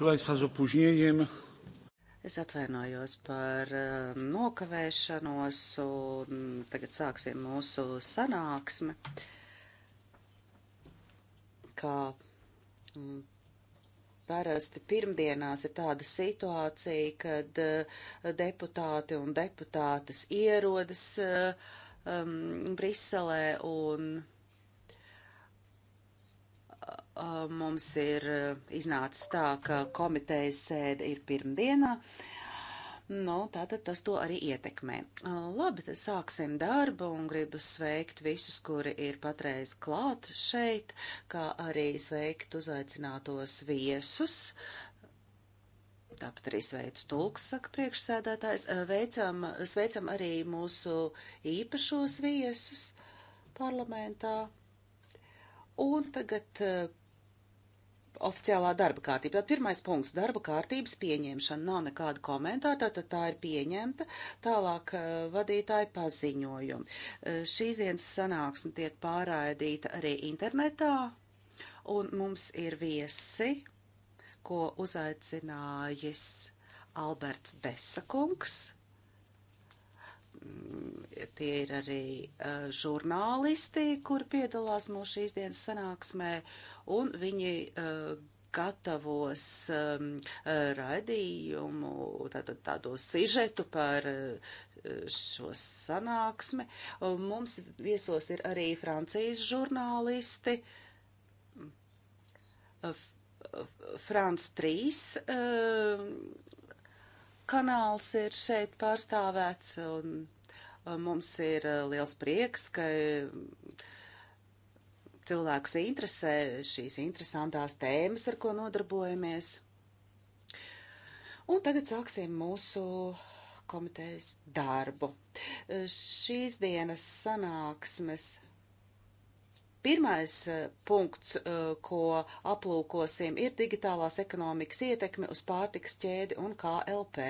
proszę Państwa, z opóźnieniem. Es atvainojos par eh, nokavēšanos, un tagad sāksim mūsu sanāksmi. Kā mm, parasti pirmdienās ir tāda situācija, kad eh, deputāti un deputātes ierodas um, Briselē un Uh, mums ir uh, iznācis tā, ka komitejas sēde ir pirmdienā. Nu, tātad tas to arī ietekmē. Uh, labi, tad sāksim darbu un gribu sveikt visus, kuri ir patreiz klāt šeit, kā arī sveikt uzaicinātos viesus. Tāpat arī sveicu tulks, saka priekšsēdētājs. Veicam, sveicam arī mūsu īpašos viesus parlamentā. Un tagad oficiālā darba kārtība. Tad pirmais punkts - darba kārtības pieņemšana. Nav nekāda komentāra, tātad tā ir pieņemta. Tālāk eh, vadītāji paziņojumi. Eh, šīs dienas sanāksme tiek pārraidīta arī internetā, un mums ir viesi, ko uzaicinājis Alberts Desakungs tie ir arī uh, žurnālisti, kur piedalās mūsu šīs dienas sanāksmē, un viņi uh, gatavos um, raidījumu, tātad tādu sižetu par uh, šo sanāksmi. Un mums viesos ir arī Francijas žurnālisti. F Frans 3 kanāls ir šeit pārstāvēts, un uh, mums ir uh, liels prieks, ka uh, cilvēkus interesē šīs interesantās tēmas, ar ko nodarbojamies. Un tagad sāksim mūsu komitejas darbu. Šīs dienas sanāksmes Pirmais eh, punkts, eh, ko aplūkosim, ir digitālās ekonomikas ietekme uz pārtiks ķēdi un KLP.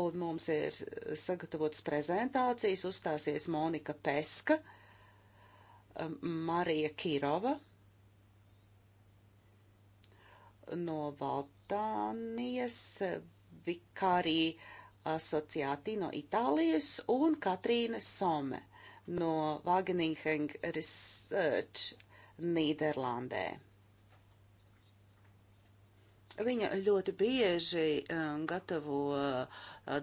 Un mums ir eh, sagatavotas prezentācijas, uzstāsies Monika Peska, Marija Kirova no Valtānijas, Vikārija Asociāti no Itālijas un Katrīna Some no Wageningen Research Nīderlandē. Viņa ļoti bieži eh, gatavo eh,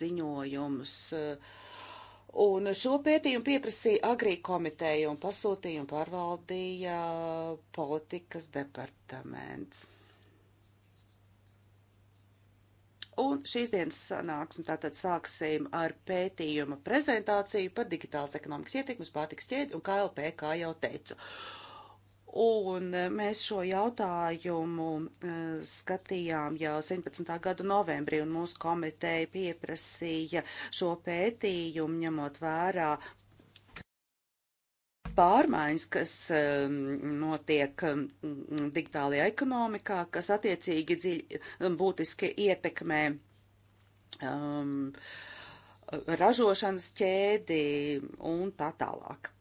ziņojumus. Eh, un šo pētījumu pieprasīja agrī komiteja un pasūtījumu pārvaldīja politikas departaments. Un šīs dienas sanāksim tātad sāksim ar pētījuma prezentāciju par digitālas ekonomikas ietekmes pārtiks ķēdi un KLP, kā jau teicu. Un e, mēs šo jautājumu uh, skatījām jau 17. gada novembrī, un mūsu komiteja pieprasīja šo pētījumu, ņemot vērā pārmaiņas, kas um, notiek um, digitālajā ekonomikā, kas attiecīgi dziļi um, būtiski ietekmē um, ražošanas ķēdi un tā tālāk.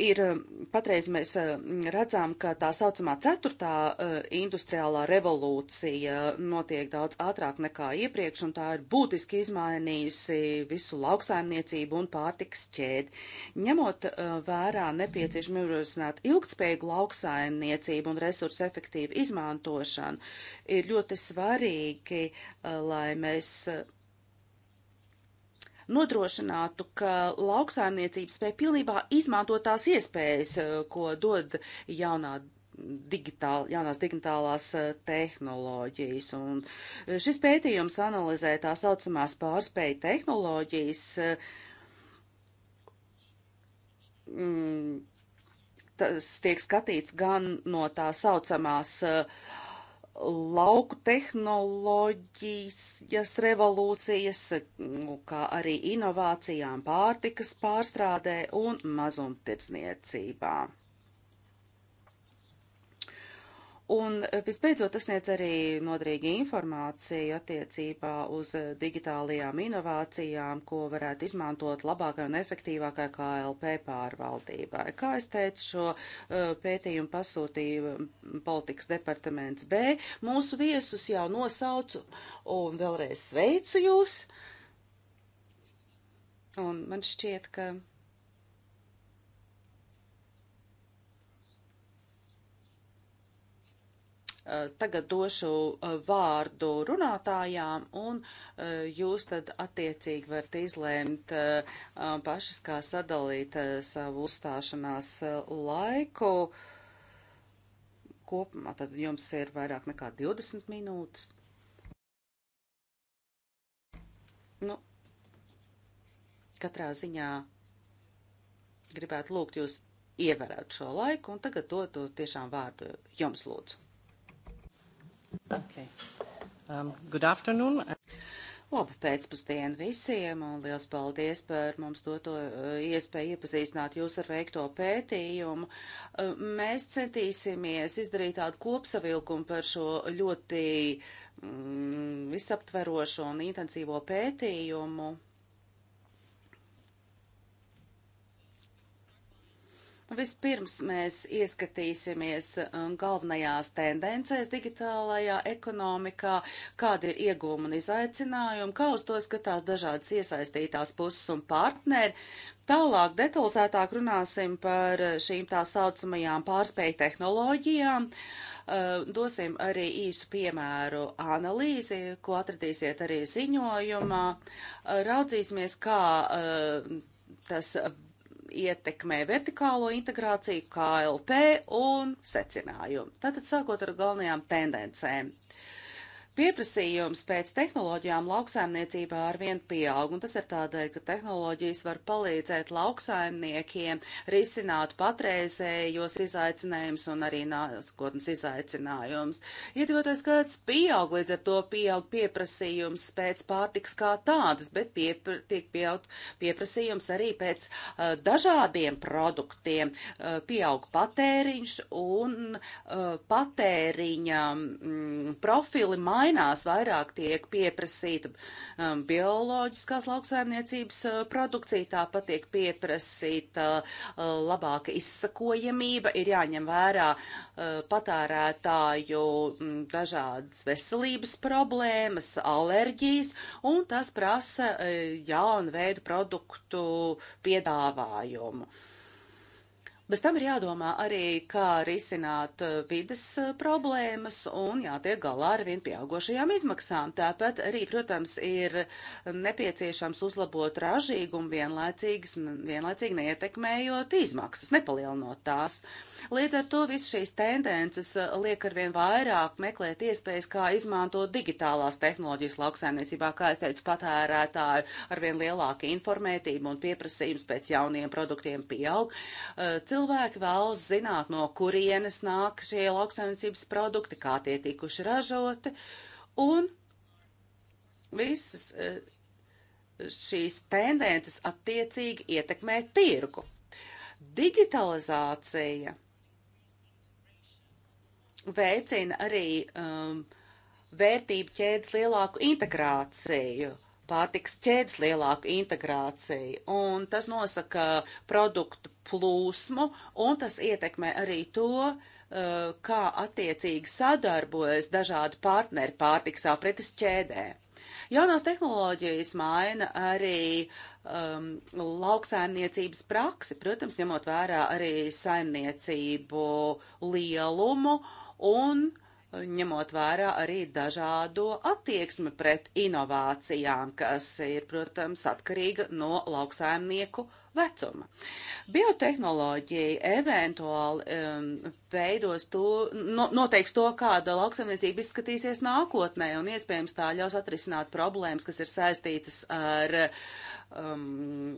ir um, patreiz mēs um, redzam, ka tā saucamā ceturtā uh, industriālā revolūcija notiek daudz ātrāk nekā iepriekš, un tā ir būtiski izmainījusi visu lauksaimniecību un pārtiks ķēdi. Ņemot uh, vērā nepieciešami ierosināt ilgtspējīgu lauksaimniecību un resursu efektīvu izmantošanu, ir ļoti svarīgi, uh, lai mēs nodrošinātu, ka lauksaimniecības spēj pilnībā izmantot tās iespējas, eh, ko dod jaunā digitāl, jaunās digitālās eh, tehnoloģijas. Un eh, šis pētījums analizē tā saucamās pārspēju tehnoloģijas. Mm, tas tiek skatīts gan no tā saucamās uh, lauku tehnoloģijas revolūcijas, nu, kā arī inovācijām pārtikas pārstrādē un mazumtirdzniecībā. Un e, visbeidzot, tas sniedz arī nodrīgu informāciju attiecībā uz e, digitālajām inovācijām, ko varētu izmantot labākai un efektīvākai KLP pārvaldībai. Kā es teicu, šo e, pētījumu pasūtīja politikas departaments B. Mūsu viesus jau nosaucu un vēlreiz sveicu jūs. Un man šķiet, ka Tagad došu uh, vārdu runātājām, un uh, jūs tad attiecīgi varat izlēmt uh, pašas, kā sadalīt savu uzstāšanās laiku. Kopumā tad jums ir vairāk nekā 20 minūtes. Nu, katrā ziņā gribētu lūgt jūs ievērēt šo laiku, un tagad dotu tiešām vārdu jums lūdzu. Okay. Um, good afternoon. Labu pēcpusdienu visiem un liels paldies par mums doto eh, iespēju iepazīstināt jūs ar veikto pētījumu. Eh, mēs centīsimies izdarīt tādu kopsavilkumu par šo ļoti mm, visaptverošo un intensīvo pētījumu. Vispirms mēs ieskatīsimies um, galvenajās tendencēs digitālajā ekonomikā, kāda ir iegūma un izaicinājuma, kā uz to skatās dažādas iesaistītās puses un partneri. Tālāk detalizētāk runāsim par šīm tā saucamajām pārspēju tehnoloģijām. Um, dosim arī īsu piemēru analīzi, ko atradīsiet arī ziņojumā. Raudzīsimies, kā um, tas ietekmē vertikālo integrāciju, KLP un secinājumi. Tātad sākot ar galvenajām tendencēm. Pieprasījums pēc tehnoloģijām lauksaimniecībā arvien pieaug, un tas ir tādēļ, ka tehnoloģijas var palīdzēt lauksaimniekiem risināt patreizējos izaicinājumus un arī nākotnes izaicinājumus. Iedzīvotājs skaits pieaug, līdz ar to pieaug pieprasījums pēc pārtiks kā tādas, bet piepr tiek pieaug pieprasījums arī pēc uh, dažādiem produktiem. Uh, pieaug patēriņš un uh, patēriņa um, profili maina mainās, vairāk tiek pieprasīta um, bioloģiskās lauksaimniecības uh, produkcija, tāpat tiek pieprasīta uh, labāka izsakojamība, ir jāņem vērā uh, patērētāju um, dažādas veselības problēmas, alerģijas, un tas prasa uh, jaunu veidu produktu piedāvājumu. Bez tam ir jādomā arī, kā risināt eh, vides eh, problēmas un jātiek galā ar vien pieaugošajām izmaksām. Tāpat arī, protams, ir nepieciešams uzlabot ražīgumu vienlaicīgi neietekmējot izmaksas, nepalielinot tās. Līdz ar to visas šīs tendences eh, liek ar vien vairāk meklēt iespējas, kā izmantot digitālās tehnoloģijas lauksaimniecībā, kā es teicu, patērētāju ar vien lielāku informētību un pieprasījums pēc jauniem produktiem pieaug. Cilvēki Cilvēki vēlas zināt, no kurienes nāk šie lauksaimniecības produkti, kā tie tikuši ražoti, un visas eh, šīs tendences attiecīgi ietekmē tirgu. Digitalizācija veicina arī um, vērtību ķēdes lielāku integrāciju. Uh, pārtiks ķēdes lielāku integrāciju, un tas nosaka produktu plūsmu, un tas ietekmē arī to, eh, kā attiecīgi sadarbojas dažādi partneri pārtiks apretes ķēdē. Jaunās tehnoloģijas maina arī um, lauksaimniecības praksi, protams, ņemot vērā arī saimniecību lielumu un uh, ņemot vērā arī dažādo attieksmi pret inovācijām, kas ir, protams, atkarīga no lauksaimnieku vecuma. Biotehnoloģija eventuāli um, veidos to, no, noteiks to, kāda lauksaimniecība izskatīsies nākotnē, un iespējams tā ļaus atrisināt problēmas, kas ir saistītas ar um,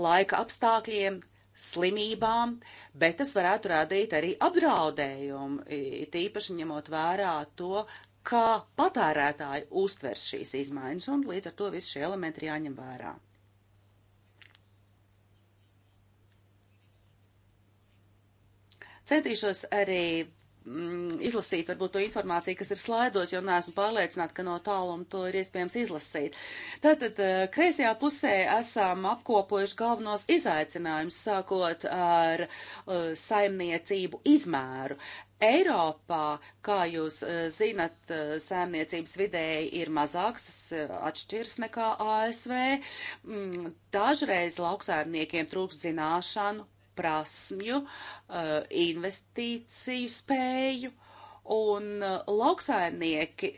laika apstākļiem, slimībām, bet tas varētu radīt arī apdraudējumu, tīpaši ņemot vērā to, kā patērētāji uztvers šīs izmaiņas, un līdz ar to visi šie elementi ir jāņem vērā. Centīšos arī Mm, izlasīt varbūt to informāciju, kas ir slaidos, jo neesmu pārliecināta, ka no tāluma to ir iespējams izlasīt. Tātad eh, kreisajā pusē esam apkopojuši galvenos izaicinājumus, sākot ar uh, saimniecību izmēru. Eiropā, kā jūs eh, zinat, sēmniecības vidēji ir mazāks, tas atšķirs nekā ASV. Mm, dažreiz lauksēmniekiem trūks zināšanu prasmju, eh, investīciju spēju, un eh, lauksaimnieki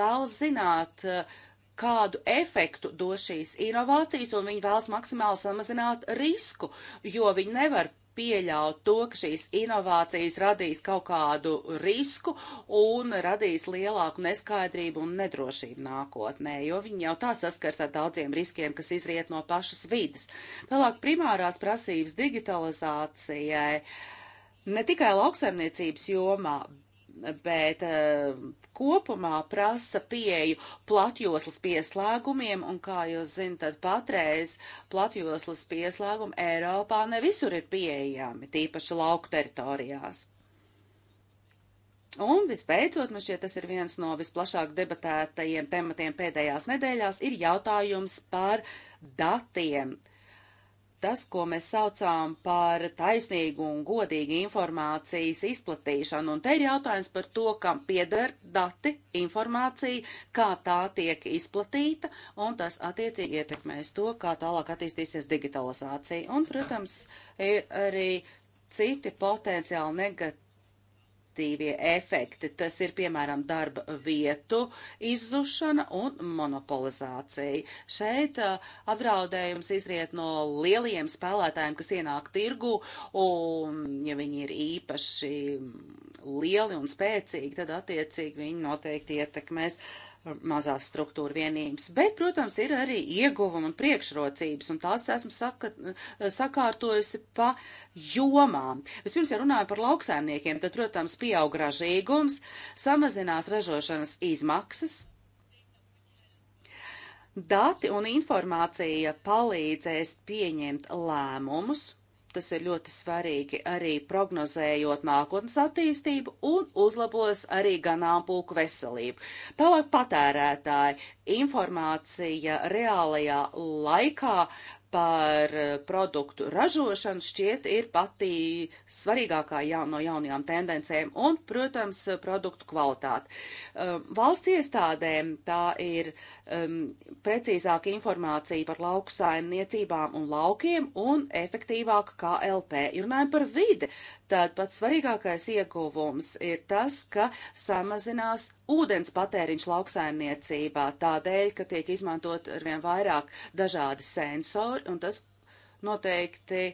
vēl zināt, eh, kādu efektu dos šīs inovācijas, un viņi vēlas maksimāli samazināt risku, jo viņi nevar pieļaut to, ka šīs inovācijas radīs kaut kādu risku un radīs lielāku neskaidrību un nedrošību nākotnē, jo viņi jau tā saskars ar daudziem riskiem, kas izriet no pašas vidas. Tālāk primārās prasības digitalizācijai ne tikai lauksaimniecības jomā, bet e, kopumā prasa pieeju platjoslas pieslēgumiem, un kā jūs zinat, tad patreiz platjoslas pieslēgumi Eiropā ne visur ir pieejami, tīpaši lauku teritorijās. Un visbeidzot, man šķiet, tas ir viens no visplašāk debatētajiem tematiem pēdējās nedēļās, ir jautājums par datiem. Uh, tas, ko mēs saucām par taisnīgu un godīgu informācijas izplatīšanu. Un te ir jautājums par to, kam pieder dati, informācija, kā tā tiek izplatīta, un tas attiecīgi ietekmēs to, kā tālāk attīstīsies digitalizācija. Un, protams, ir arī citi potenciāli negatīvi negatīvie efekti. Tas ir, piemēram, darba vietu izzušana un monopolizācija. Šeit uh, apdraudējums izriet no lieliem spēlētājiem, kas ienāk tirgu, un ja viņi ir īpaši lieli un spēcīgi, tad attiecīgi viņi noteikti ietekmēs mazās struktūra vienības, bet, protams, ir arī ieguvuma priekšrocības, un tās esmu saka, sakārtojusi pa jomām. Vispirms, ja runājam par lauksaimniekiem, tad, protams, pieaug ražīgums, samazinās ražošanas izmaksas. Dati un informācija palīdzēs pieņemt lēmumus kas ir ļoti svarīgi arī prognozējot nākotnes attīstību un uzlabos arī ganāmpulku veselību. Tālāk patērētāji informācija reālajā laikā par produktu ražošanu šķiet ir pati svarīgākā ja, no jaunajām tendencēm un, protams, produktu kvalitāte. Ehm, valsts iestādēm tā ir uh, um, precīzāka informācija par lauku saimniecībām un laukiem un efektīvāka KLP. Ir runājot par vidi, tad pats svarīgākais ieguvums ir tas, ka samazinās ūdens patēriņš lauksaimniecībā tādēļ, ka tiek izmantot arvien vairāk dažādi sensori un tas noteikti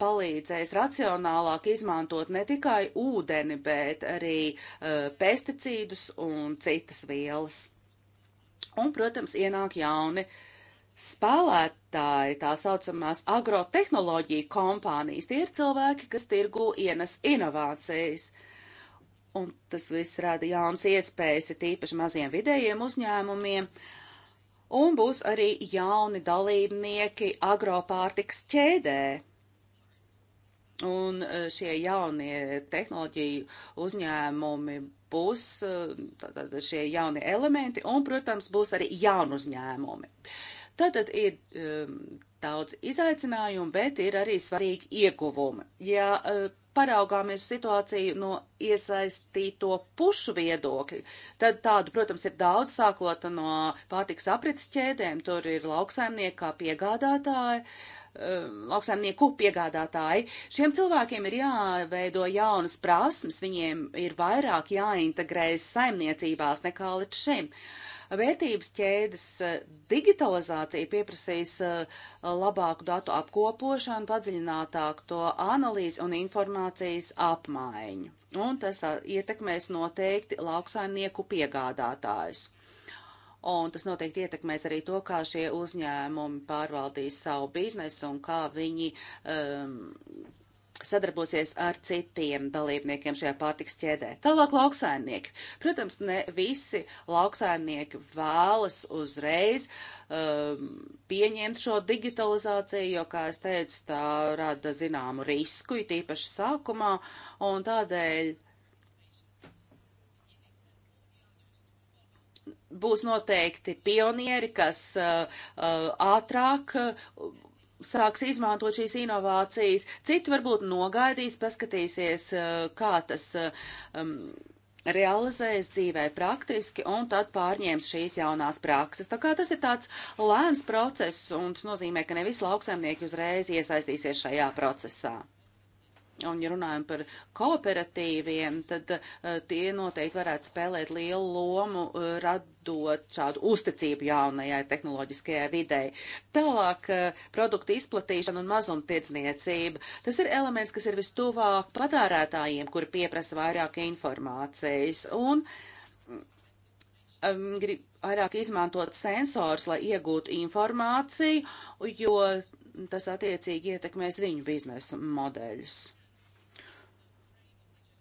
palīdzēs racionālāk izmantot ne tikai ūdeni, bet arī uh, pesticīdus un citas vielas. Un, protams, ienāk jauni spēlētāji, tā saucamās agrotehnoloģija kompānijas. Tie ir cilvēki, kas tirgu ienes inovācijas. Un tas viss rada jaunas iespējas, ir tīpaši maziem vidējiem uzņēmumiem. Un būs arī jauni dalībnieki agropārtiks ķēdē Un e, šie jaunie tehnoloģiju uzņēmumi būs e, tātad, šie jaunie elementi un, protams, būs arī jaunu uzņēmumi. Tātad ir um, daudz izaicinājumu, bet ir arī svarīgi ieguvumi. Ja uh, paraugāmies situāciju no iesaistīto pušu viedokļa, tad tādu, protams, ir daudz sākot no pārtiks aprits ķēdēm, tur ir lauksaimnieki kā piegādātāji. Uh, Um, lauksaimnieku piegādātāji. Šiem cilvēkiem ir jāveido jaunas prasmes, viņiem ir vairāk jāintegrējas saimniecībās nekā līdz šim. Vērtības ķēdes uh, digitalizācija pieprasīs uh, labāku datu apkopošanu, padziļinātāku to analīzi un informācijas apmaiņu. Un tas uh, ietekmēs noteikti lauksaimnieku piegādātājus un tas noteikti ietekmēs arī to, kā šie uzņēmumi pārvaldīs savu biznesu un kā viņi um, sadarbosies ar citiem dalībniekiem šajā pārtiks ķēdē. Tālāk lauksaimnieki. Protams, ne visi lauksaimnieki vēlas uzreiz um, pieņemt šo digitalizāciju, jo, kā es teicu, tā rada zināmu risku, it īpaši sākumā, un tādēļ uh, būs noteikti pionieri, kas uh, uh, ātrāk uh, sāks izmantot šīs inovācijas. Citi varbūt nogaidīs, paskatīsies, kā tas um, realizējas dzīvē praktiski un tad pārņems šīs jaunās prakses. Tā kā tas ir tāds lēns process un tas nozīmē, ka nevis lauksaimnieki uzreiz iesaistīsies šajā procesā un ja runājam par kooperatīviem, tad eh, tie noteikti varētu spēlēt lielu lomu eh, radot šādu uzticību jaunajai tehnoloģiskajai videi. Tālāk eh, produktu izplatīšana un mazumtirdzniecība. Tas ir elements, kas ir vistuvāk patērētājiem, kuri pieprasa vairāk informācijas. Un, um, grib, vairāk izmantot sensors, lai iegūtu informāciju, jo tas attiecīgi ietekmēs viņu biznesa modeļus.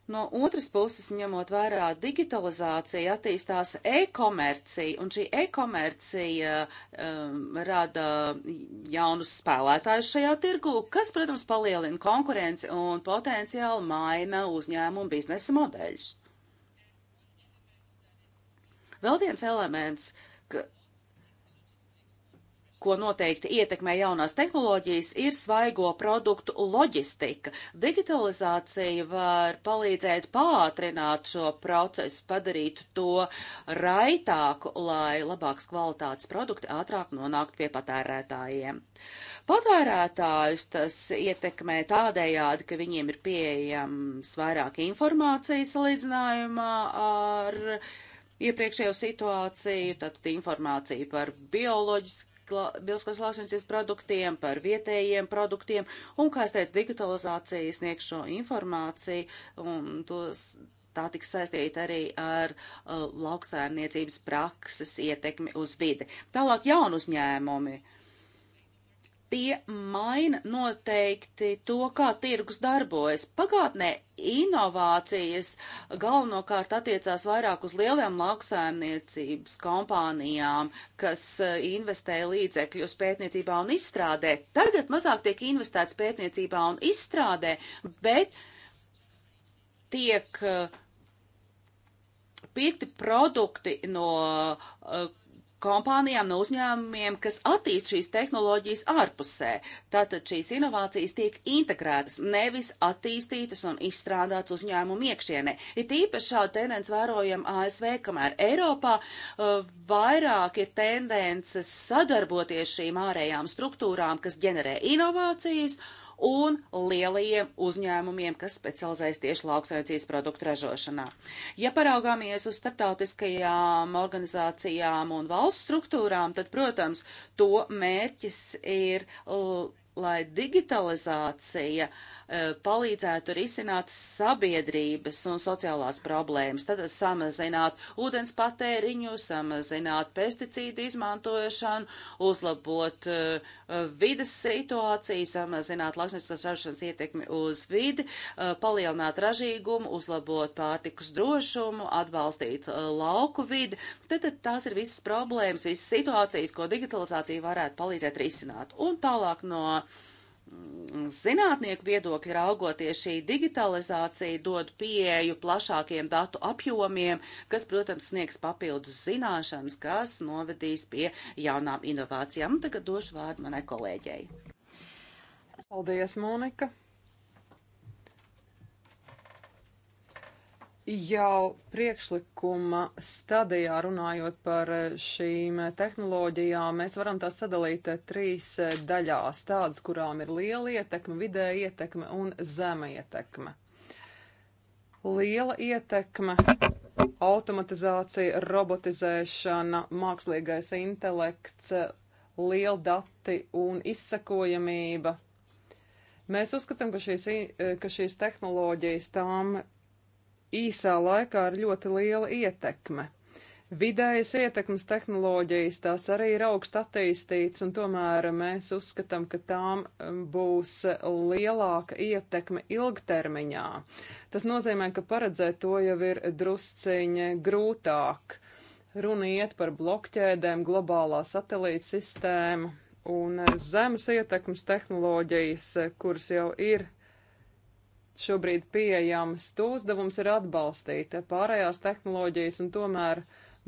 No otras puses, ņemot vērā digitalizāciju, attīstās e-komercija, un šī e-komercija um, rada jaunus spēlētājus šajā tirgu, kas, protams, palielina konkurenci un potenciāli maina uzņēmumu biznesa modeļus. Vēl viens elements, uh, ko noteikti ietekmē jaunās tehnoloģijas, ir svaigo produktu loģistika. Digitalizācija var palīdzēt pātrināt šo procesu, padarīt to raitāku, lai labāks kvalitātes produkti ātrāk nonāktu pie patērētājiem. Patērētājus tas ietekmē tādējādi, ka viņiem ir pieejams vairāk informācijas salīdzinājumā ar iepriekšējo situāciju, tātad informācija par bioloģisku biosklasāšanas produktiem, par vietējiem produktiem, un, kā es teicu, digitalizācija sniegš šo informāciju, un tos, tā tiks saistīta arī ar uh, lauksaimniecības prakses ietekmi uz vidi. Tālāk jaunu uzņēmumi. Uh, tie maina noteikti to, kā tirgus darbojas. Pagātnē inovācijas galvenokārt attiecās vairāk uz lieliem lauksaimniecības kompānijām, kas eh, investē līdzekļus pētniecībā un izstrādē. Tagad mazāk tiek investēts pētniecībā un izstrādē, bet tiek eh, pirkti produkti no eh, kompānijām, no uzņēmumiem, kas attīst šīs tehnoloģijas ārpusē. Tātad šīs inovācijas tiek integrētas, nevis attīstītas un izstrādātas uzņēmumu iekšienē. Ir tīpaši šāda tendence vērojama ASV, kamēr Eiropā uh, vairāk ir tendences sadarboties šīm ārējām struktūrām, kas ģenerē inovācijas un lielajiem uzņēmumiem, kas specializējas tieši lauksaimniecības produktu ražošanā. Ja paraugāmies uz starptautiskajām organizācijām un valsts struktūrām, tad, protams, to mērķis ir, lai digitalizācija uh, E, palīdzētu risināt sabiedrības un sociālās problēmas. Tad samazināt ūdens patēriņu, samazināt pesticīdu izmantošanu, uzlabot uh, e, e, vidas situāciju, samazināt lauksnes ražošanas ietekmi uz vidi, uh, palielināt ražīgumu, uzlabot pārtikus drošumu, atbalstīt uh, lauku vidi. Tad, tad tās ir visas problēmas, visas situācijas, ko digitalizācija varētu palīdzēt risināt. Un tālāk no uh, zinātnieku viedokļa raugoties, šī digitalizācija dod pieeju plašākiem datu apjomiem, kas, protams, sniegs papildus zināšanas, kas novedīs pie jaunām inovācijām. Un tagad došu vārdu manai kolēģei. Paldies, Monika! jau priekšlikuma stadijā runājot par šīm tehnoloģijām, mēs varam tās sadalīt trīs daļās - tādas, kurām ir liela ietekme, vidē ietekme un zema ietekme. Liela ietekme - automatizācija, robotizēšana, mākslīgais intelekts, liela dati un izsakojamība. Mēs uzskatām, ka šīs, ka šīs tehnoloģijas tām īsā laikā ir ļoti liela ietekme. Vidējas ietekmes tehnoloģijas tās arī ir augst attīstītas, un tomēr mēs uzskatām, ka tām um, būs lielāka ietekme ilgtermiņā. Tas nozīmē, ka paredzēt to jau ir drusciņi grūtāk. Runa iet par blokķēdēm, globālā satelīta sistēmu un zemes ietekmes tehnoloģijas, kuras jau ir šobrīd pieejams, to uzdevums ir atbalstīt pārējās tehnoloģijas, un tomēr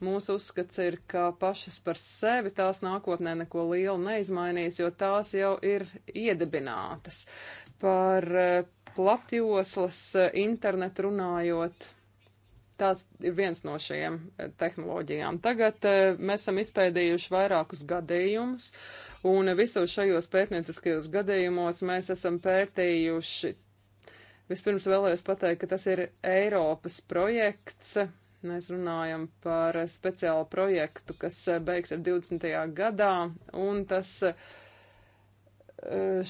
mūsu uzskats ir, ka pašas par sevi tās nākotnē neko lielu neizmainīs, jo tās jau ir iedibinātas. Par eh, platjoslas eh, internetu runājot. Tāds ir viens no šiem eh, tehnoloģijām. Tagad mēs esam izpēdījuši vairākus gadījumus, un visos šajos pētnieciskajos gadījumos mēs esam pētījuši Vispirms vēlējos pateikt, ka tas ir Eiropas projekts. Mēs runājam par speciālu projektu, kas beigs ar 20. gadā, un tas eh,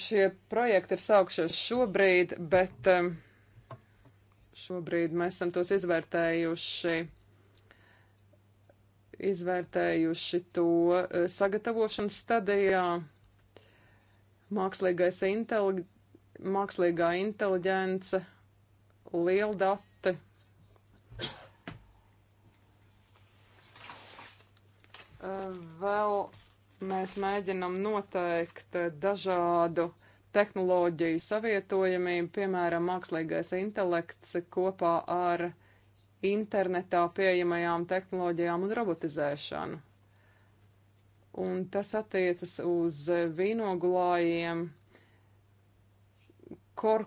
šie projekti ir saukšies šobrīd, bet eh, šobrīd mēs esam tos izvērtējuši izvērtējuši to eh, sagatavošanas stadijā. Mākslīgais intelekts mākslīgā inteliģence, lieldati. Eh, vēl mēs mēģinam noteikt dažādu tehnoloģiju savietojamību, piemēram, mākslīgais intelekts kopā ar internetā pieejamajām tehnoloģijām un robotizēšanu. Un tas attiecas uz vīnogulājiem, kor,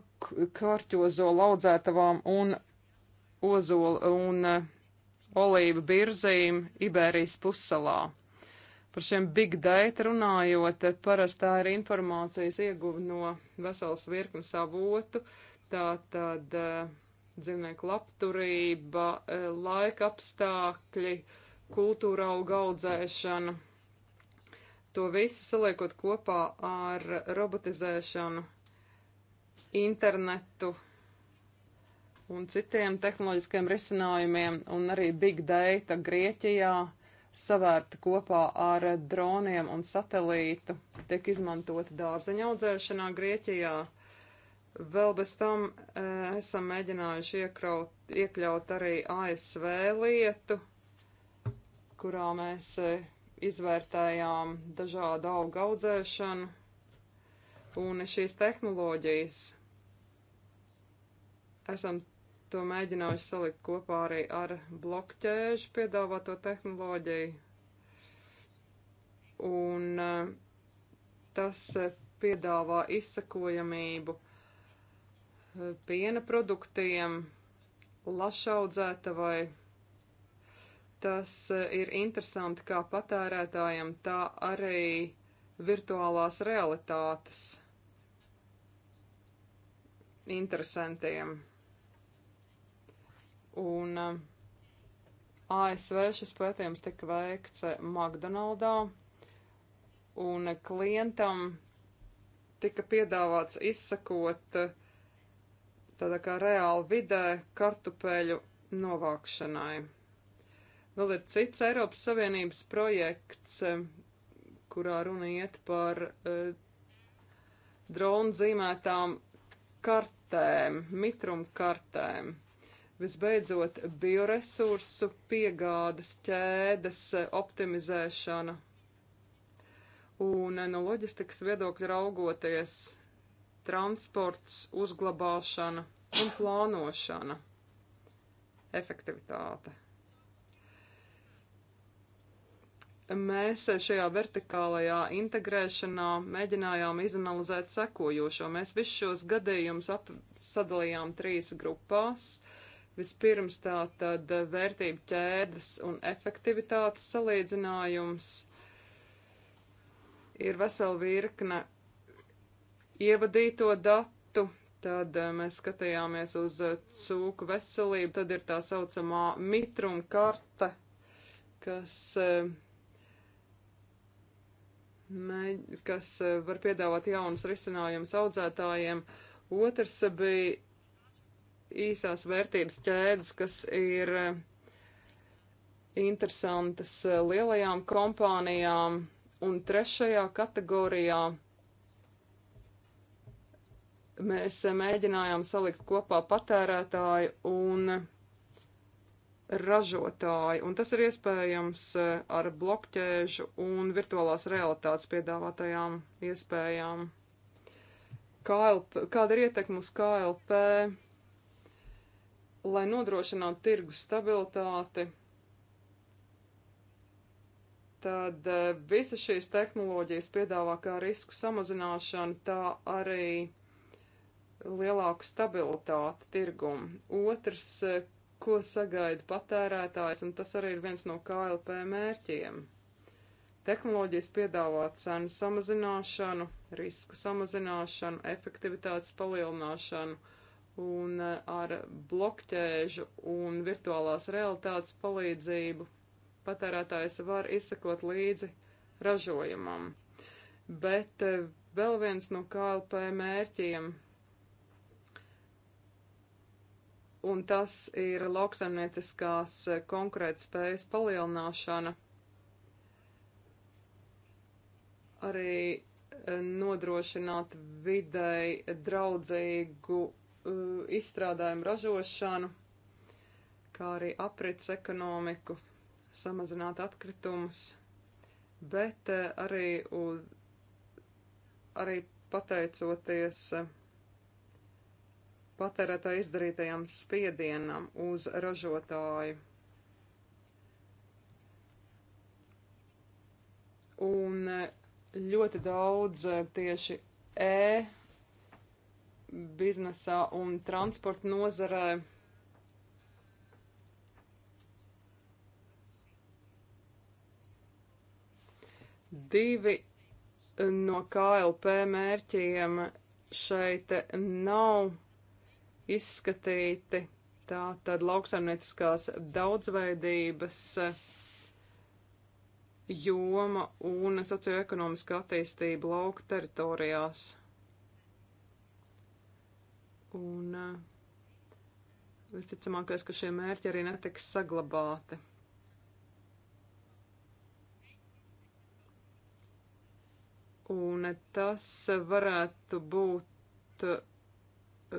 kortiozola audzētavām un ozola un eh, olīvu birzīm Iberijas pussalā. Par šiem big data runājot, parastā ir informācijas ieguva no veselas virknes avotu, tā tad eh, dzīvnieku labturība, eh, laika apstākļi, kultūra auga audzēšana. To visu saliekot kopā ar robotizēšanu internetu un citiem tehnoloģiskiem risinājumiem, un arī big data Grieķijā savērta kopā ar droniem un satelītu, tiek izmantota dārzeņa audzēšanā Grieķijā. Vēl bez tam e, esam mēģinājuši iekraut, iekļaut arī ASV lietu, kurā mēs e, izvērtējām dažādu augu audzēšanu un šīs tehnoloģijas esam to mēģinājuši salikt kopā arī ar blokķēžu piedāvāto tehnoloģiju. Un eh, tas eh, piedāvā izsakojamību eh, piena produktiem, lašaudzēta vai tas ir interesanti kā patērētājiem, tā arī virtuālās realitātes interesantiem. Un um, ASV šis pētījums tika veikts uh, McDonaldā, un klientam tika piedāvāts izsakot uh, tādā kā reāli vidē kartupeļu novākšanai. Vēl ir cits Eiropas Savienības projekts, um, kurā runa iet par uh, dronu zīmētām kartēm, mitruma kartēm. Visbeidzot, bioresursu piegādes ķēdes optimizēšana. Un no nu, loģistikas viedokļa raugoties transports, uzglabāšana un plānošana. Efektivitāte. Mēs šajā vertikālajā integrēšanā mēģinājām izanalizēt sekojošo. Mēs visus šos gadījumus sadalījām trīs grupās. Uh, Vispirms tā tad vērtību ķēdes un efektivitātes salīdzinājums ir vesela virkne ievadīto datu, tad eh, mēs skatījāmies uz eh, cūku veselību, tad ir tā saucamā mitruma karte, kas, eh, mē, kas var piedāvāt jaunas risinājumus audzētājiem. Otrs bija īsās vērtības ķēdes, kas ir eh, interesantas eh, lielajām kompānijām. Un trešajā kategorijā mēs eh, mēģinājām salikt kopā patērētāju un ražotāju, un tas ir iespējams ar blokķēžu un virtuālās realitātes piedāvātajām iespējām. KLP, kāda ir ietekme uz KLP? lai nodrošinātu tirgu stabilitāti, tad eh, visas šīs tehnoloģijas piedāvā kā risku samazināšanu, tā arī lielāku stabilitāti tirgumu. Otrs, eh, ko sagaida patērētājs, un tas arī ir viens no KLP mērķiem. Tehnoloģijas piedāvā cenu samazināšanu, risku samazināšanu, efektivitātes palielināšanu un ar blokķēžu un virtuālās realitātes palīdzību patērētājs var izsekot līdzi ražojumam. Bet eh, vēl viens no KLP mērķiem, un tas ir lauksaimnieciskās konkurētspējas palielināšana, arī eh, nodrošināt videi draudzīgu Eh, izstrādājumu ražošanu, kā arī aprits ekonomiku, samazināt atkritumus, bet eh, arī, uz, arī pateicoties eh, patērētā izdarītajam spiedienam uz ražotāju. Un ļoti daudz tieši E biznesā un transporta nozarē. Divi no KLP mērķiem šeit nav izskatīti. Tā tad lauksaimnieciskās daudzveidības joma un socioekonomiska attīstība lauka teritorijās. Un eh, visticamākais, ka šie mērķi arī netiks saglabāti. Un tas varētu būt eh,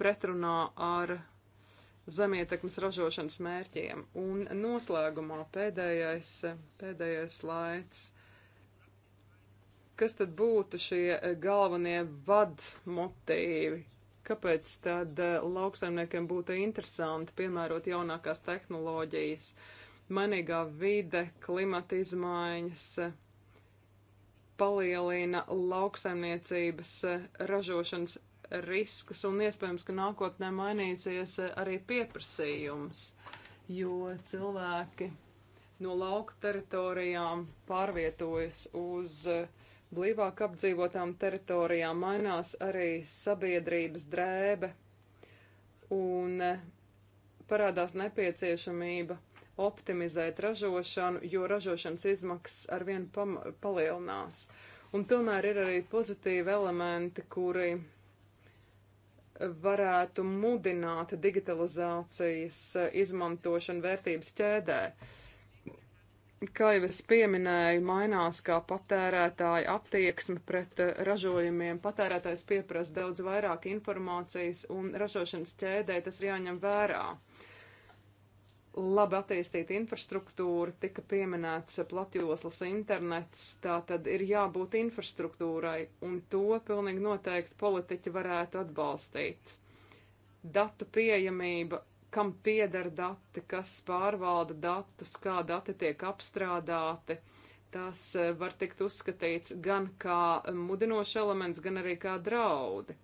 pretrunā ar zemietekmes ražošanas mērķiem. Un noslēgumā pēdējais, pēdējais slaids. Kas tad būtu šie galvenie vadmotīvi, Kāpēc tad eh, lauksaimniekiem būtu interesanti piemērot jaunākās tehnoloģijas, manīgā vide, klimata izmaiņas, palielina lauksaimniecības eh, ražošanas riskus un iespējams, ka nākotnē mainīsies eh, arī pieprasījums, jo cilvēki no lauka teritorijām pārvietojas uz uh, blīvāk apdzīvotām teritorijām mainās arī sabiedrības drēbe un eh, parādās nepieciešamība optimizēt ražošanu, jo ražošanas izmaksas arvien palielinās. Un tomēr ir arī pozitīvi elementi, kuri varētu mudināt digitalizācijas eh, izmantošanu vērtības ķēdē. Uh, Kā jau es pieminēju, mainās kā patērētāja attieksme pret eh, ražojumiem. Patērētājs pieprasa daudz vairāk informācijas un ražošanas ķēdē tas ir jāņem vērā. Labi attīstīta infrastruktūra, tika pieminēts platjoslas internets, tā tad ir jābūt infrastruktūrai, un to pilnīgi noteikti politiķi varētu atbalstīt. Datu pieejamība kam pieder dati, kas pārvalda datus, kā dati tiek apstrādāti. Tas e, var tikt uzskatīts gan kā e, mudinošs elements, gan arī kā draudi.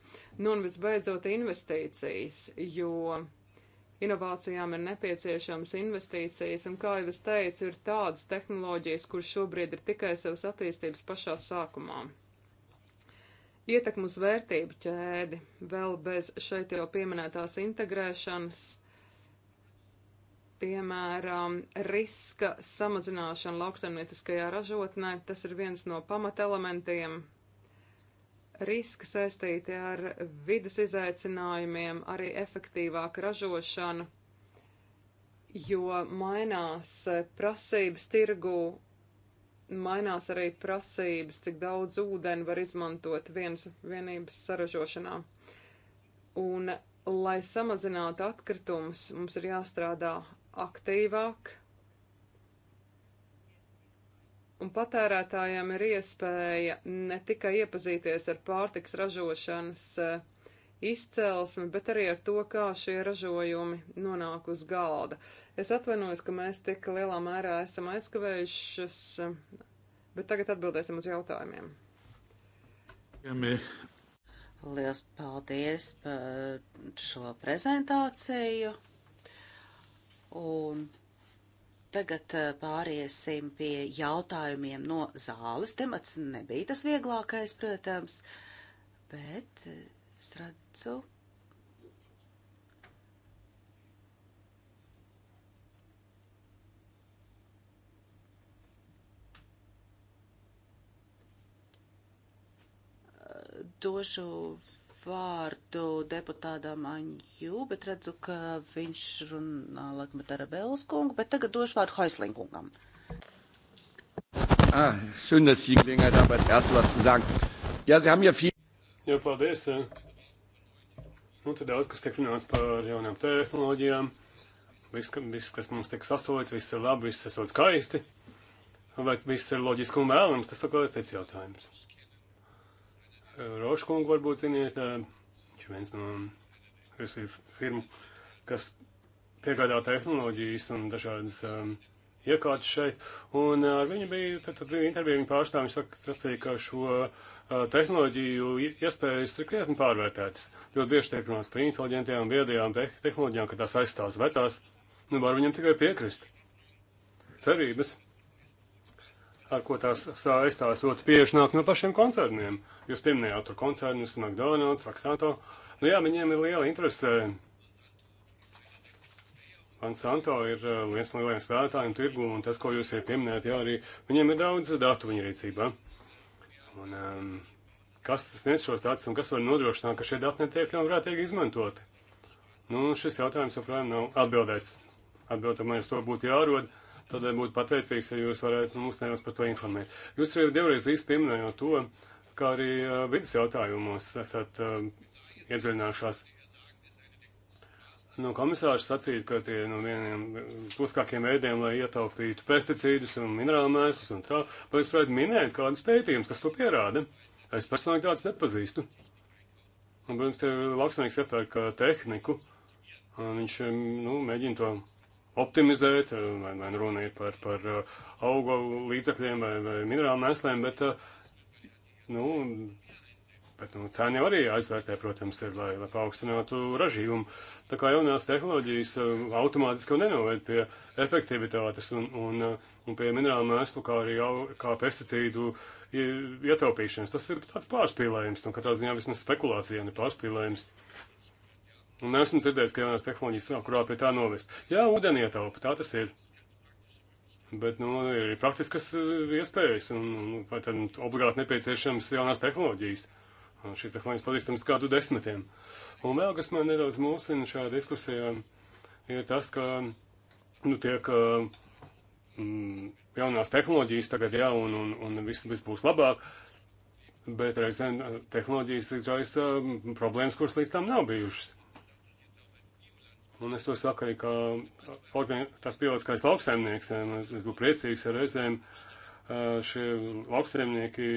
Nu un visbeidzot investīcijas, jo Inovācijām ir nepieciešams investīcijas, un, kā jau es teicu, ir tādas tehnoloģijas, kuras šobrīd ir tikai savas attīstības pašā sākumā. Ietekmu uz vērtību ķēdi vēl bez šeit jau pieminētās integrēšanas Piemēram, riska samazināšana lauksaimnieciskajā ražotnē, tas ir viens no pamatelementiem. Riska saistīti ar vidas izaicinājumiem, arī efektīvāka ražošana, jo mainās prasības tirgū, mainās arī prasības, cik daudz ūdeni var izmantot vienas vienības saražošanā. Un lai samazinātu atkritumus, mums ir jāstrādā aktīvāk. Un patērētājiem ir iespēja ne tikai iepazīties ar pārtiks ražošanas eh, izcelsmi, bet arī ar to, kā šie ražojumi nonāk uz galda. Es atvainojos, ka mēs tik lielā mērā esam aizkavējušas, eh, bet tagad atbildēsim uz jautājumiem. Liels paldies par šo prezentāciju. Un tagad eh, pāriesim pie jautājumiem no zāles. Temats nebija tas vieglākais, protams, bet eh, es redzu. Eh, došu vārdu deputātam Anju, bet redzu, ka viņš runā laikmet ar Bēlas kungu, bet tagad došu vārdu Haislingungam. Ah, schön, dass Sie Gelegenheit haben, als erstes was zu sagen. Ja, Sie haben ja viel. Ja, paldies. Nu, tad daudz, kas tiek runāts par jaunām tehnoloģijām. Viss, viss kas mums tiek sasolīts, viss ir labi, viss ir skaisti. Vai viss ir loģiski un vēlams, tas tā kā es teicu jautājums. Roškungu varbūt ziniet, viņš viens no firmu, kas piegādā tehnoloģijas un dažādas um, iekārtas šeit. Un ar viņu bija, tad, tad intervija viņa pārstāvja, viņš sacīja, ka šo uh, tehnoloģiju iespējas ir krietni pārvērtētas. Ļoti bieži tiek runāts par inteliģentiem, viedajām te tehnoloģijām, ka tās aizstāvs vecās. Nu, var viņam tikai piekrist. Cerības ar ko tās saistās, būtu pieeši nāk no pašiem koncerniem. Jūs pieminējāt tur koncernus, McDonald's, Vaksanto. Nu jā, viņiem ir liela interese. Monsanto ir eh, viens no lielajiem spēlētājiem tirgu, un tas, ko jūs jau pieminējāt, jā, arī viņiem ir daudz datu viņa rīcībā. Un, um, kas sniedz šos datus un kas var nodrošināt, ka šie dati netiek ļaunprātīgi izmantoti? Nu, šis jautājums joprojām nav atbildēts. Atbildēt man uz to būtu jārod. Uh, tad būtu pateicīgs, ja jūs varētu mums nedaudz par to informēt. Jūs jau divreiz īsti pieminējāt to, kā arī vidas jautājumos esat uh, iedziļinājušās. Nu, komisārs sacīja, ka tie no nu, vieniem pluskākiem veidiem, lai ietaupītu pesticīdus un minerālu mēslus un tā, vai jūs varētu minēt kādus pētījumus, kas to pierāda? Es personīgi tādus nepazīstu. Un, protams, ir lauksnieks iepērk tehniku, un viņš, nu, mēģina to optimizēt, eh, vai, vai nu runa ir par, par eh, augu līdzekļiem vai, vai minerālu mēsliem, bet, eh, nu, bet nu, cēni arī aizvērtē, protams, ir, lai, lai paaugstinātu ražījumu. Tā kā jaunās tehnoloģijas automātiski jau nenoved pie efektivitātes un, un, un pie minerālu mēslu, kā arī jau, kā pesticīdu ietaupīšanas. Tas ir tāds pārspīlējums, nu, katrā ziņā vismaz spekulācija ir pārspīlējums. Un esmu dzirdējis, ka jaunās tehnoloģijas nav kurā pie tā novest. Jā, ūdeni ietaupa, tā tas ir. Bet, nu, ir praktiskas eh, iespējas, un vai tad obligāti nepieciešams jaunās tehnoloģijas. Un šīs tehnoloģijas pazīstamas kādu desmitiem. Un vēl, kas man nedaudz mūsina šajā diskusijā, ir tas, ka, nu, tiek eh, mm, jaunās tehnoloģijas tagad jā, un, un, un viss, viss būs labāk, bet reizēm eh, tehnoloģijas izraisa mm, problēmas, kuras līdz tam nav bijušas. Un es to saku, ka uh, tāds pieliskais lauksaimnieks, eh, es biju priecīgs ar reizēm, uh, šie lauksaimnieki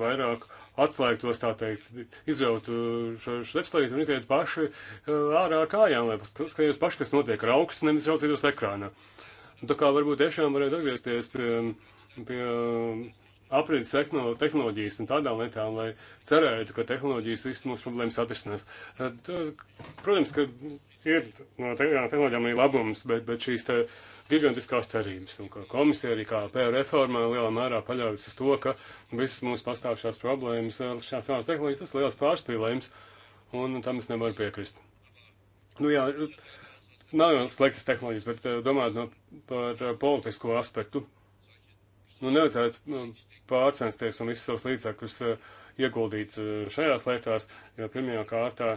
vairāk atslēgtos, tā teikt, izjautu uh, šo šlepslīti un izietu paši ārā ar kājām, lai skatījos paši, kas notiek ar augstu, nevis raucītos ekrānā. Tā kā varbūt tiešām varētu atgriezties pie, pie aprīdas tehnoloģijas un tādām lietām, lai cerētu, ka tehnoloģijas visas mūsu problēmas atrisinās. Protams, ka ir no tehnoloģijām arī labums, bet, bet šīs te gigantiskās cerības. Un komisija arī kā PR reformā lielā mērā paļaujas uz to, ka visas mūsu pastāvšās problēmas, eh, šās jaunās tehnoloģijas, tas liels pārspīlējums, un tam es nevaru piekrist. Nu jā, nav jau sliktas tehnoloģijas, bet eh, domājot no, par eh, politisko aspektu, nu nevajadzētu pārcensties un visus savus līdzekļus ieguldīt šajās lietās, jo pirmajā kārtā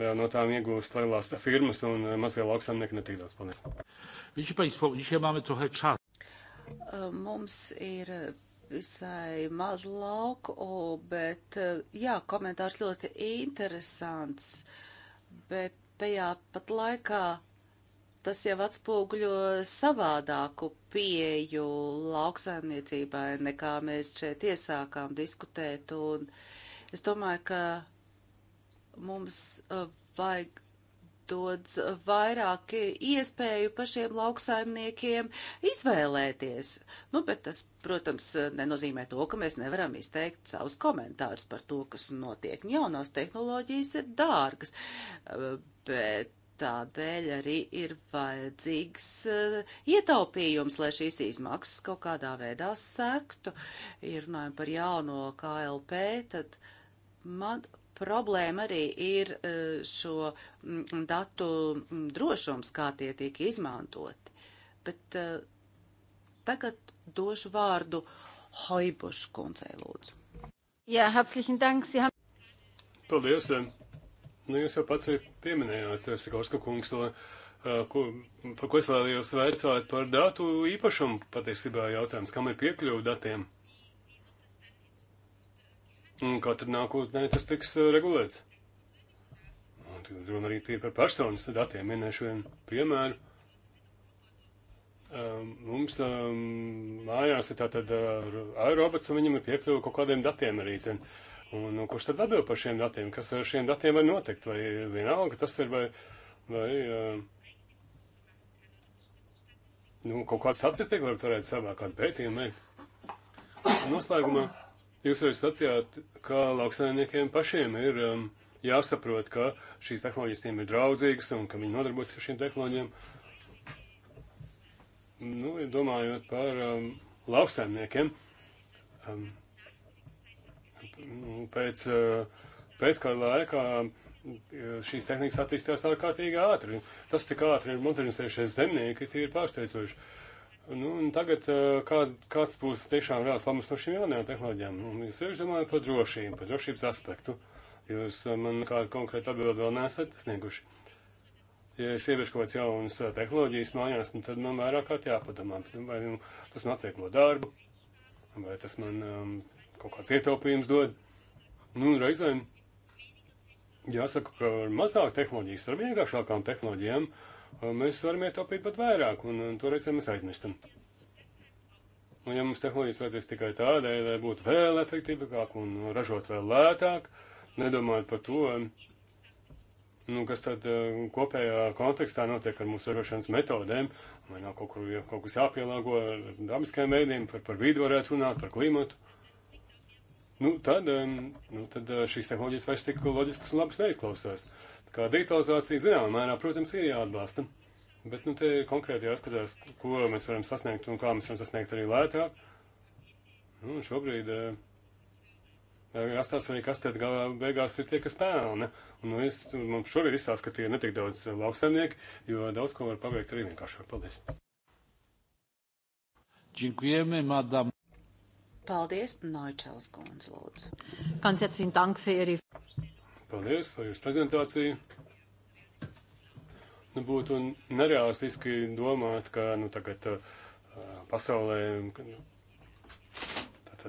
no tām iegūst lielās firmas un mazie lauksaimnieki netīdos. Paldies. Mums ir visai maz lauku, bet jā, komentārs ļoti interesants, bet tajā pat laikā tas jau atspoguļo savādāku pieju lauksaimniecībai, nekā mēs šeit iesākām diskutēt, un es domāju, ka mums e, vajag dodas vairāk iespēju pašiem lauksaimniekiem izvēlēties. Nu, bet tas, protams, nenozīmē to, ka mēs nevaram izteikt savus komentārus par to, kas notiek. Jaunās tehnoloģijas ir dārgas, e, bet tādēļ arī ir vajadzīgs e, ietaupījums, lai šīs izmaksas kaut kādā veidā sektu. Ja runājam par jauno KLP, tad man Problēma arī ir eh, šo mm, datu mm, drošums, kā tie tiek izmantoti. Bet eh, tagad došu vārdu Hoibušu kundzei lūdzu. Jā, herzlichen Dank. Sie haben... Paldies. Eh. Nu, jūs jau pats pieminējāt, Sikorska kungs, to, ko, par ko es vēlējos veicāt par datu īpašumu. Patiesībā jautājums, kam ir piekļuva datiem? Kā tad nākotnē tas tiks eh, regulēts? Runa arī tie par personas datiem. Minēšu vienu piemēru. Ehm, mums ehm, mājās ir tātad eh, aerobots, un viņam ir piekļuva kaut kādiem datiem arī. Cien. Un, un kurš tad atbild par šiem datiem? Kas ar šiem datiem var notikt? Vai vienalga tas ir, vai, vai ehm, nu, kaut kāds statistika varbūt varētu savā kādu pētījumu veikt. Noslēgumā. Oh. Jūs arī sacījāt, ka lauksaimniekiem pašiem ir um, jāsaprot, ka šīs tehnoloģijas tiem ir draudzīgas un ka viņi nodarbojas ar šīm tehnoloģijām. Nu, domājot par um, lauksaimniekiem, um, nu, pēc, uh, pēc kāda laikā um, šīs tehnikas attīstījās ārkārtīgi ātri. Tas, cik ātri ir modernizējušies zemnieki, tie ir pārsteidzoši. Uh, Nu, un tagad eh, kā, kāds būs tiešām reāls labums no šīm jaunajām tehnoloģijām? Nu, jūs jau domājat par drošību, par drošības aspektu. Jūs eh, man kādu konkrētu atbildi vēl neesat snieguši. Ja es ieviešu kaut kādas jaunas eh, tehnoloģijas mājās, nu, tad man vairāk kā jāpadomā, vai nu, tas man atvieglo darbu, vai tas man um, kaut kāds ietaupījums dod. Nu, un reizēm jāsaka, ka ar mazāk tehnoloģijas, ar vienkāršākām tehnoloģijām, uh, mēs varam ietaupīt pat vairāk, un, un toreiz mēs aizmirstam. Un ja mums tehnoloģijas vajadzēs tikai tādai, lai būtu vēl efektīvāk un ražot vēl lētāk, nedomājot par to, nu, kas tad eh, kopējā kontekstā notiek ar mūsu ražošanas metodēm, vai nav kaut, kur, kaut kas jāpielāgo dabiskajiem veidiem, par, par vīdu varētu runāt, par klimatu. Nu, tad, eh, nu, tad eh, šīs tehnoloģijas vairs tik loģiskas un labas neizklausās. Uh, Kā digitalizācija, zināmā mērā, protams, ir jāatbalsta, bet nu, te ir konkrēti jāskatās, ko mēs varam sasniegt un kā mēs varam sasniegt arī lētāk. Nu, šobrīd eh, jāstāsta arī, kas tad galā beigās ir tie, kas pelna. Un nu, es, man šobrīd izstāsta, ka tie ir netik daudz lauksaimnieki, jo daudz ko var paveikt arī vienkāršāk. Paldies! Dziękujemy, madam. Paldies, Noičels Gunz, lūdzu. Kansiet, sin dank, Fēri. Paldies par jūsu prezentāciju. Nu, būtu nereālistiski domāt, ka nu, tagad uh, pasaulē ka, nu,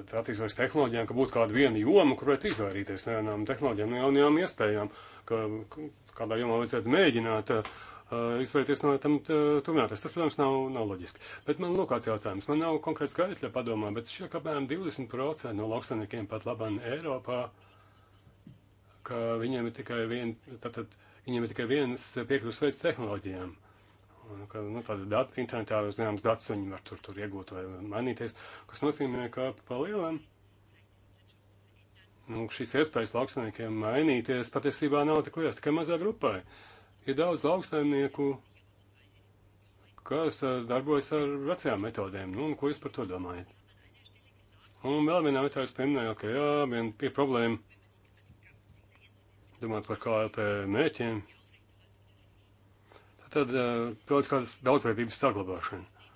attīstības tehnoloģijām, ka būtu kāda viena joma, kur varētu izvairīties no jaunām tehnoloģijām, no jaunajām iespējām, ka kādā jomā vajadzētu mēģināt uh, izvairīties no tam tuvināties. Tas, protams, nav, nav loģiski. Bet man lūk kāds jautājums. Man nav konkrēts skaitļa padomā, bet šķiet, ka apmēram 20% no lauksaimniekiem pat labam Eiropā uh, ka viņiem ir tikai, vien, tātad, viņiem ir tikai viens piekļuvs veids tehnoloģijām. Un, ka, nu, tāda data, internetā jau zināms dats viņi var tur, tur iegūt vai mainīties, kas nozīmē, ka pa lielam nu, šīs iespējas lauksaimniekiem mainīties patiesībā nav tik liels, tikai mazā grupai. Ir daudz lauksaimnieku, kas eh, darbojas ar vecajām metodēm. Nu, ko jūs par to domājat? Un vēl vienā vietā jūs pieminējāt, ka jā, vien pie problēma domājot par KLP mērķiem, tad daudz kādas daudzveidības saglabāšana.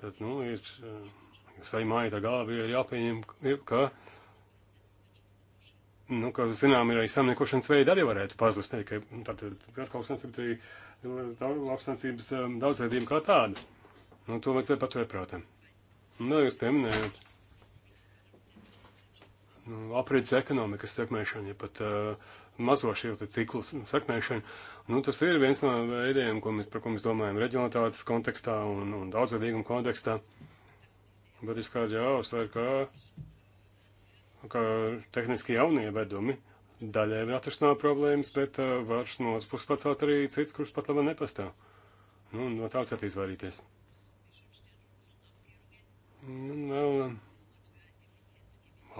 Tad, nu, ir, jūs arī mājat ar galvu, ir jāpieņem, ka, nu, ka, zinām, ir arī samniekošanas veidi arī varētu pazust, ne tikai, tātad, graslauksnes, bet arī lauksnesības daudzveidība kā tāda. Nu, to vajadzēja paturēt prātā. Un vēl jūs pieminējat nu, aprits ekonomikas sekmēšana, ja pat uh, mazo šilta ciklu nu, sakmēšanu. Nu, tas ir viens no veidiem, ko mēs, par ko mēs domājam reģionalitātes kontekstā un, un daudzveidīguma kontekstā. Bet ir skaidri jāuzsver, ka, ka tehniski jaunie vedumi daļai var atrisināt problēmas, bet uh, var no puses pacelt arī cits, kurš pat labi nepastāv. Nu, no tā ciet izvairīties. Nu, vēl, um,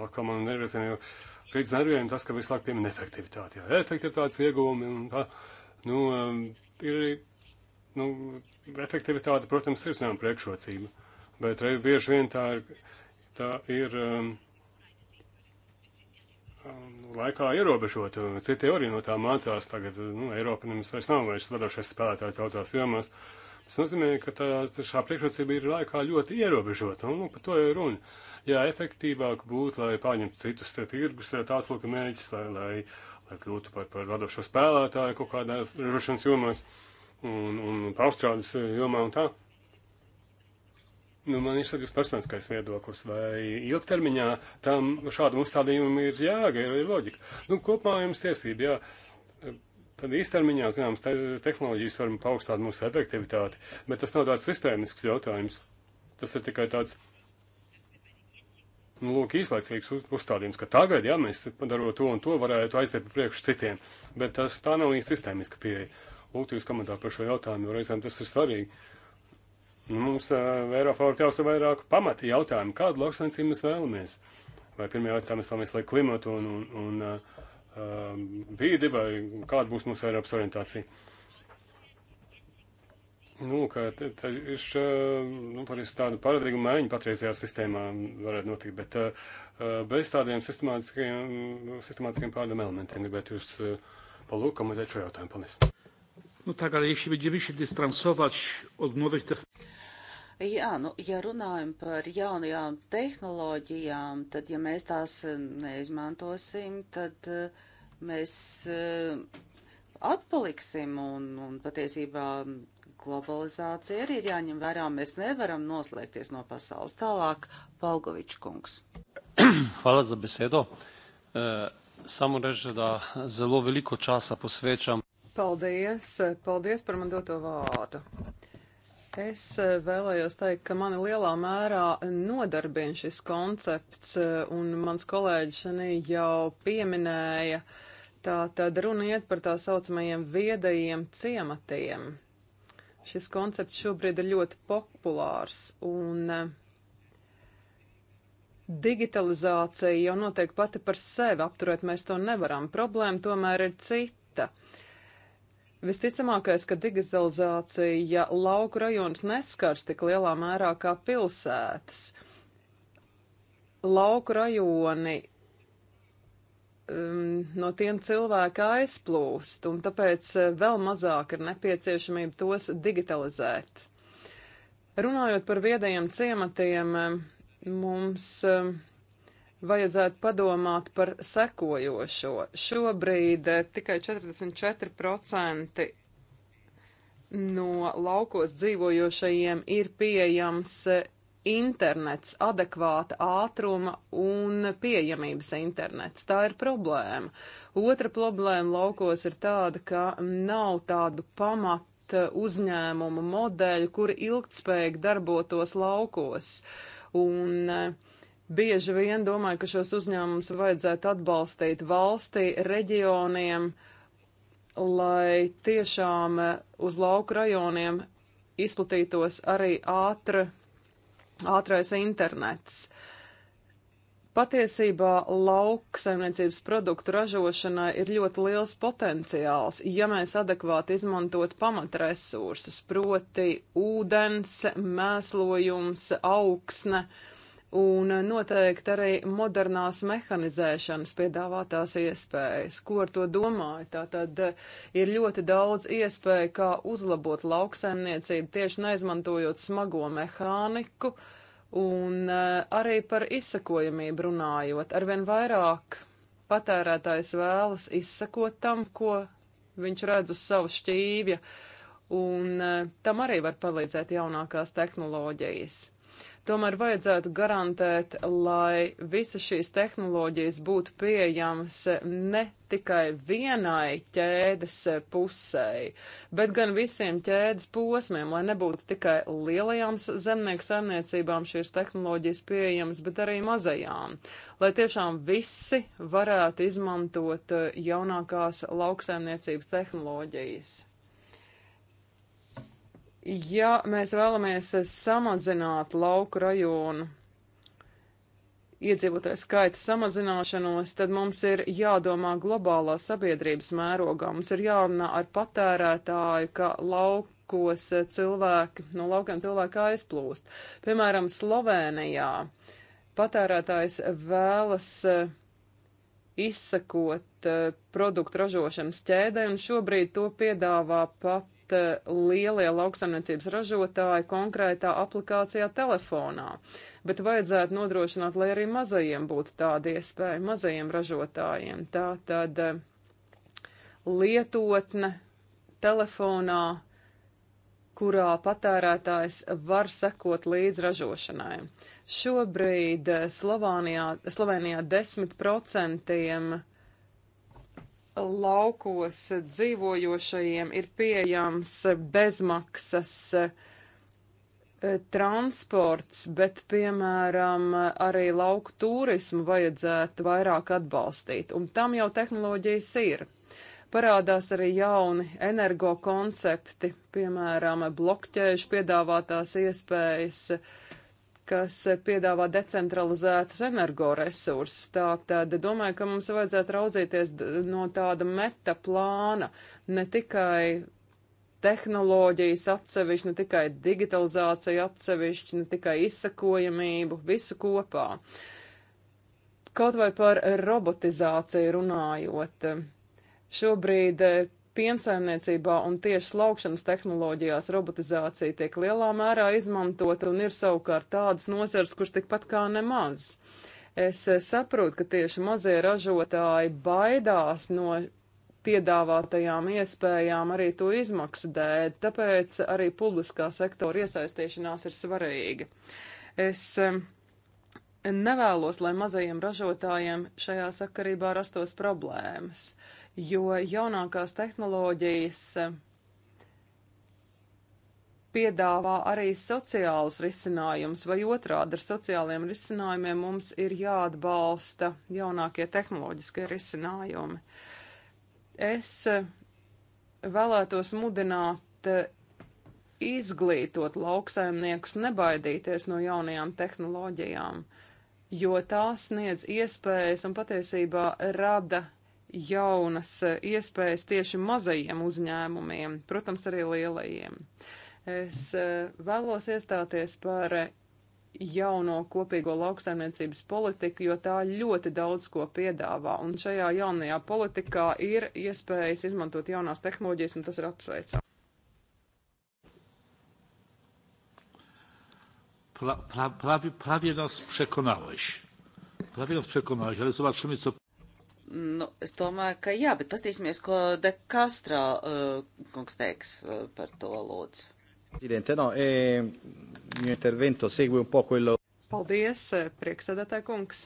atkal man nervizina, jo. Uh, krītas nerviem tas, ka visu laiku piemin efektivitāti. Jā, efektivitātes iegūmi un tā. Nu, um, ir, nu, efektivitāte, protams, ir zinām priekšrocība, bet re, bieži vien tā ir, tā ir um, um laikā ierobežota. Citi arī no tā mācās tagad. Nu, Eiropa nemaz vairs nav vairs vadošais spēlētājs daudzās jomās. Tas nozīmē, ka tā, šā priekšrocība ir laikā ļoti ierobežota, un nu, par to ir runa. Jā, efektīvāk būtu, lai pārņemtu citus tirgus, tāds lūk mērķis, lai, lai, lai kļūtu par, par vadošo spēlētāju kaut kādās ražošanas jomās un, un pārstrādes jomā un tā. Nu, man ir saktas personiskais viedoklis, vai ilgtermiņā tam šādu uzstādījumu ir jāga, ir loģika. Nu, kopumā jums tiesība, jā. Tad īstermiņā, zināms, te, tehnoloģijas var paaugstināt mūsu efektivitāti, bet tas nav tāds sistēmisks jautājums. Tas ir tikai tāds nu, lūk, īslaicīgs uzstādījums, ka tagad, ja mēs padarot to un to, varētu aiziet pa priekšu citiem, bet tas tā nav īsti sistēmiska pieeja. Lūgtu jūs komentāru par šo jautājumu, jo reizēm tas ir svarīgi. Nu, mums uh, Eiropā ir jāuztur vairāk pamati jautājumu, kādu lauksaimniecību mēs vēlamies. Vai pirmajā jautājumā mēs vēlamies, lai klimatu un, un, un uh, vīdi, vai kāda būs mūsu Eiropas orientācija. Nu, ka iš nu, tādu paradigmu maiņu patreizajā sistēmā varētu notikt, bet uh, bez tādiem sistemātiskiem, sistemātiskiem pārādiem elementiem gribētu jūs uh, palūk komentēt šo jautājumu. Paldies. Nu, tā kā, ja šī bija šī distransovač od novih tehnoloģiju. Jā, nu, ja runājam par jaunajām tehnoloģijām, tad, ja mēs tās neizmantosim, tad mēs atpaliksim un, un patiesībā globalizācija arī ir jāņem vērā. Mēs nevaram noslēgties no pasaules. Tālāk, Palgovičs kungs. Hvala za besedo. E, samo reži, da zelo veliko časa posvečam. Paldies, paldies par man doto vārdu. Es vēlējos teikt, ka mani lielā mērā nodarbina šis koncepts, un mans kolēģis Šanī jau pieminēja, tā tad runa iet par tā saucamajiem viedajiem ciematiem. Šis koncepts šobrīd ir ļoti populārs un eh, digitalizācija jau notiek pati par sevi, apturēt mēs to nevaram. Problēma tomēr ir cita. Visticamākais, ka digitalizācija lauku rajonus neskars tik lielā mērā kā pilsētas. Lauku rajoni um, no tiem cilvēki aizplūst, un tāpēc eh, vēl mazāk ir nepieciešamība tos digitalizēt. Runājot par viedajiem ciematiem, eh, mums um, vajadzētu padomāt par sekojošo. Šobrīd tikai 44% no laukos dzīvojošajiem ir pieejams internets, adekvāta ātruma un pieejamības internets. Tā ir problēma. Otra problēma laukos ir tāda, ka nav tādu pamata uzņēmumu modeļu, kuri ilgtspējīgi darbotos laukos. Un eh, bieži vien domāju, ka šos uzņēmumus vajadzētu atbalstīt valstī, reģioniem, lai tiešām eh, uz lauku rajoniem izplatītos arī ātra ātrais internets. Patiesībā lauksaimniecības produktu ražošanai ir ļoti liels potenciāls, ja mēs adekvāti izmantot pamatresursus, proti ūdens, mēslojums, augsne, uh, Un noteikti arī modernās mehanizēšanas piedāvātās iespējas. Ko ar to domāju? Tā tad eh, ir ļoti daudz iespēju, kā uzlabot lauksaimniecību tieši neizmantojot smago mehāniku un eh, arī par izsakojamību runājot. Arvien vairāk patērētājs vēlas izsakot tam, ko viņš redz uz savu šķīvja, un eh, tam arī var palīdzēt jaunākās tehnoloģijas. Tomēr vajadzētu garantēt, lai visas šīs tehnoloģijas būtu pieejamas ne tikai vienai ķēdes pusē, bet gan visiem ķēdes posmiem, lai nebūtu tikai lielajām zemnieku saimniecībām šīs tehnoloģijas pieejamas, bet arī mazajām, lai tiešām visi varētu izmantot eh, jaunākās lauksaimniecības tehnoloģijas. Ja mēs vēlamies samazināt lauku rajonu iedzīvotāju skaita samazināšanos, tad mums ir jādomā globālā sabiedrības mērogā. Mums ir jārunā ar patērētāju, ka laukos cilvēki, no laukiem cilvēki aizplūst. Piemēram, Slovenijā patērētājs vēlas eh, izsakot eh, produktu ražošanas ķēdē, un šobrīd to piedāvā pat pat eh, lielie lauksaimniecības ražotāji konkrētā aplikācijā telefonā. Bet vajadzētu nodrošināt, lai arī mazajiem būtu tāda iespēja, mazajiem ražotājiem. Tā tad eh, lietotne telefonā, kurā patērētājs var sekot līdz ražošanai. Šobrīd eh, Slovānijā, Slovenijā 10% laukos dzīvojošajiem ir pieejams bezmaksas eh, transports, bet, piemēram, arī lauku turismu vajadzētu vairāk atbalstīt, un tam jau tehnoloģijas ir. Parādās arī jauni energo koncepti, piemēram, blokķēžu piedāvātās iespējas, uh, kas piedāvā decentralizētus energoresursus. Tātad domāju, ka mums vajadzētu raudzīties no tāda meta plāna, ne tikai tehnoloģijas atsevišķi, ne tikai digitalizācija atsevišķi, ne tikai izsakojamību, visu kopā. Kaut vai par robotizāciju runājot. Šobrīd eh, Piensaimniecībā un tieši laukšanas tehnoloģijās robotizācija tiek lielā mērā izmantota un ir savukārt tādas nozars, kuras tikpat kā nemaz. Es eh, saprotu, ka tieši mazie ražotāji baidās no piedāvātajām iespējām arī to izmaksu dēļ, tāpēc arī publiskā sektora iesaistīšanās ir svarīga. Es eh, nevēlos, lai mazajiem ražotājiem šajā sakarībā rastos problēmas. Uh, jo jaunākās tehnoloģijas eh, piedāvā arī sociālus risinājumus, vai otrādi ar sociāliem risinājumiem mums ir jāatbalsta jaunākie tehnoloģiskie risinājumi. Es eh, vēlētos mudināt eh, izglītot lauksaimniekus, nebaidīties no jaunajām tehnoloģijām, jo tās sniedz iespējas un patiesībā rada jaunas e, iespējas tieši mazajiem uzņēmumiem, protams, arī lielajiem. Es e, vēlos iestāties par jauno kopīgo lauksaimniecības politiku, jo tā ļoti daudz ko piedāvā, un šajā jaunajā politikā ir iespējas izmantot jaunās tehnoloģijas, un tas ir apsveicami. Pra, pra, prawie, prawie nas przekonałeś. Prawie nas przekonałeś, ale zobaczymy, co. Nu, es domāju, ka jā, bet pastīsimies, ko De Castro uh, kungs teiks uh, par to lūdzu. Presidente, no, e, mio intervento segue un po quello. Paldies, eh, prieksēdētāj kungs.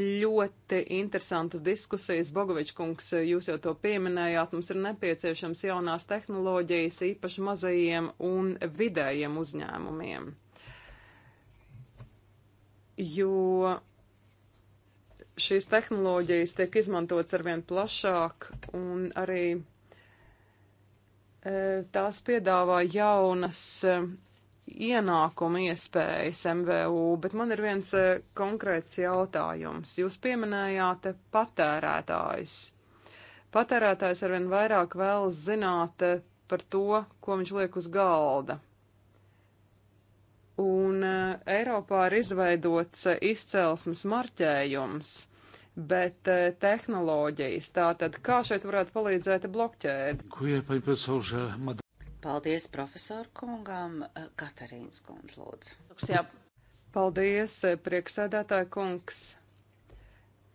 Ļoti interesantas diskusijas, Bogovičs kungs, eh, jūs jau to pieminējāt, mums ir nepieciešams jaunās tehnoloģijas īpaši mazajiem un vidējiem uzņēmumiem. Jo šīs tehnoloģijas tiek izmantotas arvien plašāk un arī e, tās piedāvā jaunas e, ienākuma iespējas MVU, bet man ir viens e, konkrēts jautājums. Jūs pieminējāt patērētājs. Patērētājs arvien vairāk vēlas zināt par to, ko viņš liek uz galda. Un eh, Eiropā ir izveidots eh, izcelsmes marķējums, bet eh, tehnoloģijas. Tātad, kā šeit varētu palīdzēt blokķēdi? Paldies profesoru kungām, Katarīnas kundz lūdzu. Paldies, prieksēdētāja kungs.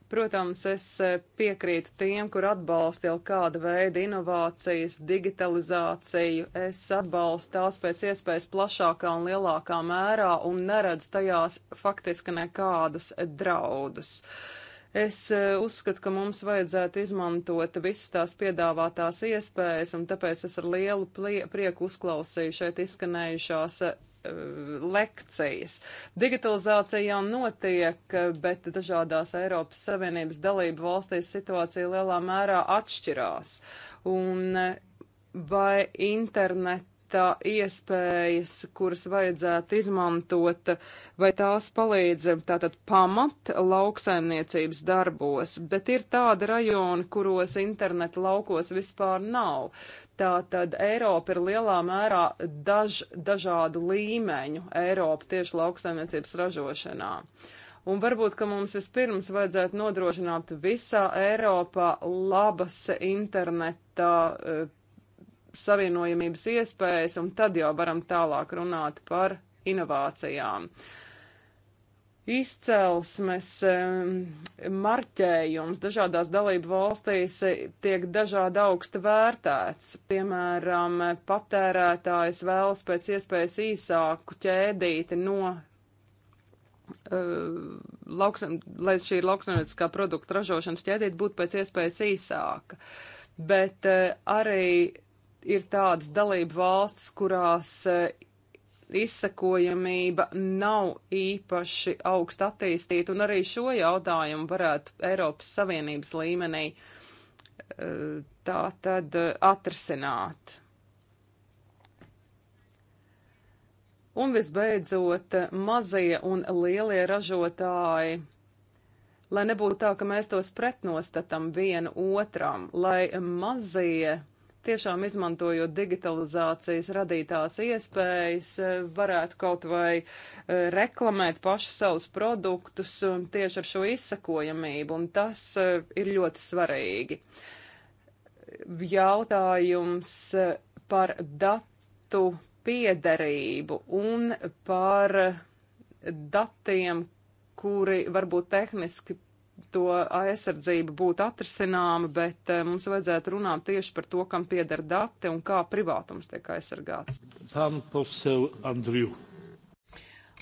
Protams, es eh, piekrītu tiem, kur atbalsta jau kādu veidu inovācijas, digitalizāciju. Es atbalstu tās pēc iespējas plašākā un lielākā mērā un neredzu tajās faktiski nekādus draudus. Es eh, uzskatu, ka mums vajadzētu izmantot visas tās piedāvātās iespējas, un tāpēc es ar lielu prieku uzklausīju šeit izskanējušās eh, lekcijas. Digitalizācija jau notiek, bet dažādās Eiropas Savienības dalību valstīs situācija lielā mērā atšķirās. Un vai internet budžeta iespējas, kuras vajadzētu izmantot, vai tās palīdz tātad pamat lauksaimniecības darbos, bet ir tāda rajona, kuros interneta laukos vispār nav. Tātad Eiropa ir lielā mērā daž, dažādu līmeņu Eiropa tieši lauksaimniecības ražošanā. Un varbūt, ka mums vispirms vajadzētu nodrošināt visā Eiropā labas interneta uh, savienojamības iespējas, un tad jau varam tālāk runāt par inovācijām. Izcelsmes marķējums dažādās dalību valstīs tiek dažādi augsti vērtēts. Piemēram, patērētājs vēlas pēc iespējas īsāku ķēdīti no eh, lauksim, lai šī lauksaimnieciskā produkta ražošanas ķēdīte būtu pēc iespējas īsāka. Bet eh, arī ir tādas dalību valsts, kurās eh, izsakojamība nav īpaši augst attīstīta, un arī šo jautājumu varētu Eiropas Savienības līmenī eh, tā tad eh, atrasināt. Un visbeidzot, mazie un lielie ražotāji, lai nebūtu tā, ka mēs tos pretnostatam vienu otram, lai mazie tiešām izmantojot digitalizācijas radītās iespējas, eh, varētu kaut vai eh, reklamēt paši savus produktus um, tieši ar šo izsakojamību, un tas eh, ir ļoti svarīgi. Jautājums par datu piederību un par datiem, kuri varbūt tehniski to aizsardzība būtu atrisināma, bet eh, mums vajadzētu runāt tieši par to, kam pieder dati un kā privātums tiek aizsargāts. Tam posel Andriju.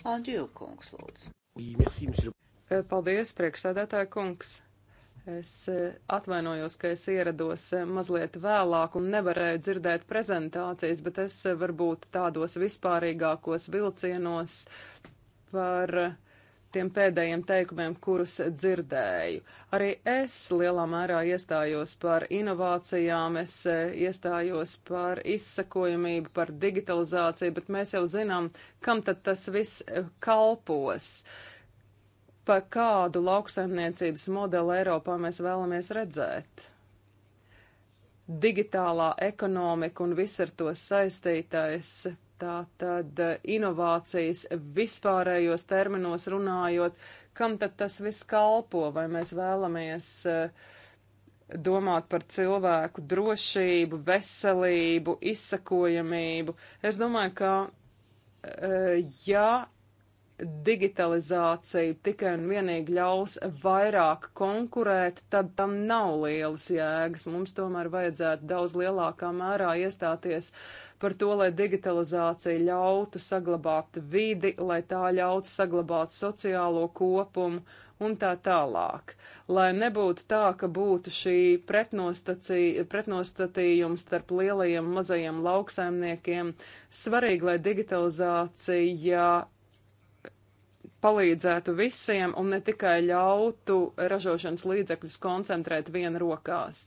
Andriju kungs, lūdzu. Eh, paldies, priekšsēdētāja kungs. Es eh, atvainojos, ka es ierados mazliet vēlāk un nevarēju dzirdēt prezentācijas, bet es varbūt tādos vispārīgākos vilcienos par tiem pēdējiem teikumiem, kurus dzirdēju. Arī es lielā mērā iestājos par inovācijām, es eh, iestājos par izsakojamību, par digitalizāciju, bet mēs jau zinām, kam tad tas viss eh, kalpos. Pa kādu lauksaimniecības modeli Eiropā mēs vēlamies redzēt? Digitālā ekonomika un viss ar to saistītais Tā tad inovācijas vispārējos terminos runājot, kam tad tas viss kalpo, vai mēs vēlamies eh, domāt par cilvēku drošību, veselību, izsakojamību. Es domāju, ka eh, ja digitalizācija tikai un vienīgi ļaus vairāk konkurēt, tad tam nav lielas jēgas. Mums tomēr vajadzētu daudz lielākā mērā iestāties par to, lai digitalizācija ļautu saglabāt vidi, lai tā ļautu saglabāt sociālo kopumu un tā tālāk. Lai nebūtu tā, ka būtu šī pretnostatījums starp lielajiem un mazajiem lauksaimniekiem, svarīgi, lai digitalizācija palīdzētu visiem un ne tikai ļautu ražošanas līdzekļus koncentrēt vien rokās.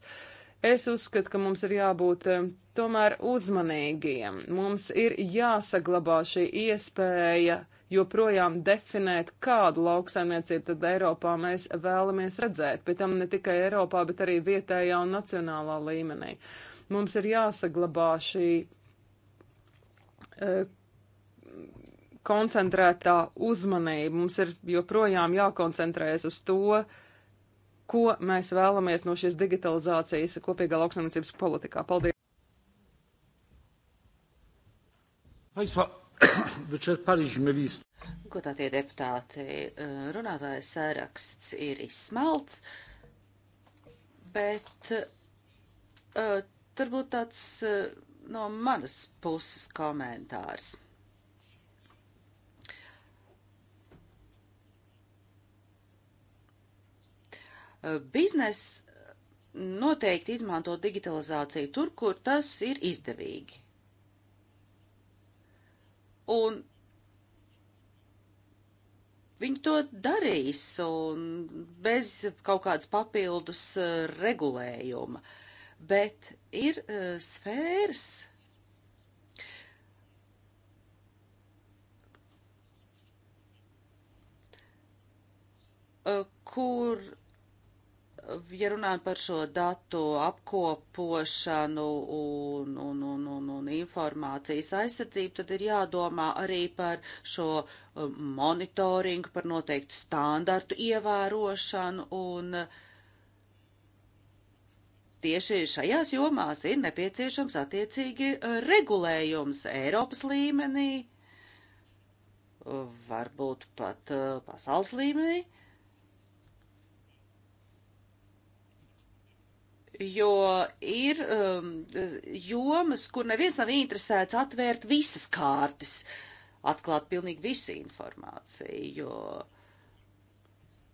Es uzskatu, ka mums ir jābūt eh, tomēr uzmanīgiem. Mums ir jāsaglabā šī iespēja joprojām definēt, kādu lauksaimniecību tad Eiropā mēs vēlamies redzēt, pie tam ne tikai Eiropā, bet arī vietējā un nacionālā līmenī. Mums ir jāsaglabā šī eh, koncentrētā uzmanība. Mums ir joprojām jākoncentrējas uz to, ko mēs vēlamies no šīs digitalizācijas kopīgā lauksaimniecības politikā. Paldies! Godātie deputāti, eh, runātājs saraksts ir izsmalts, bet uh, eh, turbūt tāds uh, no manas puses komentārs. Biznes noteikti izmanto digitalizāciju tur, kur tas ir izdevīgi. Un viņi to darīs un bez kaut kādas papildus e, regulējuma. Bet ir uh, sfēras, uh, kur ja runājam par šo datu apkopošanu un, un, un, un, un informācijas aizsardzību, tad ir jādomā arī par šo um, monitoringu, par noteiktu standartu ievērošanu un Tieši šajās jomās ir nepieciešams attiecīgi uh, regulējums Eiropas līmenī, uh, varbūt pat uh, pasaules līmenī jo ir um, jomas, kur neviens nav interesēts atvērt visas kārtas, atklāt pilnīgi visu informāciju, jo,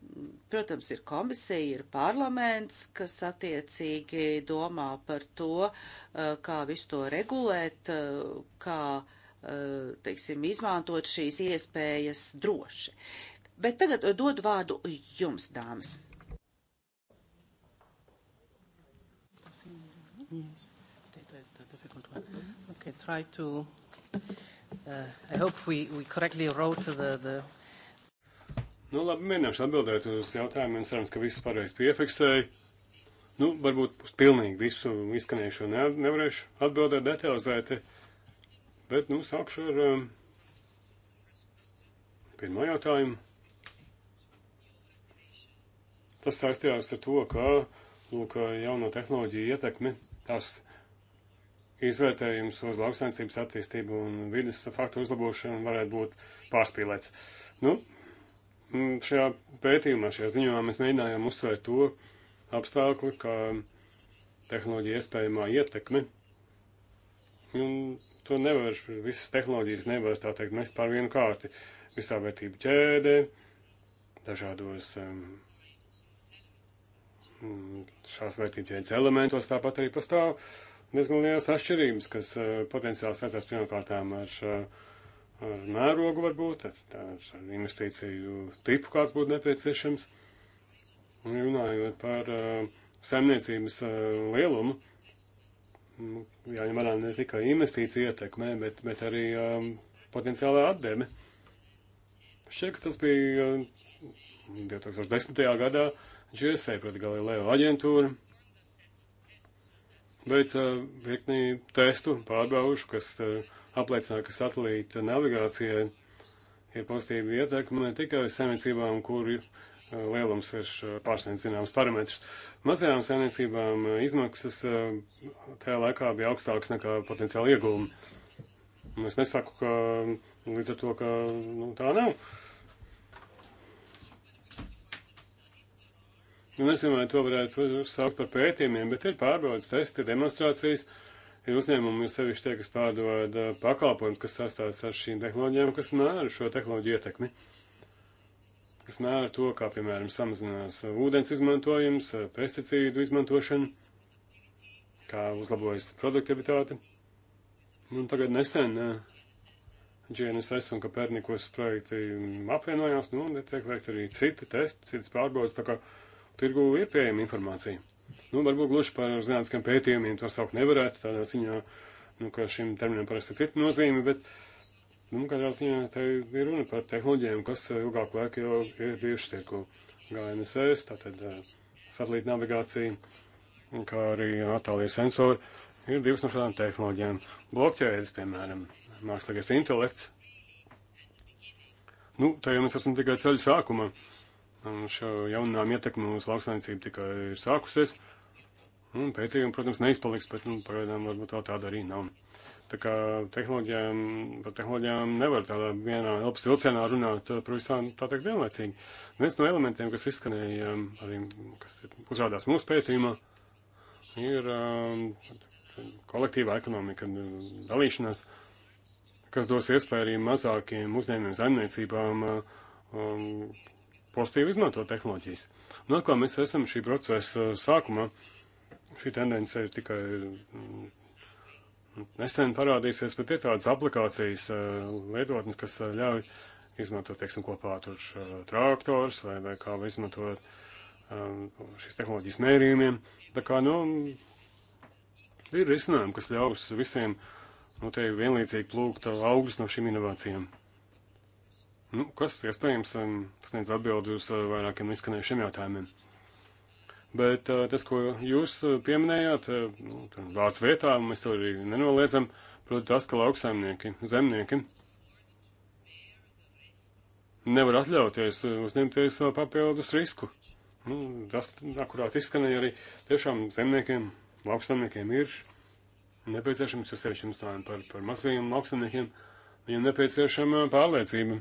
mm, protams, ir komisija, ir parlaments, kas attiecīgi domā par to, uh, kā visu to regulēt, uh, kā, uh, teiksim, izmantot šīs iespējas droši. Bet tagad uh, dodu vārdu jums, dāmas. Yes, data is the difficult one. Okay, try to. Uh, I hope we, we correctly wrote the. the Nu, labi, mēģināšu atbildēt uz jautājumiem. Cerams, ka visu pareizi piefiksēju. Nu, varbūt uz pilnīgi visu izskanējušo ne, nevarēšu atbildēt detalizēti, bet, nu, sākšu ar um, pirmo jautājumu. Tas saistījās ar to, ka uh, lūk, jauno tehnoloģiju ietekmi, tās izvērtējums uz lauksaimniecības attīstību un vidas faktu uzlabošanu varētu būt pārspīlēts. Nu, šajā pētījumā, šajā ziņojumā mēs mēģinājām uzsvērt to apstākli, ka tehnoloģija iespējamā ietekme, un to nevar, visas tehnoloģijas nevar, tā teikt, mest pār vienu kārti. Visā vērtību ķēdē, dažādos um, šās vērtības viens elementos tāpat arī pastāv diezgan liels atšķirības, kas eh, potenciāli saistās pirmkārtām ar, eh, ar mērogu varbūt, ar, ar investīciju tipu, kāds būtu nepieciešams. Runājot par eh, saimniecības lielumu, nu, jāņem vērā ne tikai investīcija ietekmē, bet, bet arī um, potenciālā atdeve. Šķiet, ka tas bija 2010. gadā. Uh, GSA, tai proti Galileo aģentūra, veica virknī testu pārbaužu, kas eh, apliecināja, ka satelīta navigācija ir pozitīva ietekme ne tikai saimniecībām, kur eh, lielums ir eh, pārsniedz zināms parametrs. Mazajām saimniecībām izmaksas tajā laikā bija augstākas nekā potenciāli iegūmi. Es nesaku, ka līdz ar to, ka nu, tā nav. Uh, Nu, nezinu, vai to varētu saukt par pētījumiem, bet ir pārbaudas, testi, demonstrācijas. Ir uzņēmumi, jo sevišķi tie, kas pārdod uh, pakalpojumus, kas sastāvs ar šīm tehnoloģijām, kas mēra šo tehnoloģiju ietekmi. Kas mēra to, kā, piemēram, samazinās uh, ūdens izmantojums, uh, pesticīdu izmantošana, kā uzlabojas produktivitāte. Nu, un tagad nesen GNSS un Kopernikos projekti um, apvienojās, nu, un tiek veikt arī citi testi, citas pārbaudas, tā kā tirgu ir pieejama informācija. Nu, varbūt gluži par zinātniskiem pētījumiem to saukt nevarētu, tādā ziņā, nu, ka šim terminam parasti ir cita nozīme, bet, nu, kādā ziņā te ir runa par tehnoloģijām, kas eh, ilgāk laika jau ir bijušas tirgu. GNSS, tātad eh, satelīta navigācija, kā arī attālie sensori, ir divas no šādām tehnoloģijām. Blokķēdes, piemēram, mākslīgais intelekts. Nu, tā jau mēs esam tikai ceļu sākumā. Uh, Šio jaunām ietekmi uz lauksainicību tikai ir sākusies. Un pētījumi, protams, neizpaliks, bet, nu, pagaidām varbūt vēl tāda arī nav. Tā kā tehnoloģijām, par tehnoloģijām nevar tādā vienā elpas vilcienā runāt eh, par visām, tā teikt, vienlaicīgi. Viens no elementiem, kas izskanēja, um, arī, kas uzrādās mūsu pētījumā, ir um, kolektīvā ekonomika, nu, dalīšanās, kas dos iespēju arī mazākiem uzņēmumiem, zaimniecībām um, pozitīvi izmanto tehnoloģijas. Nu, kā mēs esam šī procesa sākumā, šī tendence ir tikai mm, nesen parādīsies, bet ir tādas aplikācijas eh, lietotnes, kas eh, ļauj izmantot, teiksim, kopā tur eh, traktors vai, vai kā var izmantot šīs tehnoloģijas mērījumiem. Tā kā, nu, ir risinājumi, kas ļaus visiem, nu, te vienlīdzīgi plūkt augus no šīm inovācijām. Nu, kas, iespējams, um, sniedz atbildi uz uh, vairākiem izskanējušiem jautājumiem. Bet uh, tas, ko jūs uh, pieminējāt, nu, vārds vietā, mēs to arī nenoliedzam, proti tas, ka lauksaimnieki, zemnieki nevar atļauties uzņemties papildus risku. Nu, tas, akurāt izskanēja arī tiešām zemniekiem, lauksaimniekiem ir nepieciešams, jo sevišķi mums tājam par, par mazajiem lauksaimniekiem, viņiem nepieciešama pārliecība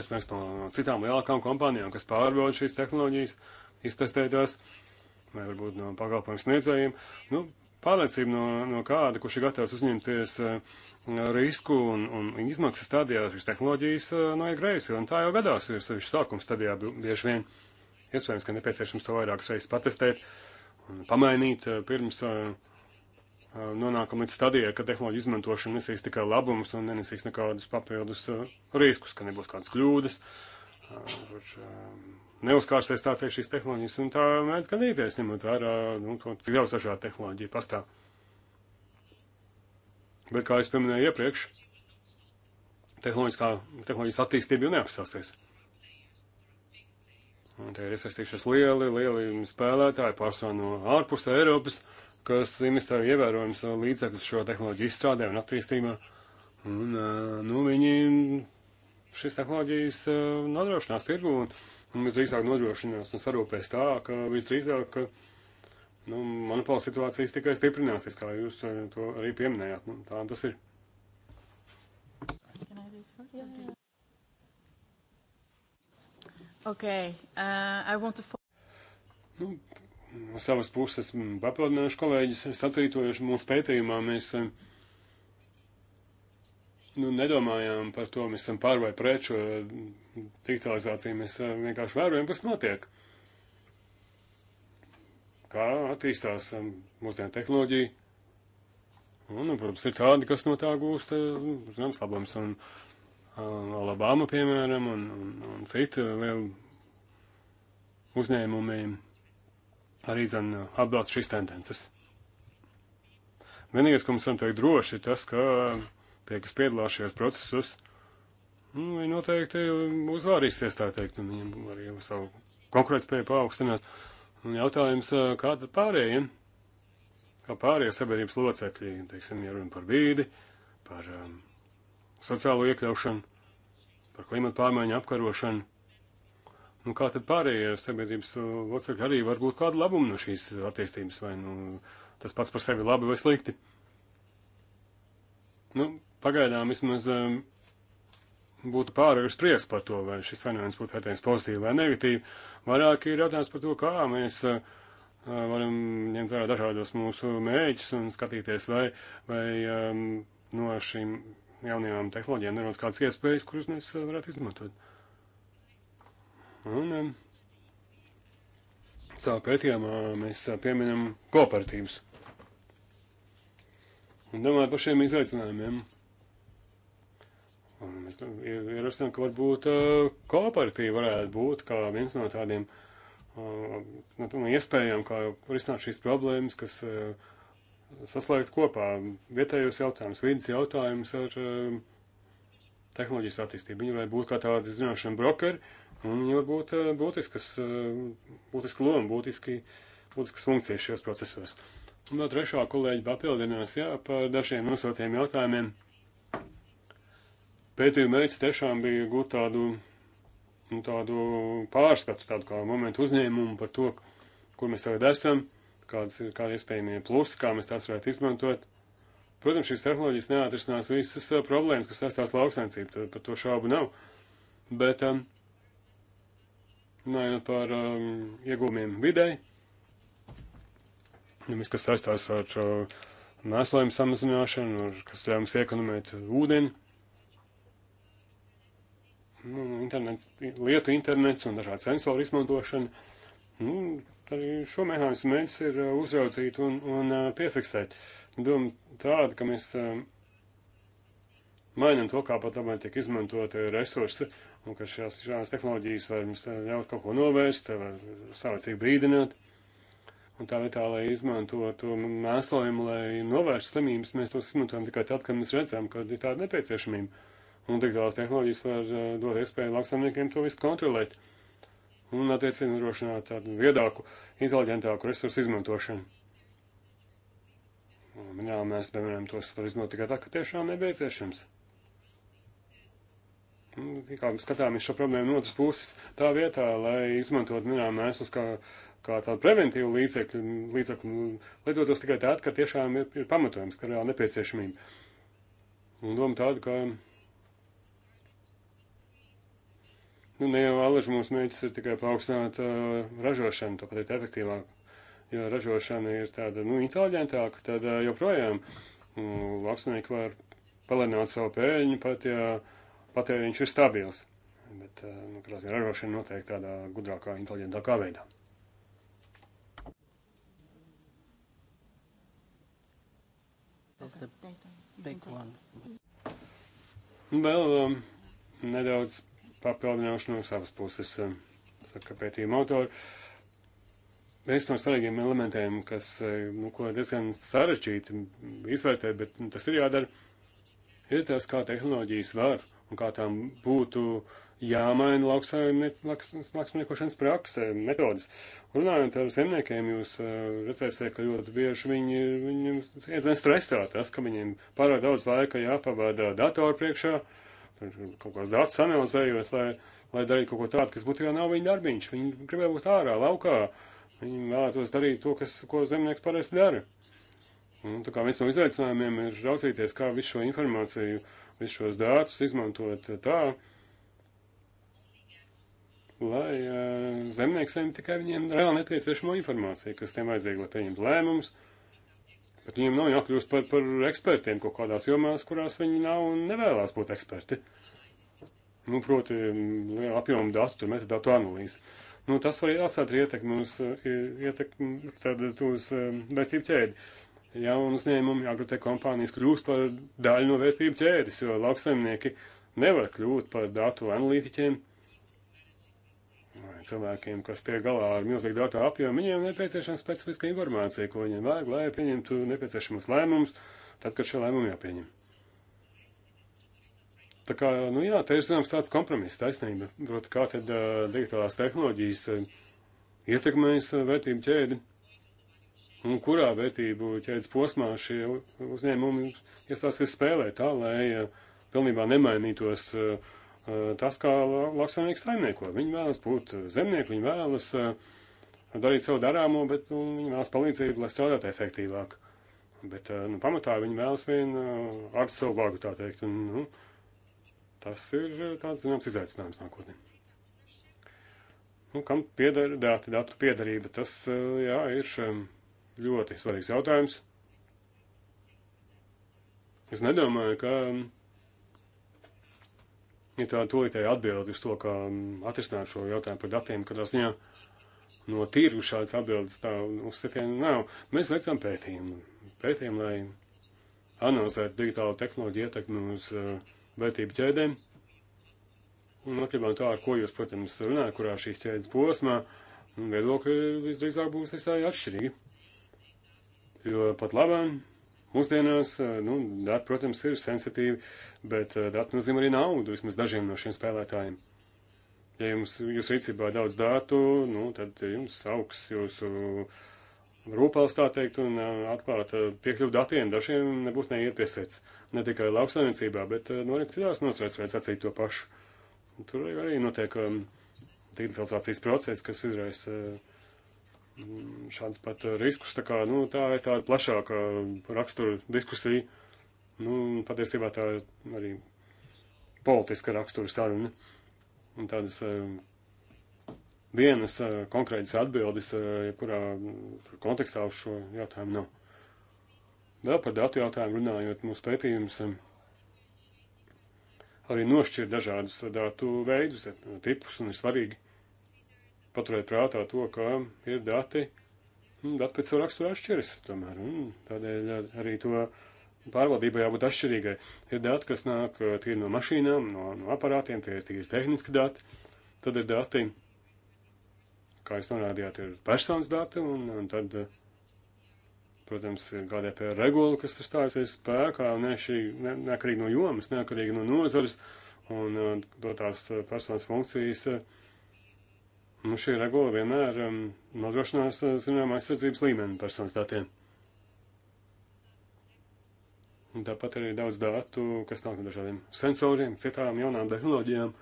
iespējams no citām lielākām kompānijām, kas pārbauda šīs tehnoloģijas, iztestētās, vai varbūt no pakalpojumu sniedzējiem. Nu, pārliecība no, no kāda, kurš ir gatavs uzņemties uh, risku un, un izmaksas stadijā šīs tehnoloģijas uh, eh, noiet greizi, un tā jau gadās, jo sevišķi sākuma stadijā bieži vien iespējams, ka nepieciešams to vairākas reizes patestēt un pamainīt uh, pirms uh, nonākam līdz stadijai, ka tehnoloģija izmantošana nesīs tikai labumus un nenesīs nekādus papildus uh, riskus, ka nebūs kādas kļūdas, kur uh, um, neuzkārsēs tā teikt šīs tehnoloģijas, un tā mēdz gadīties, ņemot vērā, nu, to, cik daudz dažādu tehnoloģiju pastāv. Bet, kā es pieminēju iepriekš, tehnoloģijas attīstība jau neapstāsies. Un te ir iesaistījušies lieli, lieli spēlētāji, pārsvarā no ārpus Eiropas. Uh, kas investē ievērojams līdzekļus šo tehnoloģiju izstrādē un attīstībā. Un, nu, viņi šīs tehnoloģijas nodrošinās tirgu un, un visdrīzāk nodrošinās un sarūpēs tā, ka visdrīzāk nu, monopola situācijas tikai stiprināsies, kā jūs to arī pieminējāt. Nu, tā tas ir. Yeah, yeah. Okay, uh, I want to. Nu, no savas puses papildināšu kolēģis sacīto, jo mūsu pētījumā mēs nu, nedomājām par to, mēs esam pār vai pret šo digitalizāciju, mēs vienkārši vērojam, kas notiek. Kā attīstās mūsdienu tehnoloģija. Un, nu, protams, ir tādi, kas no tā gūst, e, zināms, labums. Un, Alabama, piemēram, un, un, un citi lieli uzņēmumi arī zan atbalsta šīs tendences. Vienīgais, ko mums varam teikt droši, ir tas, ka tie, kas piedalās šajos procesos, nu, viņi noteikti uzvārīsies, tā teikt, un viņiem arī savu konkurētspēju paaugstinās. Un jautājums, kā tad pārējiem, kā pārējie sabiedrības locekļi, teiksim, ja runa par bīdi, par um, sociālo iekļaušanu, par klimatu pārmaiņu apkarošanu, Nu, kā tad pārējie sabiedrības locekļi arī var būt kādu labumu no šīs attīstības, vai nu, tas pats par sevi labi vai slikti? Nu, pagaidām vismaz um, būtu pārāk sprieks par to, vai šis fenomens būtu vērtējams pozitīvi vai negatīvi. Vairāk ir jautājums par to, kā mēs uh, uh varam ņemt vērā dažādos mūsu mēģus un skatīties, vai, vai um, no šīm jaunajām tehnoloģijām nerodas kādas iespējas, kuras mēs uh, varētu izmantot. Un um, savā pētījumā mēs uh, pieminam kooperatīvas. Un domāju par šiem izaicinājumiem. Un mēs nu, ierosinām, ka varbūt uh, kooperatīva varētu būt kā viens no tādiem uh, no nu, tādiem nu, iespējām, kā risināt šīs problēmas, kas saslēgt kopā vietējos jautājumus, vidas jautājumus ar uh, tehnoloģijas attīstību. Viņi lai būtu kā tādi zināšanu brokeri, un viņi var būt eh, būtiskas, eh, būtiski loma, būtiski, būtiskas funkcijas šajos procesos. Un vēl trešā kolēģi papildinās, jā, par dažiem nosūtiem jautājumiem. Pētījuma mērķis tiešām bija gūt tādu, nu, tādu pārskatu, tādu kā momentu uzņēmumu par to, kur mēs tagad esam, kādas ir, kādi iespējamie plusi, kā mēs tās varētu izmantot. Protams, šīs tehnoloģijas neatrisinās visas uh, problēmas, kas saistās lauksaimniecību, par to šaubu nav. Bet, um, runājot par um, iegūmiem videi, viss, kas saistās ar uh, mēslojumu samazināšanu, ar, kas ļauj mums iekonomēt ūdeni, nu, internets, lietu internets un dažādi sensori izmantošana, nu, arī šo mehānismu mērķis ir uh, uzraudzīt un, un uh, piefiksēt. Uh, doma tāda, ka mēs eh, mainam to, kā pat labāk tiek izmantot eh, resursi, un ka šās, šās tehnoloģijas var mums eh, ļaut kaut ko novērst, var savācīgi brīdināt. Un tā vietā, lai izmantotu to mēslojumu, lai novērstu slimības, mēs tos izmantojam tikai tad, kad mēs redzam, ka ir tāda nepieciešamība. Un digitālās tehnoloģijas var dot iespēju lauksaimniekiem to visu kontrolēt. Un, attiecīgi, nodrošināt tādu viedāku, inteliģentāku resursu izmantošanu. Un minerāli mēs pieminējam tos var izmantot tikai tā, ka tiešām nepieciešams. Nu, kā skatāmies šo problēmu no otras puses, tā vietā, lai izmantot minerālu mēslus kā, kā tādu preventīvu līdzekļu, līdzekļu lietotos tikai tad, kad tiešām ir, ir pamatojums, ka reāli nepieciešamība. Un doma tāda, ka nu, ne jau alaži mūsu mēģis ir tikai paaugstināt uh, ražošanu, to padarīt efektīvāku ja ražošana ir tāda, nu, inteliģentāka, tad eh, joprojām nu, lauksnieki var palēnināt savu pēļņu, pat, ja patēriņš ir stabils. Bet, eh, nu, kādā ziņā ražošana noteikti tādā gudrākā, inteliģentākā veidā. There's the big ones. Nu, vēl um, nedaudz papildināšu no savas puses, um, saka pētījuma autori. Uh, viens no svarīgiem elementiem, kas, e, nu, ko diezgan sarežģīti izvērtēt, bet tas ir jādara, ir tas, kā tehnoloģijas var un kā tām būtu jāmaina lauksaimniekošanas praksē, metodas. Runājot ar zemniekiem, jūs e, redzēsiet, ka ļoti bieži viņi, viņi iedzien stresā tas, ka viņiem pārāk daudz laika jāpavada datoru priekšā, kaut kāds datus analizējot, lai, lai darītu kaut ko tādu, kas būtībā nav viņa darbiņš. Viņi gribēja būt ārā, laukā Viņi vēlētos darīt to, kas, ko zemnieks parasti dara. Un, nu, tā kā viens no izaicinājumiem ir raudzīties, kā visu šo informāciju, visus šos datus izmantot tā, lai uh, eh, zemnieks saņemtu tikai viņiem reāli nepieciešamo informāciju, kas tiem vajadzīga, lai pieņemtu lēmumus. Bet viņiem nav jākļūst par, par ekspertiem kaut kādās jomās, kurās viņi nav un nevēlas būt eksperti. Nu, proti, apjomu datu, tur metadatu analīzi. Nu, tas var atstāt ietekmi uz, ietekmi, tad, uz e, vērtību ķēdi. Jaunu uzņēmumu, agrotē kompānijas kļūst par daļu no vērtību ķēdes, jo lauksaimnieki nevar kļūt par datu analītiķiem. Cilvēkiem, kas tiek galā ar milzīgu datu apjomu, viņiem nepieciešama specifiska informācija, ko viņiem vajag, lai pieņemtu nepieciešamus lēmumus, tad, kad šie lēmumi jāpieņem. Tā kā, nu jā, te ir, zināms, tāds kompromiss taisnība. Proti, kā tad uh, digitālās tehnoloģijas uh, ietekmēs uh, vērtību ķēdi un kurā vērtību ķēdes posmā šie uzņēmumi iestāsies spēlē tā, lai uh, pilnībā nemainītos uh, tas, kā lauksaimnieks saimnieko. Viņi vēlas būt zemnieki, viņi vēlas darīt savu darāmo, bet nu, viņi vēlas palīdzību, lai strādātu efektīvāk. Bet nu, pamatā viņi vēlas vien ar savu vagu, tā teikt. Un, nu, Tas ir eh, tāds, zināms, izaicinājums nākotnē. Nu, kam pieder dati, datu piedarība, tas, eh, jā, ir ehm, ļoti svarīgs jautājums. Es nedomāju, ka ehm, ir tā tolītēja atbildi uz to, kā ehm, atrisināt šo jautājumu par datiem, kad ziņā no tirgu šādas atbildes tā uzskatienu nav. Mēs veicam pētījumu, pētījumu, lai analizētu digitālo tehnoloģiju ietekmi uz uh, vērtību ķēdēm. Un atkarībā no tā, ar ko jūs, protams, runājat, kurā šīs ķēdes posmā, viedokļi visdrīzāk būs visai atšķirīgi. Jo pat labāk mūsdienās, nu, dati, protams, ir sensitīvi, bet eh, dati nozīmē arī naudu vismaz dažiem no šiem spēlētājiem. Ja jums, jūs rīcībā daudz datu, nu, tad jums augs jūsu. Uh, rūpās, tā teikt, un atklāt piekļuvu datiem. Dažiem nebūs neiet piesēc. Ne tikai lauksaimniecībā, bet no nu arī citās nozarēs vajadzētu sacīt to pašu. Tur arī notiek um, digitalizācijas process, kas izraisa um, šāds pat riskus. Tā, kā, nu, tā ir tāda plašāka rakstura diskusija. Nu, patiesībā tā ir arī politiska rakstura saruna. Un tādas um, vienas eh, konkrētas atbildes, eh, jebkurā mm, kontekstā uz šo jautājumu nav. Vēl par datu jautājumu runājot, mūsu pētījums eh, arī nošķir dažādus datu veidus, tipus, un ir svarīgi paturēt prātā to, ka ir dati, dati pēc savu raksturu atšķiras, tomēr, un tādēļ arī to pārvaldībai jābūt atšķirīgai. Ir dati, kas nāk tīri no mašīnām, no, no aparātiem, tie ir tīri tehniski dati, tad ir dati, kā jūs norādījāt, ir personas dati, un, un tad, protams, ir GDPR regula, kas ir stājusies spēkā, ne šī, ne, nekarīgi no jomas, nekarīgi no nozares, un dotās personas funkcijas. Nu, šī regula vienmēr um, nodrošinās, uh, zinām, aizsardzības līmeni personas datiem. Un tāpat arī daudz datu, kas nāk no dažādiem sensoriem, citām jaunām tehnoloģijām.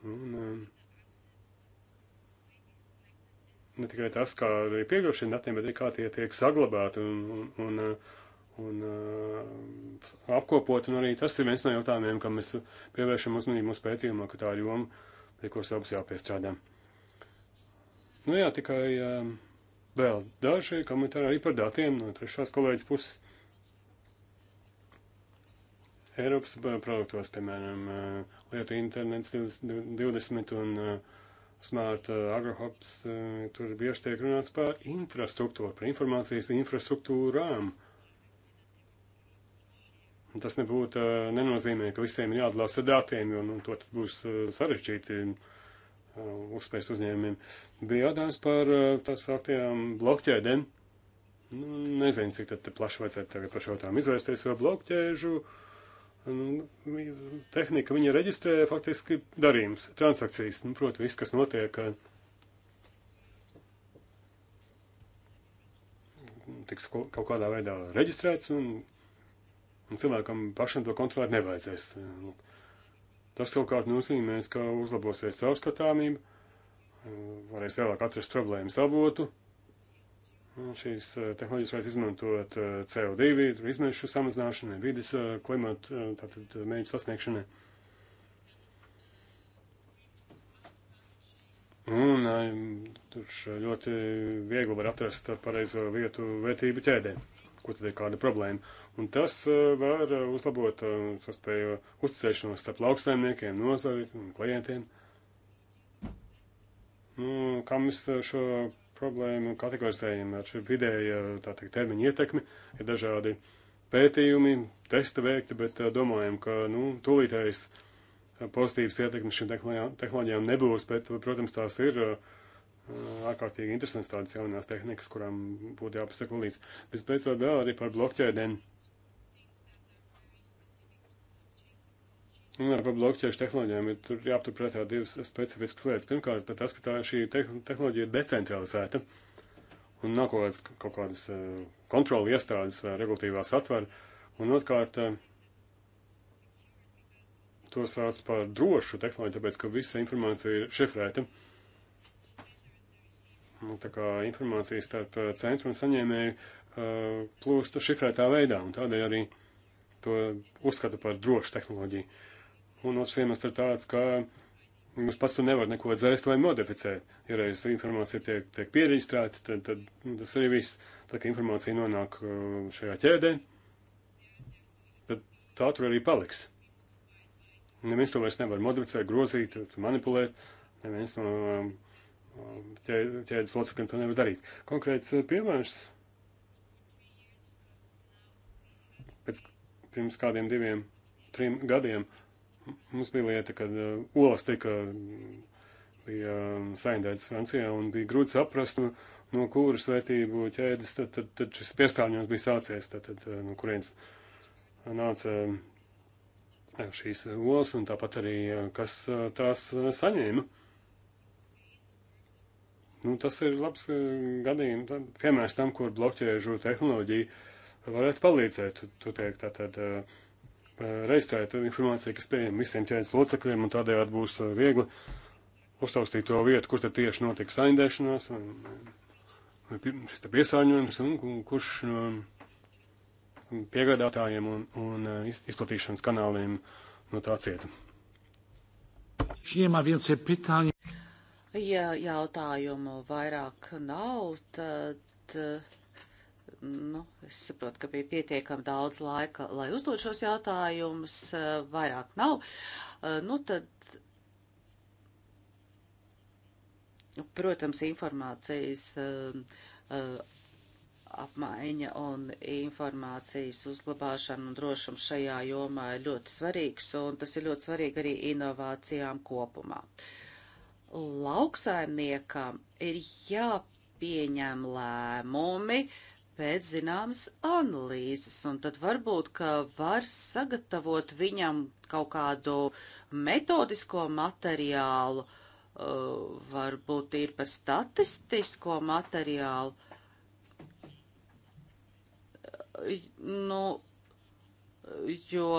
Un, um, ne tikai tas, kā ir piekļuva šiem datiem, bet arī kā tie tiek saglabāti un, un, un, un uh, apkopot. Un arī tas ir viens no jautājumiem, kam mēs pievēršam uzmanību mūsu pētījumā, ka tā ir joma, pie kuras abas jāpiestrādā. Nu jā, tikai um, vēl daži komentāri arī par datiem no trešās kolēģis puses. Eiropas uh, produktos, piemēram, uh, lietu internets 20 un uh, Smart uh, Agrohops, uh, tur bieži tiek runāts par infrastruktūru, par informācijas infrastruktūrām. Tas nebūtu, uh, nenozīmē, ka visiem ir jādalās ar datiem, jo nu, to būs sarežģīti uzspēst uzņēmumiem. Bija jādājums par tā sāktajām blokķēdēm. Nu, nezinu, cik tad plaši vajadzētu tagad par šo tām izvērsties, jo blokķēžu uh, Nu, tehnika viņa reģistrē faktiski darījums, transakcijas, nu, proti, viss, kas notiek tiks kaut kādā veidā reģistrēts, un, un cilvēkam pašam to kontrolēt nevajadzēs. Nu, tas savukārt nozīmēs, ka uzlabosies caurskatāmība, varēs vēlāk atrast problēmas avotu, Šīs e, tehnoloģijas varēs izmantot e, CO2, izmešu samazināšanai, vidas e, klimata, tātad mēģu sasniegšanai. Un tur ļoti viegli var atrast pareizo vietu vērtību ķēdē, kur tad ir kāda problēma. Un tas var uzlabot saspēju uzticēšanos starp lauksaimniekiem, nozari un klientiem. Nu, kam es šo problēmu kategorizējam ar vidēja, tā teikt, termiņa ietekmi, ir dažādi pētījumi, testa veikti, bet eh, domājam, ka, nu, tūlītējs eh, pozitīvas ietekmes šīm tehnoloģijām nebūs, bet, protams, tās ir eh, ārkārtīgi interesants tādas jaunās tehnikas, kurām būtu jāpasako līdz. Vispēc vēl arī par blokķēdēm. Un par blokķēšu tehnoloģijām ir tur jāpaturprātā divas specifiskas lietas. Pirmkārt, pat tas, ka tā šī tehnoloģija ir decentralizēta un nav kaut kādas, kaut kādas eh, kontroli iestādes vai regulatīvās atvara. Un otrkārt, eh, to sauc par drošu tehnoloģiju, tāpēc, ka visa informācija ir šifrēta. Un tā kā informācija starp eh, centru un saņēmēju plūsta šifrētā veidā, un tādēļ arī to uzskata par drošu tehnoloģiju. Un otrs iemesls ir tāds, ka jūs pats tu nevar neko dzēst vai modificēt. Ja reiz informācija tiek, tiek pieregistrēta, tad, tad nu, tas arī viss, tā kā informācija nonāk uh, šajā ķēdē, tad tā tur arī paliks. Neviens to vairs nevar modificēt, grozīt, manipulēt. Neviens no um, ķēdes locekļiem to nevar darīt. Konkrēts uh, piemērs. Pēc pirms kādiem diviem, trim gadiem Mums bija lieta, kad eh, olas tika mm, bija mm, saindēts Francijā un bija grūti saprast, nu, no kuras vērtību ķēdes tad, tad, tad šis piestāvņojums bija sācies, tad, tad eh, no kurienes eh, nāca šīs olas un tāpat arī, kas tās saņēma. Nu, tas ir labs gadījums, piemērs tam, kur blokķēžu tehnoloģija varētu palīdzēt, tu, tu teikt, tātad. Tā, Eh, reizēt informāciju, kas pieejama visiem ķēdes locekļiem, un tādējādi būs eh, viegli uztaustīt to vietu, kur tad tieši notiek saindēšanās, šis te piesārņojums, un kurš no piegādātājiem un, un eh, izplatīšanas kanāliem no tā cieta. Ja jautājumu vairāk nav, tad. Uh... Nu, es saprotu, ka bija pietiekami daudz laika, lai uzdod šos jautājumus, eh, vairāk nav. Eh, nu, tad, protams, informācijas eh, apmaiņa un informācijas uzglabāšana un drošums šajā jomā ir ļoti svarīgs, un tas ir ļoti svarīgi arī inovācijām kopumā. Lauksaimniekam ir jāpieņem lēmumi, uh, pēc zināmas analīzes, un tad varbūt, ka var sagatavot viņam kaut kādu metodisko materiālu, uh, varbūt ir par statistisko materiālu. Uh, nu, jo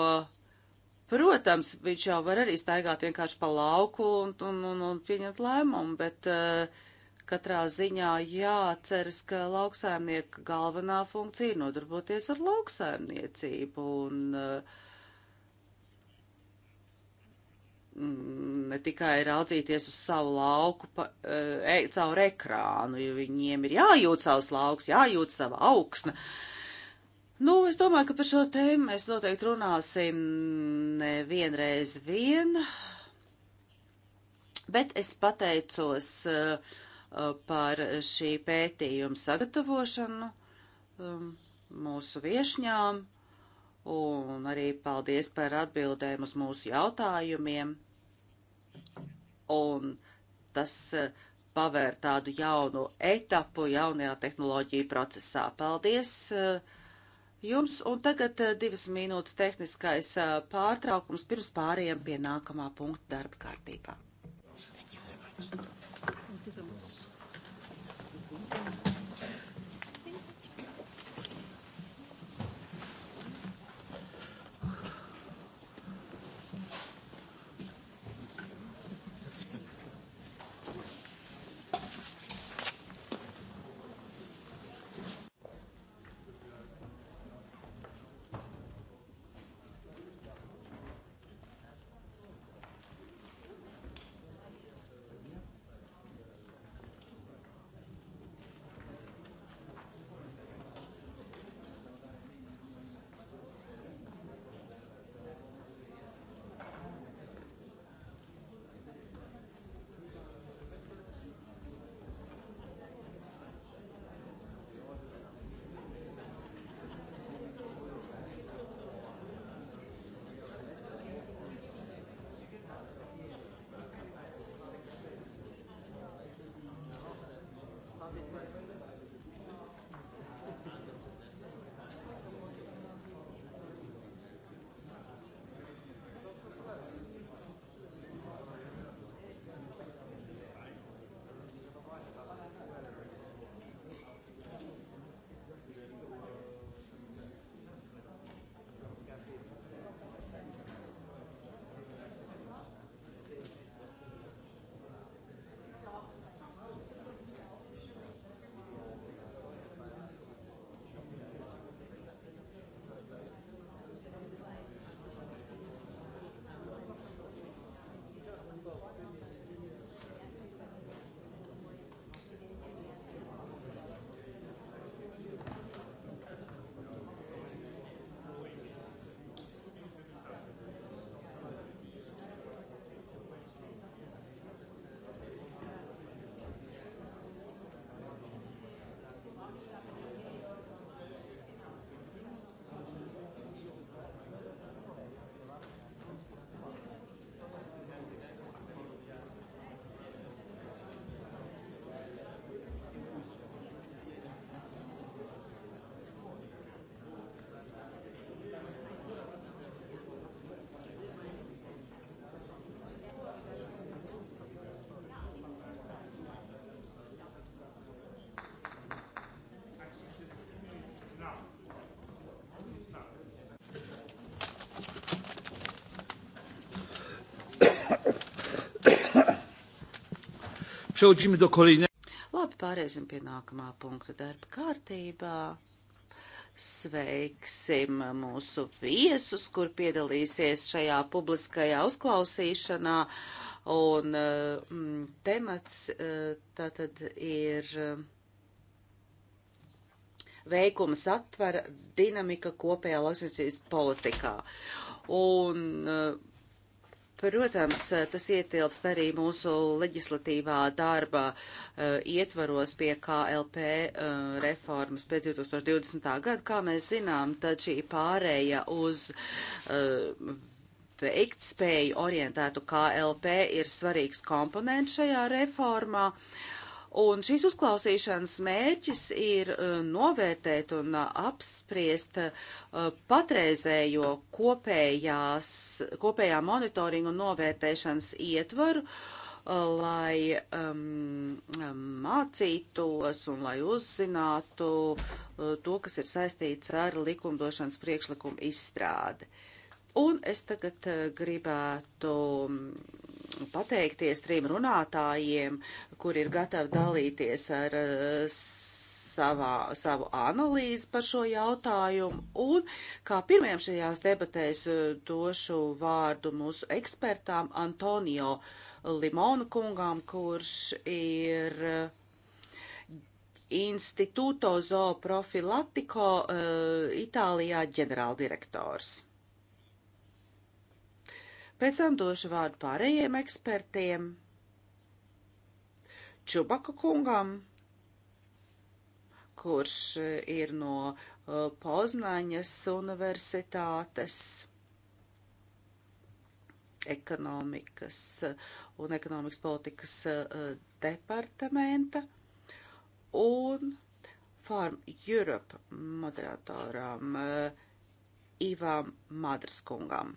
Protams, viņš jau var arī staigāt vienkārši pa lauku un, un, un, un pieņemt lēmumu, bet uh, katrā ziņā jāceras, ka lauksaimnieka galvenā funkcija ir nodarboties ar lauksaimniecību un mm, ne tikai raudzīties uz savu lauku pa, e, caur ekrānu, jo viņiem ir jājūt savs lauks, jājūt sava augsne. Nu, es domāju, ka par šo tēmu mēs noteikti runāsim nevienreiz vien, bet es pateicos uh, par šī pētījuma sagatavošanu um, mūsu viešņām, un arī paldies par atbildēm uz mūsu jautājumiem. Un tas uh, pavēr tādu jaunu etapu jaunajā tehnoloģiju procesā. Paldies! Uh, jums un tagad uh, divas minūtes tehniskais pārtraukums pirms pārējiem pie nākamā punkta darba kārtībā. Thank you very much. Przechodzimy do kolejnego. Labi, pāriesim pie nākamā punkta darba kārtībā. Sveiksim mūsu viesus, kur piedalīsies šajā publiskajā uzklausīšanā. Un eh, mm, temats eh, tātad ir eh, veikuma satvara dinamika kopējā lasniecības politikā. Un mm, Protams, tas ietilpst arī mūsu leģislatīvā darba uh, ietvaros pie KLP uh, eh, reformas pēc 2020. gada. Kā mēs zinām, tad šī pārēja uz uh, veiktspēju orientētu KLP ir svarīgs komponents šajā reformā. Uh, Un šīs uzklausīšanas mērķis ir e, novērtēt un e, apspriest e, patreizējo kopējās, kopējā monitoringa un novērtēšanas ietvaru, lai um, mācītos un lai uzzinātu to, kas ir saistīts ar likumdošanas priekšlikumu izstrādi. Un es tagad gribētu pateikties trim runātājiem, kur ir gatavi dalīties ar eh, savā, savu analīzi par šo jautājumu. Un kā pirmajam šajās debatēs eh, došu vārdu mūsu ekspertām Antonio Limonu kungām, kurš ir eh, Instituto Zooprofilatiko Itālijā ģenerāldirektors. Pēc tam došu vārdu pārējiem ekspertiem. Čubaka kungam, kurš ir no uh, Poznaņas universitātes ekonomikas uh, un ekonomikas politikas uh, departamenta un Farm Europe moderatoram Ivam Madras kungam.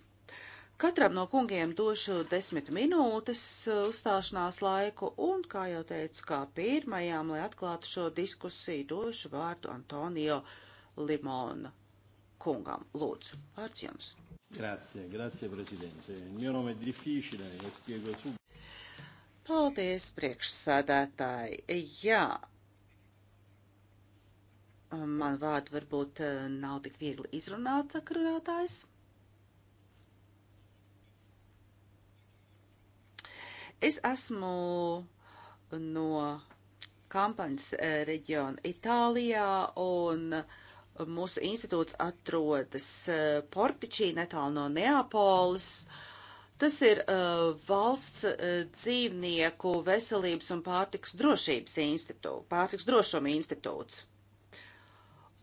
Katram no kungiem došu desmit minūtes eh, uzstāšanās laiku, un, kā jau teicu, kā pirmajām, lai atklātu šo diskusiju, došu vārdu Antonio Limona kungam. Lūdzu, vārds jums. Grazie, grazie, prezidente. Il mio nome è difficile, lo spiego subito. Paldies, priekšsādātāji. Jā, man vārdu varbūt eh, nav tik viegli izrunāt, sakrunātājs. Es esmu no kampaņas eh, reģiona Itālijā un mūsu institūts atrodas eh, Portičī netālu no Neapolis. Tas ir uh, valsts uh, dzīvnieku veselības un pārtiks drošības institūts, pārtiks drošuma institūts.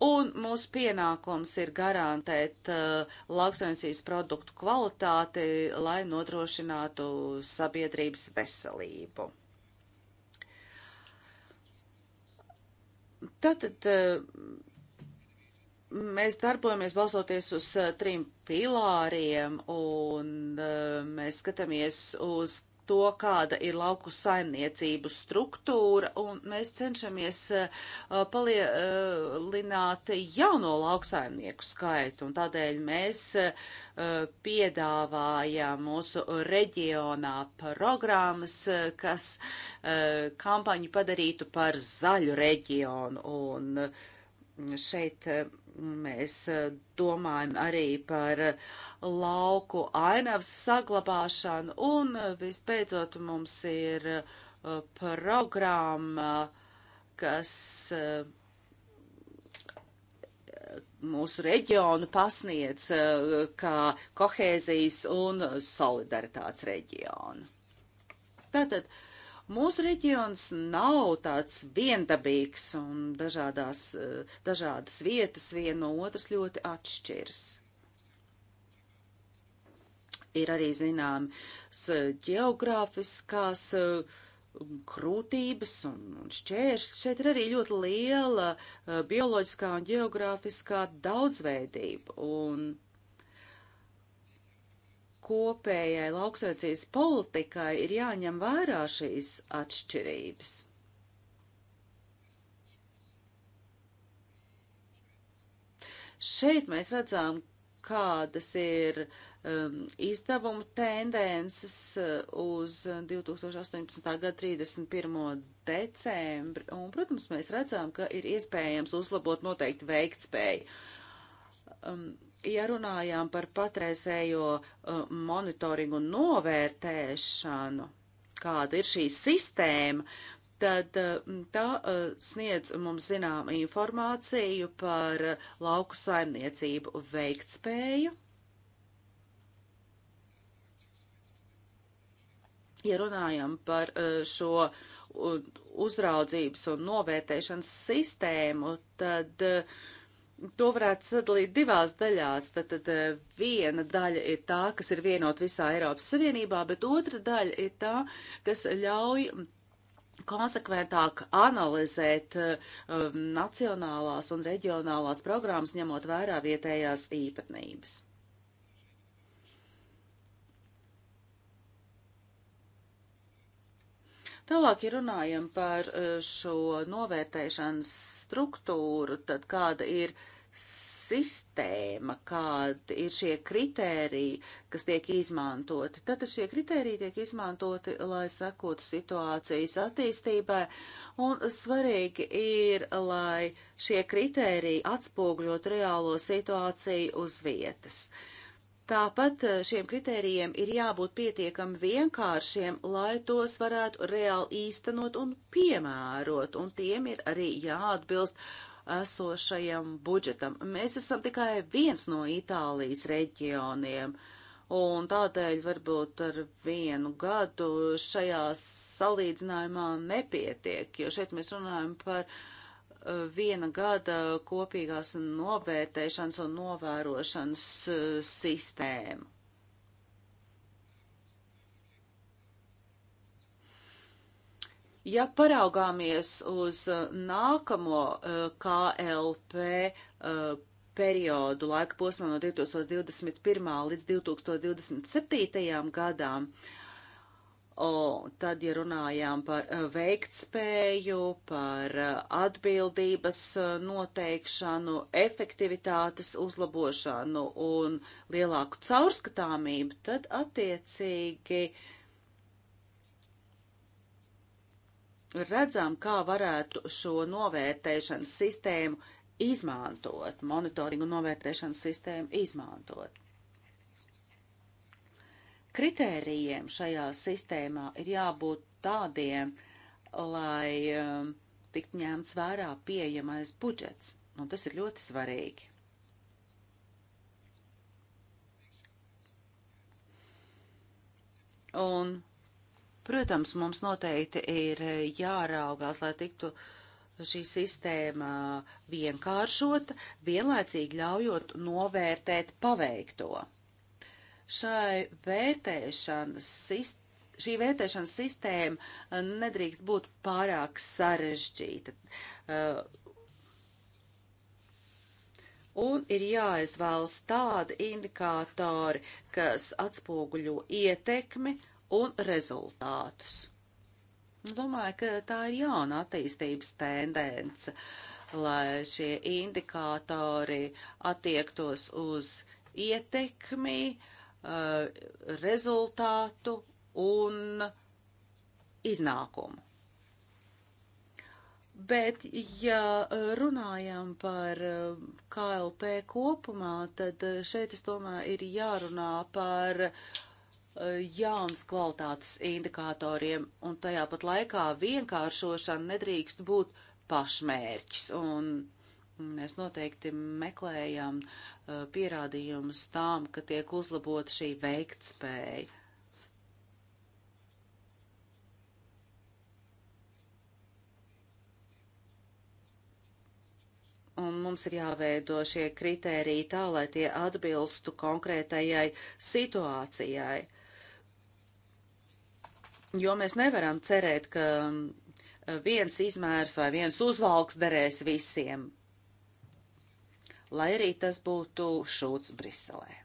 Un mūsu pienākums ir garantēt uh, lauksaimniecības produktu kvalitāti, lai nodrošinātu sabiedrības veselību. Tātad uh, mēs darbojamies balsoties uz uh, trim pilāriem, un uh, mēs skatāmies uz to, kāda ir lauku saimniecību struktūra, un mēs cenšamies uh, palielināt uh, jauno lauksaimnieku skaitu, un tādēļ mēs uh, piedāvājam mūsu reģionā programmas, kas kampaņu padarītu par zaļu reģionu, un šeit eh, mēs eh, domājam arī par eh, lauku ainavas saglabāšanu un visbeidzot mums ir programma, kas mūsu reģionu pasniedz kā kohēzijas un solidaritātes reģionu. Tātad, uh, Mūsu reģions nav tāds viendabīgs un dažādās, eh, dažādas vietas viena no otras ļoti atšķiras. Ir arī zināmas eh, geogrāfiskās krūtības eh, un, un šķēršļi. Šeit ir arī ļoti liela bioloģiskā un geogrāfiskā daudzveidība. Un kopējai lauksaicīs politikai ir jāņem vērā šīs atšķirības. Šeit mēs redzam, kādas ir um, izdevuma tendences uh, uz 2018. gada 31. decembri, un, protams, mēs redzam, ka ir iespējams uzlabot noteikti veiktspēju. Um, Ja runājām par patreizējo uh, monitoringu un novērtēšanu, kāda ir šī sistēma, tad uh, tā uh, sniedz mums zinām informāciju par lauku saimniecību veiktspēju. Ja runājam par uh, šo uzraudzības un novērtēšanas sistēmu, tad uh, to varētu sadalīt divās daļās. Tad, tad eh, viena daļa ir tā, kas ir vienot visā Eiropas Savienībā, bet otra daļa ir tā, kas ļauj konsekventāk analizēt eh, um, nacionālās un reģionālās programmas, ņemot vērā vietējās īpatnības. Tālāk, ja runājam par eh, šo novērtēšanas struktūru, tad kāda ir uh, sistēma, kāda ir šie kritēriji, kas tiek izmantoti. Tad šie kritēriji tiek izmantoti, lai sekotu situācijas attīstībai, un svarīgi ir, lai šie kritēriji atspogļot reālo situāciju uz vietas. Tāpat eh, šiem kritērijiem ir jābūt pietiekami vienkāršiem, lai tos varētu reāli īstenot un piemērot, un tiem ir arī jāatbilst esošajam budžetam. Mēs esam tikai viens no Itālijas reģioniem, un tādēļ varbūt ar vienu gadu šajā salīdzinājumā nepietiek, jo šeit mēs runājam par uh, viena gada kopīgās novērtēšanas un novērošanas uh, sistēmu. Ja paraugāmies uz uh, nākamo uh, KLP uh, periodu laika posmā no 2021. līdz 2027. gadām, O, tad, ja runājām par veiktspēju, par atbildības noteikšanu, efektivitātes uzlabošanu un lielāku caurskatāmību, tad attiecīgi uh, redzam, kā varētu šo novērtēšanas sistēmu izmantot, monitoringu novērtēšanas sistēmu izmantot. Kritērijiem šajā sistēmā ir jābūt tādiem, lai um, tikt ņemts vērā pieejamais budžets, un tas ir ļoti svarīgi. Un Protams, mums noteikti ir jāraugās, lai tiktu šī sistēma vienkāršota, vienlaicīgi ļaujot novērtēt paveikto. Šai vērtēšanas sistēmai šī vērtēšanas sistēma nedrīkst būt pārāk sarežģīta. Uh, un ir jāizvēlas tādi indikātori, kas atspoguļo ietekmi un rezultātus. Nu, domāju, ka tā ir jauna attīstības tendence, lai šie indikātori attiektos uz ietekmi, eh, rezultātu un iznākumu. Bet, ja runājam par eh, KLP kopumā, tad eh, šeit, es domāju, ir jārunā par uh, E, jauns kvalitātes indikatoriem, un tajā pat laikā vienkāršošana nedrīkst būt pašmērķis. Un mēs noteikti meklējam uh, pierādījumus tām, ka tiek uzlabota šī veiktspēja. un mums ir jāveido šie kritēriji tā, lai tie atbilstu konkrētajai situācijai jo mēs nevaram cerēt, ka mm, viens izmērs vai viens uzvalks derēs visiem, lai arī tas būtu šūts Briselē.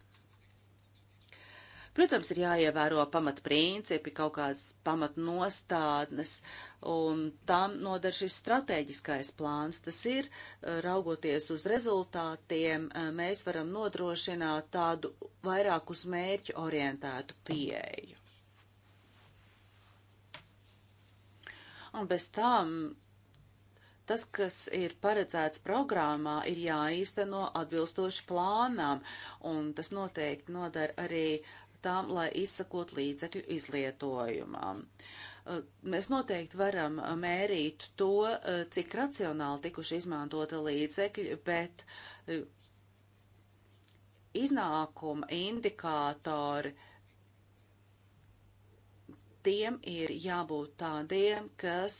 Protams, ir jāievēro pamatprincipi, kaut kādas pamatnostādnes, un tam noder šis strateģiskais plāns. Tas ir, e, raugoties uz rezultātiem, e, mēs varam nodrošināt tādu vairāk uz mērķu orientētu pieeju. un bez tam tas, kas ir paredzēts programmā, ir jāīsteno atbilstoši plānām, un tas noteikti nodara arī tām, lai izsakot līdzekļu izlietojumam. Uh, mēs noteikti varam mērīt to, uh, cik racionāli tikuši izmantota līdzekļi, bet uh, iznākuma indikātori uh, tiem ir jābūt tādiem, kas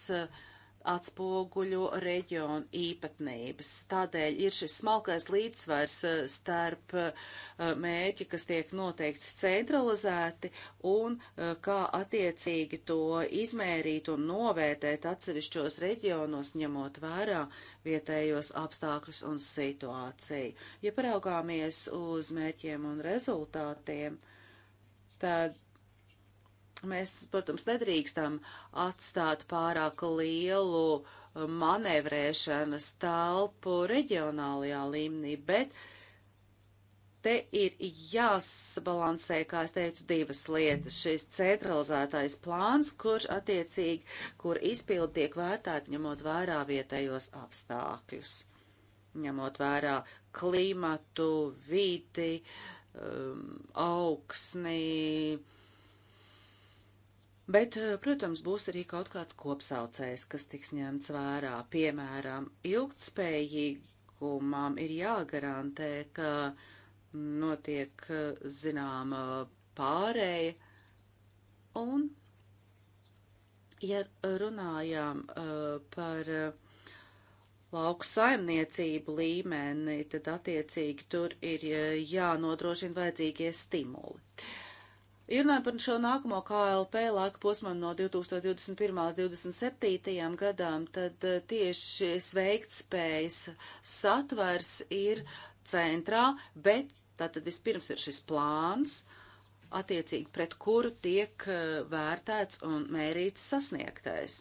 atspoguļo reģionu īpatnības. Tādēļ ir šis smalkais līdzsvars eh, starp eh, mērķi, kas tiek noteikts centralizēti, un eh, kā attiecīgi to izmērīt un novērtēt atsevišķos reģionos, ņemot vērā vietējos apstākļus un situāciju. Ja paraugāmies uz mērķiem un rezultātiem, tad Mēs, protams, nedrīkstam atstāt pārāk lielu uh, manevrēšanas telpu reģionālajā līmenī, bet te ir jāsbalansē, kā es teicu, divas lietas. Šis centralizētais plāns, kurš attiecīgi, kur izpildi tiek vērtēt, ņemot vērā vietējos apstākļus, ņemot vērā klimatu, vidi, um, augsni, Bet, eh, protams, būs arī kaut kāds kopsaucējs, kas tiks ņemts vērā. Piemēram, ilgtspējīgumam ir jāgarantē, ka notiek eh, zināma pārēja. Un, ja runājām eh, par lauku saimniecību līmeni, tad attiecīgi tur ir jānodrošina vajadzīgie stimuli. Uh, Runājot par šo nākamo KLP laika posmu no 2021. līdz 2027. gadām, tad eh, tieši sveiktspējas satvers ir centrā, bet tātad vispirms ir šis plāns, attiecīgi pret kuru tiek eh, vērtēts un mērīts sasniegtais.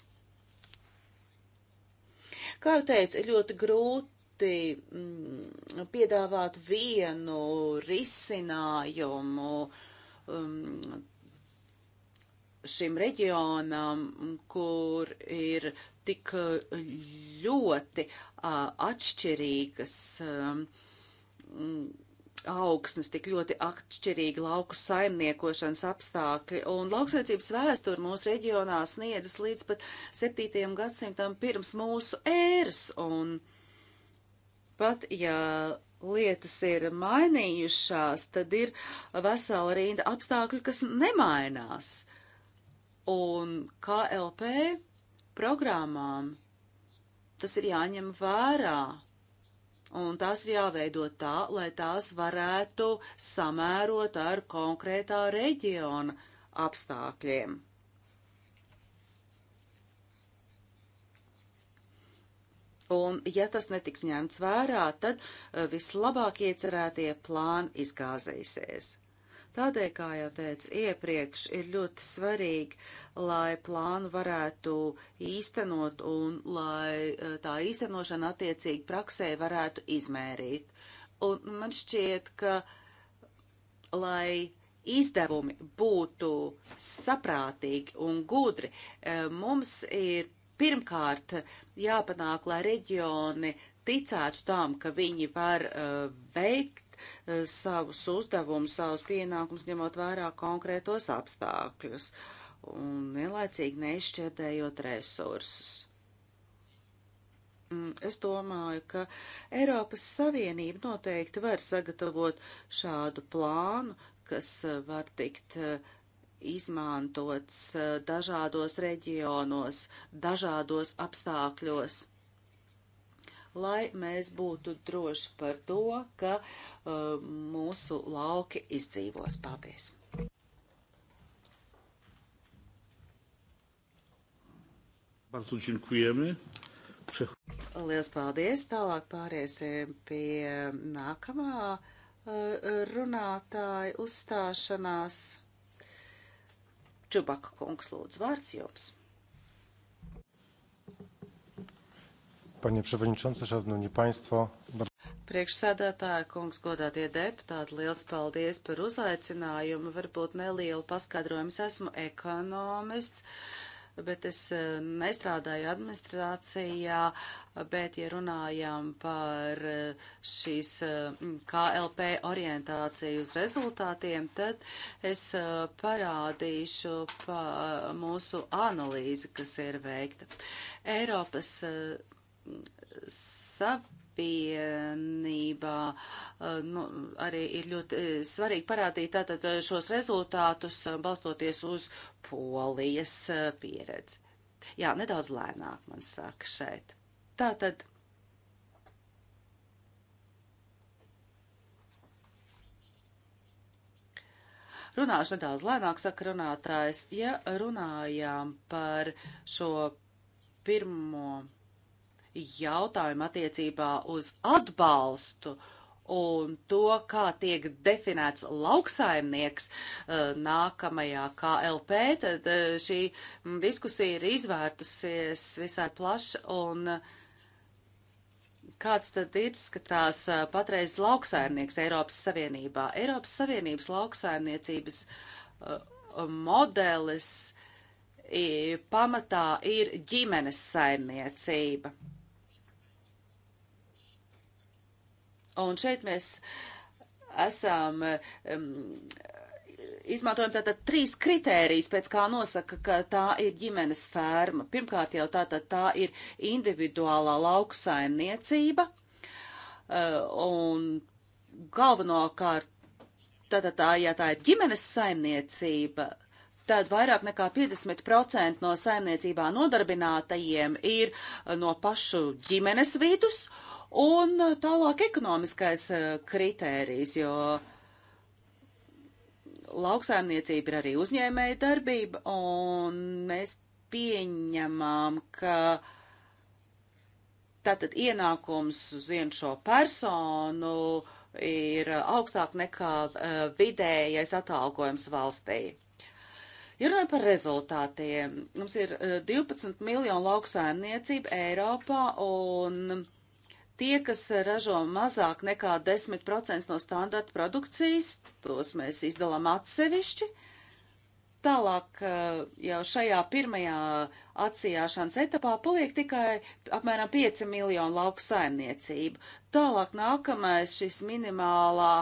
Kā jau teicu, ir ļoti grūti grūti mm, piedāvāt vienu risinājumu Um, šim reģionam, kur ir tik ļoti uh, atšķirīgas um, augsnes, tik ļoti atšķirīgi lauku saimniekošanas apstākļi, un lauksaimniecības vēsture mūsu reģionā sniedzas līdz pat 7. gadsimtam pirms mūsu ēras, un pat ja lietas ir mainījušās, tad ir vesela rinda apstākļu, kas nemainās. Un KLP programmām tas ir jāņem vērā. Un tās ir jāveido tā, lai tās varētu samērot ar konkrētā reģiona apstākļiem. Un, ja tas netiks ņemts vērā, tad e, vislabāk iecerētie plāni izgāzēsies. Tādēļ, kā jau teicu iepriekš, ir ļoti svarīgi, lai plānu varētu īstenot un lai e, tā īstenošana attiecīgi praksē varētu izmērīt. Un man šķiet, ka, lai izdevumi būtu saprātīgi un gudri, e, mums ir pirmkārt jāpanāk, lai reģioni ticētu tam, ka viņi var uh, veikt uh, savus uzdevumus, savus pienākumus, ņemot vērā konkrētos apstākļus un vienlaicīgi neizšķiedējot resursus. Mm, es domāju, ka Eiropas Savienība noteikti var sagatavot šādu plānu, kas eh, var tikt uh, izmantots e, dažādos reģionos, dažādos apstākļos, lai mēs būtu droši par to, ka uh, mūsu lauki izdzīvos. Paldies! Bardzo dziękujemy. Lielas paldies! Tālāk pāriesim pie nākamā e, runātāja uzstāšanās. Čubaka kungs, lūdzu, vārds jums. Panie Przewodniczący, Szanowni Państwo. Priekšsēdētāja kungs, godātie deputāti, liels paldies par uzaicinājumu. Varbūt nelielu paskaidrojumu. Es esmu ekonomists. Uh, bet es nestrādāju administrācijā, bet, ja runājam par eh, šīs KLP orientāciju uz rezultātiem, tad es eh, parādīšu pa mūsu analīzi, kas ir veikta. Eiropas eh, sab Savienībā eh, nu, arī ir ļoti eh, svarīgi parādīt tātad eh, šos rezultātus, balstoties uz polijas pieredzi. Jā, nedaudz lēnāk man saka šeit. Tātad. Runāšu nedaudz lēnāk, saka runātājs. Ja runājām par šo pirmo jautājumu attiecībā uz atbalstu un to, kā tiek definēts lauksaimnieks uh, nākamajā KLP, tad uh, šī diskusija ir izvērtusies visai plaši un uh, kāds tad ir skatās patreiz lauksaimnieks Eiropas Savienībā. Eiropas Savienības lauksaimniecības modelis pamatā ir ģimenes saimniecība. Un šeit mēs esam um, izmantojam tātad trīs kritērijas, pēc kā nosaka, ka tā ir ģimenes ferma. Pirmkārt jau tātad tā ir individuālā lauksaimniecība, e, un galvenokārt, tātad tā, ja tā ir ģimenes saimniecība, tad vairāk nekā 50% no saimniecībā nodarbinātajiem ir no pašu ģimenes vidus, uh, Un tālāk ekonomiskais e, kritērijs, jo lauksaimniecība ir arī uzņēmēja darbība, un mēs pieņemam, ka tātad ienākums uz vienu šo personu ir augstāk nekā uh, vidējais atalgojums valstī. Ja runājam par rezultātiem, mums ir 12 e, miljonu lauksaimniecību Eiropā un Tie, kas ražo mazāk nekā 10% no standarta produkcijas, tos mēs izdalām atsevišķi. Tālāk eh, jau šajā pirmajā atsijāšanas etapā paliek tikai apmēram 5 miljonu lauku saimniecību. Tālāk nākamais šis minimālā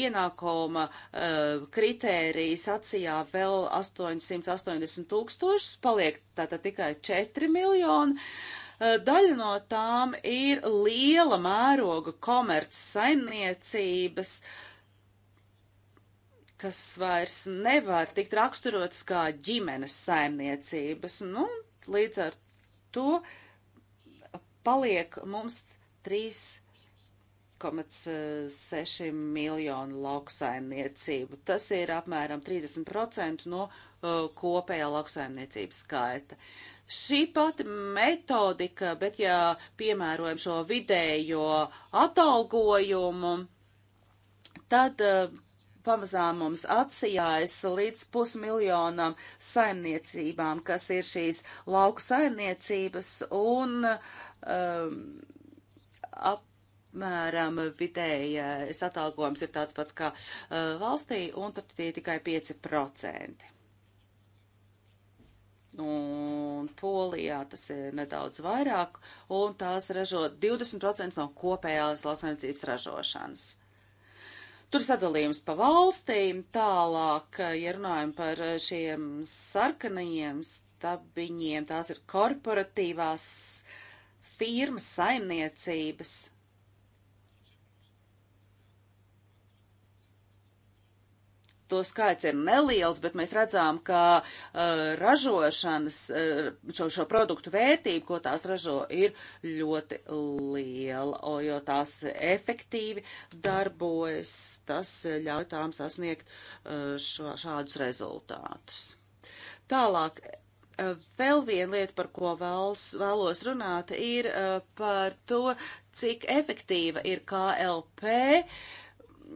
ienākuma uh, kritērijs atsijā vēl 880 tūkstošus, paliek tātad tikai 4 miljoni. Uh, Eh, daļa no tām ir liela mēroga komerc saimniecības, kas vairs nevar tikt raksturots kā ģimenes saimniecības. Nu, līdz ar to paliek mums 3,6 eh, miljonu lauksaimniecību. Tas ir apmēram 30% no uh, kopējā lauksaimniecības skaita. Uh, šī pati metodika, bet ja piemērojam šo vidējo atalgojumu, tad eh, pamazām mums atsijājas līdz pusmiljonam saimniecībām, kas ir šīs lauku saimniecības un um, apmēram vidējais atalgojums ir tāds pats kā uh, valstī, un tad tie ir tikai 5% un nu, Polijā tas ir nedaudz vairāk, un tās ražo 20% no kopējās lauksaimniecības ražošanas. Tur sadalījums pa valstīm, tālāk, ja runājam par šiem sarkanajiem stabiņiem, tās ir korporatīvās firmas saimniecības, to skaits ir neliels, bet mēs redzām, ka uh, ražošanas, uh, šo, šo produktu vērtība, ko tās ražo, ir ļoti liela, o, jo tās efektīvi darbojas, tas ļauj tām sasniegt uh, šo, šādus rezultātus. Tālāk, uh, vēl viena lieta, par ko vēls, vēlos runāt, ir uh, par to, cik efektīva ir KLP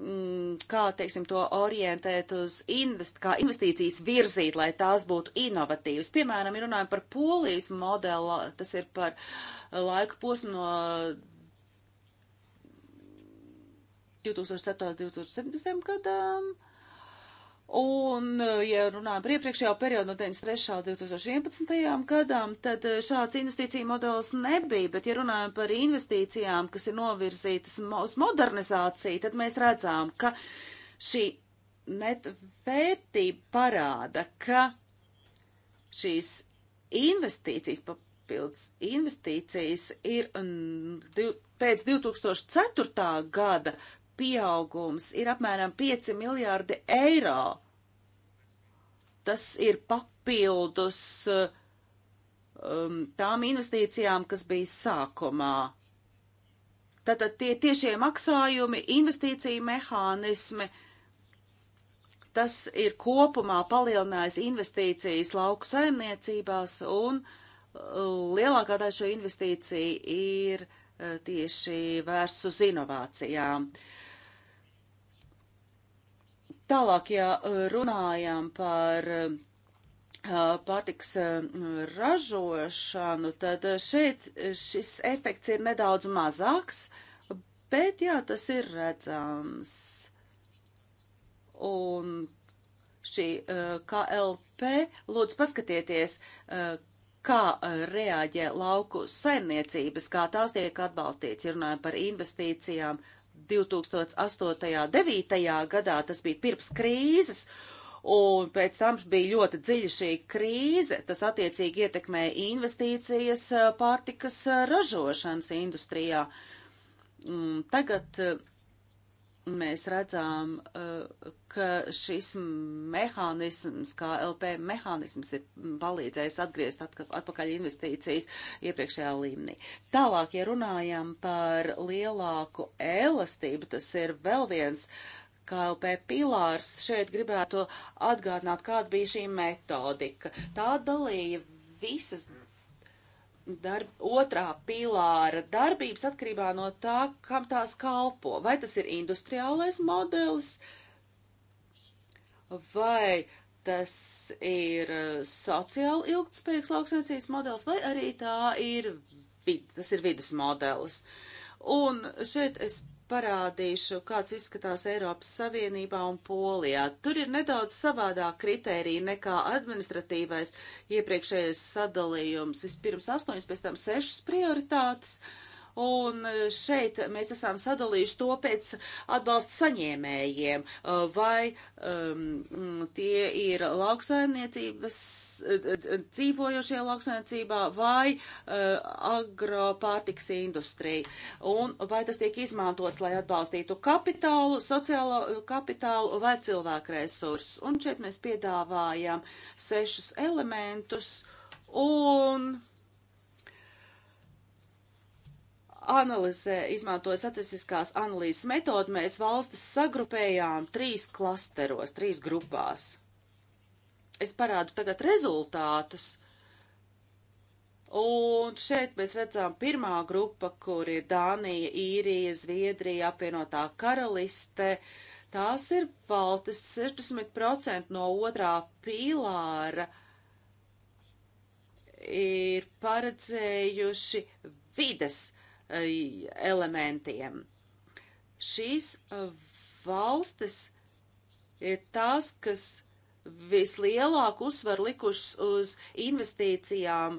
Mm, kā, teiksim, to orientēt uz invest, kā investīcijas virzīt, lai tās būtu inovatīvas. Piemēram, ja runājam par polijas modelu, tas ir par laika posmu no 2007. 2017. gadām. Un, eh, ja runājam par iepriekšējo periodu no 93. līdz 2011. gadam, tad eh, šāds investīcija modelis nebija, bet, ja runājam par investīcijām, kas ir novirzītas uz modernizāciju, tad mēs redzām, ka šī net vērtība parāda, ka šīs investīcijas pa papildus investīcijas ir pēc 2004. gada pieaugums ir apmēram 5 miljārdi eiro. Tas ir papildus um, tām investīcijām, kas bija sākumā. Tātad tie tiešie maksājumi, investīciju mehānismi, tas ir kopumā palielinājis investīcijas lauku saimniecībās un uh, lielākā daļa šo investīciju ir uh, tieši vērsts uz inovācijām. Uh, Tālāk, ja runājam par eh, patiks eh, ražošanu, tad šeit šis efekts ir nedaudz mazāks, bet jā, tas ir redzams. Un šī eh, KLP, lūdzu paskatieties, kā reaģē lauku saimniecības, kā tās tiek atbalstīts, runājot par investīcijām, 2008.-2009. gadā, tas bija pirms krīzes, un pēc tam bija ļoti dziļa šī krīze, tas attiecīgi ietekmēja investīcijas eh, pārtikas eh, ražošanas industrijā. Mm, tagad eh, mēs redzam, eh, ka šis mehānisms, kā LP mehānisms, ir palīdzējis atgriezt atpakaļ investīcijas iepriekšējā līmenī. Tālāk, ja runājam par lielāku elastību, tas ir vēl viens KLP pilārs. Šeit gribētu atgādināt, kāda bija šī metodika. Tā dalīja visas darb, otrā pīlāra darbības atkarībā no tā, kam tās kalpo. Vai tas ir industriālais modelis, vai tas ir eh, sociāli ilgtspējīgs lauksaimniecības modelis, vai arī tā ir, vid, tas ir vidus modelis. Un šeit es parādīšu, kāds izskatās Eiropas Savienībā un Polijā. Tur ir nedaudz savādā kritērija nekā administratīvais iepriekšējais sadalījums. Vispirms astoņas, pēc tam sešas prioritātes. Uh, Un eh, šeit mēs esam sadalījuši to pēc atbalsta saņēmējiem, eh, vai um, tie ir lauksaimniecības, eh, dzīvojošie lauksaimniecībā vai uh, agropārtiks industrija. Un vai tas tiek izmantots, lai atbalstītu kapitālu, sociālo kapitālu vai cilvēku resursus. Un šeit mēs piedāvājam sešus elementus. Un analizē, izmantojot statistiskās analīzes metodu, mēs valstis sagrupējām trīs klasteros, trīs grupās. Es parādu tagad rezultātus. Un šeit mēs redzam pirmā grupa, kur ir Dānija, Īrija, Zviedrija, apvienotā karaliste. Tās ir valstis 60% no otrā pīlāra ir paredzējuši vides elementiem. Šīs valstis ir tās, kas vislielāku uzsvaru likušas uz investīcijām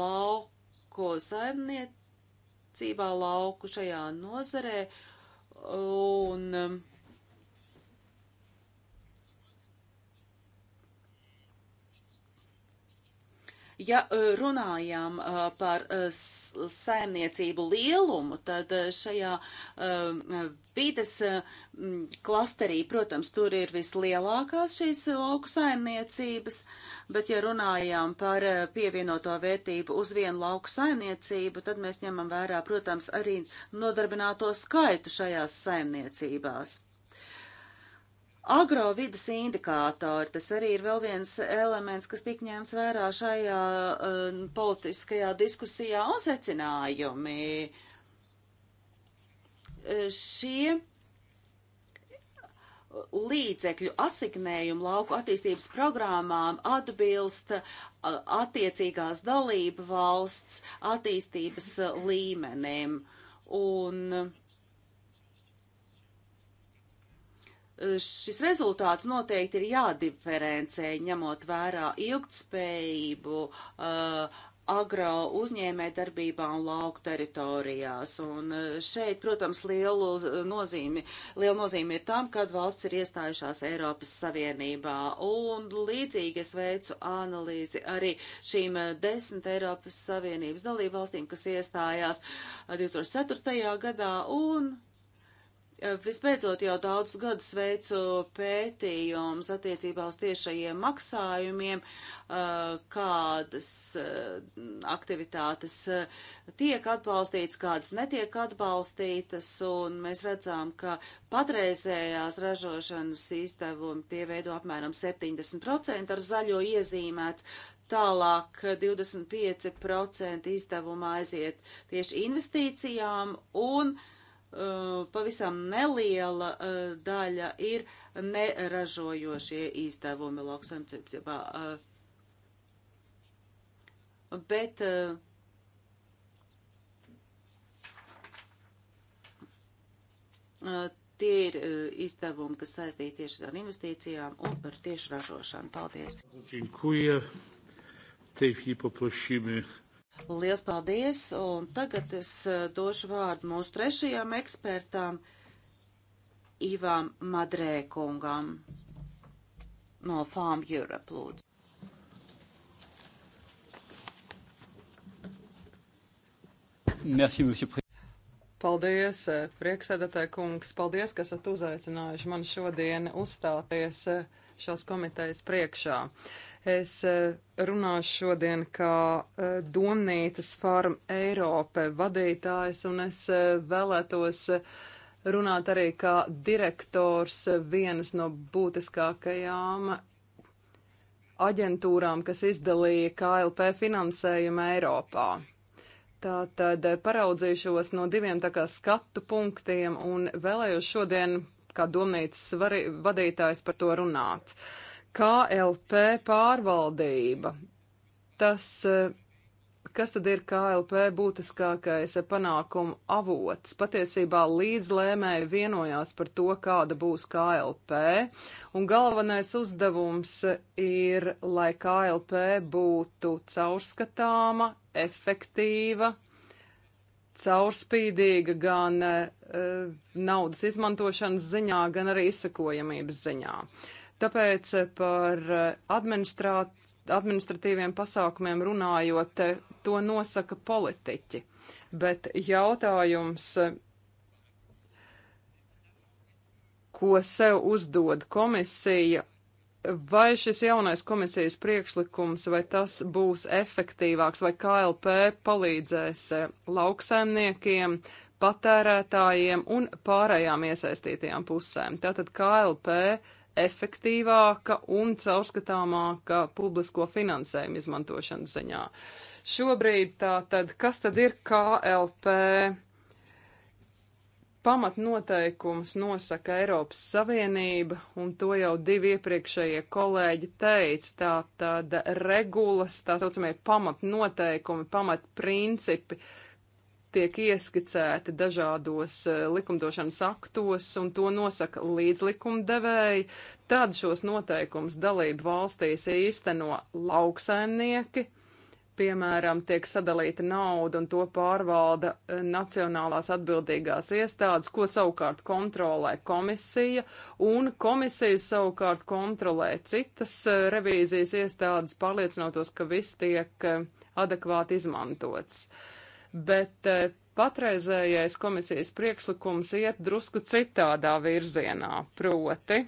lauko saimniecībā, lauku šajā nozarē. Un, um, Ja e, runājām e, par e, saimniecību lielumu, tad šajā vides klasterī, protams, tur ir vislielākās šīs lauku saimniecības, bet ja runājām par pievienoto vērtību uz vienu lauku saimniecību, tad mēs ņemam vērā, protams, arī nodarbināto skaitu šajās saimniecībās. Agrovidas indikātori, tas arī ir vēl viens elements, kas tik ņemts vērā šajā uh, politiskajā diskusijā un secinājumi. Uh, šie līdzekļu asignējumu lauku attīstības programmām atbilst uh, attiecīgās dalība valsts attīstības uh, līmenim. Un šis rezultāts noteikti ir jādiferencē, ņemot vērā ilgtspējību, uh, agro uzņēmē darbībā un lauku teritorijās. Un uh, šeit, protams, lielu nozīmi, lielu nozīmi ir tam, kad valsts ir iestājušās Eiropas Savienībā. Un līdzīgi es veicu analīzi arī šīm uh, desmit Eiropas Savienības dalību valstīm, kas iestājās 2004. Uh, gadā un Eh, visbeidzot, jau daudz gadus veicu pētījums attiecībā uz tiešajiem maksājumiem, eh, kādas eh, aktivitātes tiek atbalstītas, kādas netiek atbalstītas, un mēs redzām, ka patreizējās ražošanas izdevumi tie veido apmēram 70% ar zaļo iezīmēts, Tālāk 25% izdevuma aiziet tieši investīcijām un uh, Eh, pavisam neliela eh, daļa ir neražojošie izdevumi lauksaimniecībā. Eh, bet tie ir izdevumi, kas saistīti tieši ar investīcijām un par tieši ražošanu. Paldies! Dziękuję. W tej chwili poprosimy Lielas paldies! Un tagad es eh, došu vārdu mūsu trešajam ekspertam, Ivam Madrē kungam no Farm Europe, lūdzu. Merci, monsieur Pré. Paldies, eh, prieksēdētāji kungs, paldies, ka esat uzaicinājuši man šodien uzstāties uh, šās komitejas priekšā. Es eh, runāšu šodien kā eh, Domnīcas farm Eirope vadītājs, un es eh, vēlētos runāt arī kā direktors vienas no būtiskākajām aģentūrām, kas izdalīja KLP finansējumu Eiropā. Tātad paraudzīšos no diviem tā kā skatu punktiem un vēlējos šodien kā domnīcas vadītājs par to runāt. KLP pārvaldība. Tas, eh, kas tad ir KLP būtiskākais panākumu avots? Patiesībā līdzlēmēji vienojās par to, kāda būs KLP, un galvenais uzdevums ir, lai KLP būtu caurskatāma, efektīva, caurspīdīga gan e, naudas izmantošanas ziņā, gan arī izsakojamības ziņā. Tāpēc e, par e, administratīviem pasākumiem runājot, to nosaka politiķi. Bet jautājums, ko sev uzdod komisija Vai šis jaunais komisijas priekšlikums, vai tas būs efektīvāks, vai KLP palīdzēs eh, lauksaimniekiem, patērētājiem un pārējām iesaistītajām pusēm? Tātad KLP efektīvāka un caurskatāmāka publisko finansējumu izmantošanas ziņā. Šobrīd tātad, kas tad ir KLP? pamatnoteikums nosaka Eiropas Savienība, un to jau divi iepriekšējie kolēģi teica, tā tad regulas, tā saucamie pamatnoteikumi, pamatprincipi tiek ieskicēti dažādos e, likumdošanas aktos, un to nosaka līdzlikumdevēji, tad šos noteikumus dalību valstīs īsteno lauksaimnieki, piemēram, tiek sadalīta nauda un to pārvalda e, nacionālās atbildīgās iestādes, ko savukārt kontrolē komisija, un komisija savukārt kontrolē citas e, revīzijas iestādes, pārliecinotos, ka viss tiek e, adekvāti izmantots. Bet patreizējais komisijas priekšlikums iet drusku citādā virzienā, proti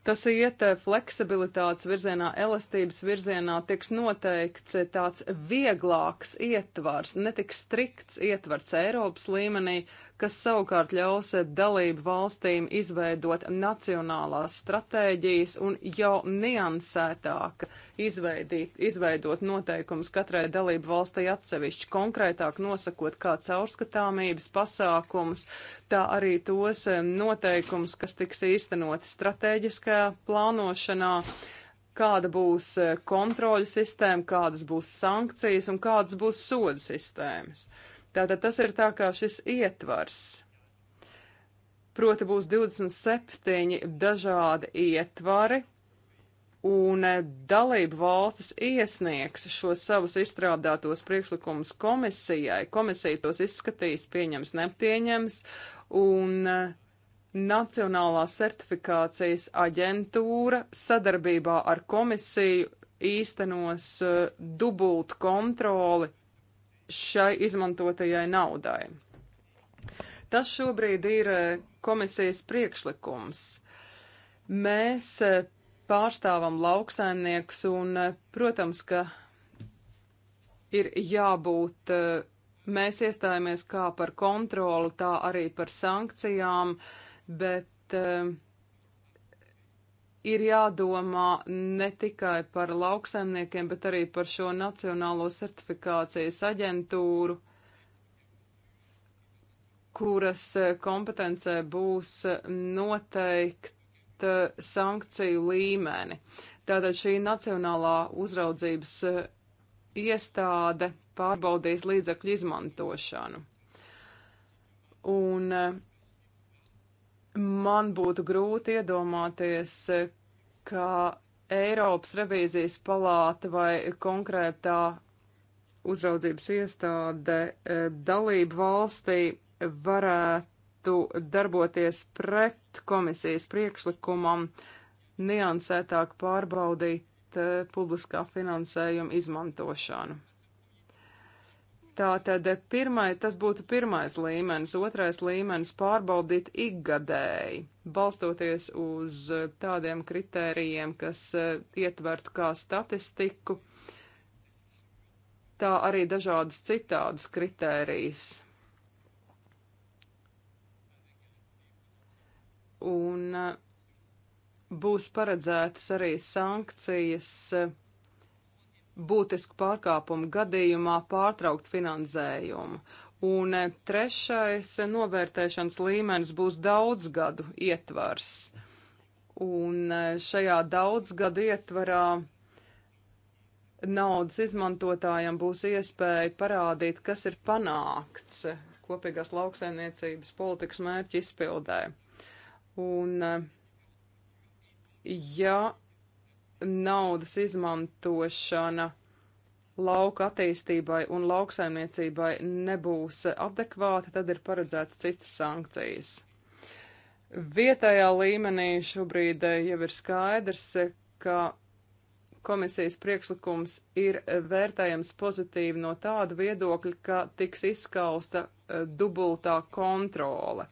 Tas iet eh, fleksibilitātes virzienā, elastības virzienā, tiks noteikts eh, tāds vieglāks ietvars, netik strikts ietvars Eiropas līmenī, kas savukārt ļaus eh, dalību valstīm izveidot nacionālās stratēģijas un jau niansētāk izveidīt, izveidot noteikums katrai dalību valstī atsevišķi, konkrētāk nosakot kā caurskatāmības pasākums, tā arī tos noteikums, kas tiks īstenoti stratēģiski plānošanā, kāda būs e, kontroļu sistēma, kādas būs sankcijas un kādas būs sodu sistēmas. Tātad tas ir tā kā šis ietvars. Proti būs 27 dažādi ietvari, un e, dalību valstis iesniegs šo savus izstrādātos priekšlikumus komisijai. Komisija tos izskatīs, pieņems, nepieņems, un e, Nacionālā certifikācijas aģentūra sadarbībā ar komisiju īstenos eh, dubultu kontroli šai izmantotajai naudai. Tas šobrīd ir eh, komisijas priekšlikums. Mēs eh, pārstāvam lauksaimniekus un, protams, ka ir jābūt, mēs iestājāmies kā par kontroli, tā arī par sankcijām. Uh, bet uh, ir jādomā ne tikai par lauksaimniekiem, bet arī par šo Nacionālo certifikācijas aģentūru, kuras eh, kompetencē būs eh, noteikt sankciju līmeni. Tātad šī Nacionālā uzraudzības iestāde pārbaudīs līdzekļu izmantošanu. Un uh, man būtu grūti iedomāties, ka Eiropas revīzijas palāta vai konkrētā uzraudzības iestāde e, dalību valstī varētu darboties pret komisijas priekšlikumam, niansētāk pārbaudīt e, publiskā finansējuma izmantošanu. Tātad pirmai, tas būtu pirmais līmenis, otrais līmenis pārbaudīt ikgadēji, balstoties uz tādiem kritērijiem, kas e, ietvertu kā statistiku, tā arī dažādas citādas kritērijas. Un e, būs paredzētas arī sankcijas e, būtisku pārkāpumu gadījumā pārtraukt finansējumu. Un trešais novērtēšanas līmenis būs daudzgadu ietvars. Un šajā daudzgadu ietvarā naudas izmantotājiem būs iespēja parādīt, kas ir panākts kopīgās lauksaimniecības politikas mērķi izpildē. Un ja naudas izmantošana lauka attīstībai un lauksaimniecībai nebūs adekvāta, tad ir paredzētas citas sankcijas. Vietējā līmenī šobrīd eh, jau ir skaidrs, eh, ka komisijas priekšlikums ir eh, vērtējams pozitīvi no tāda viedokļa, ka tiks izskausta dubultā kontrole.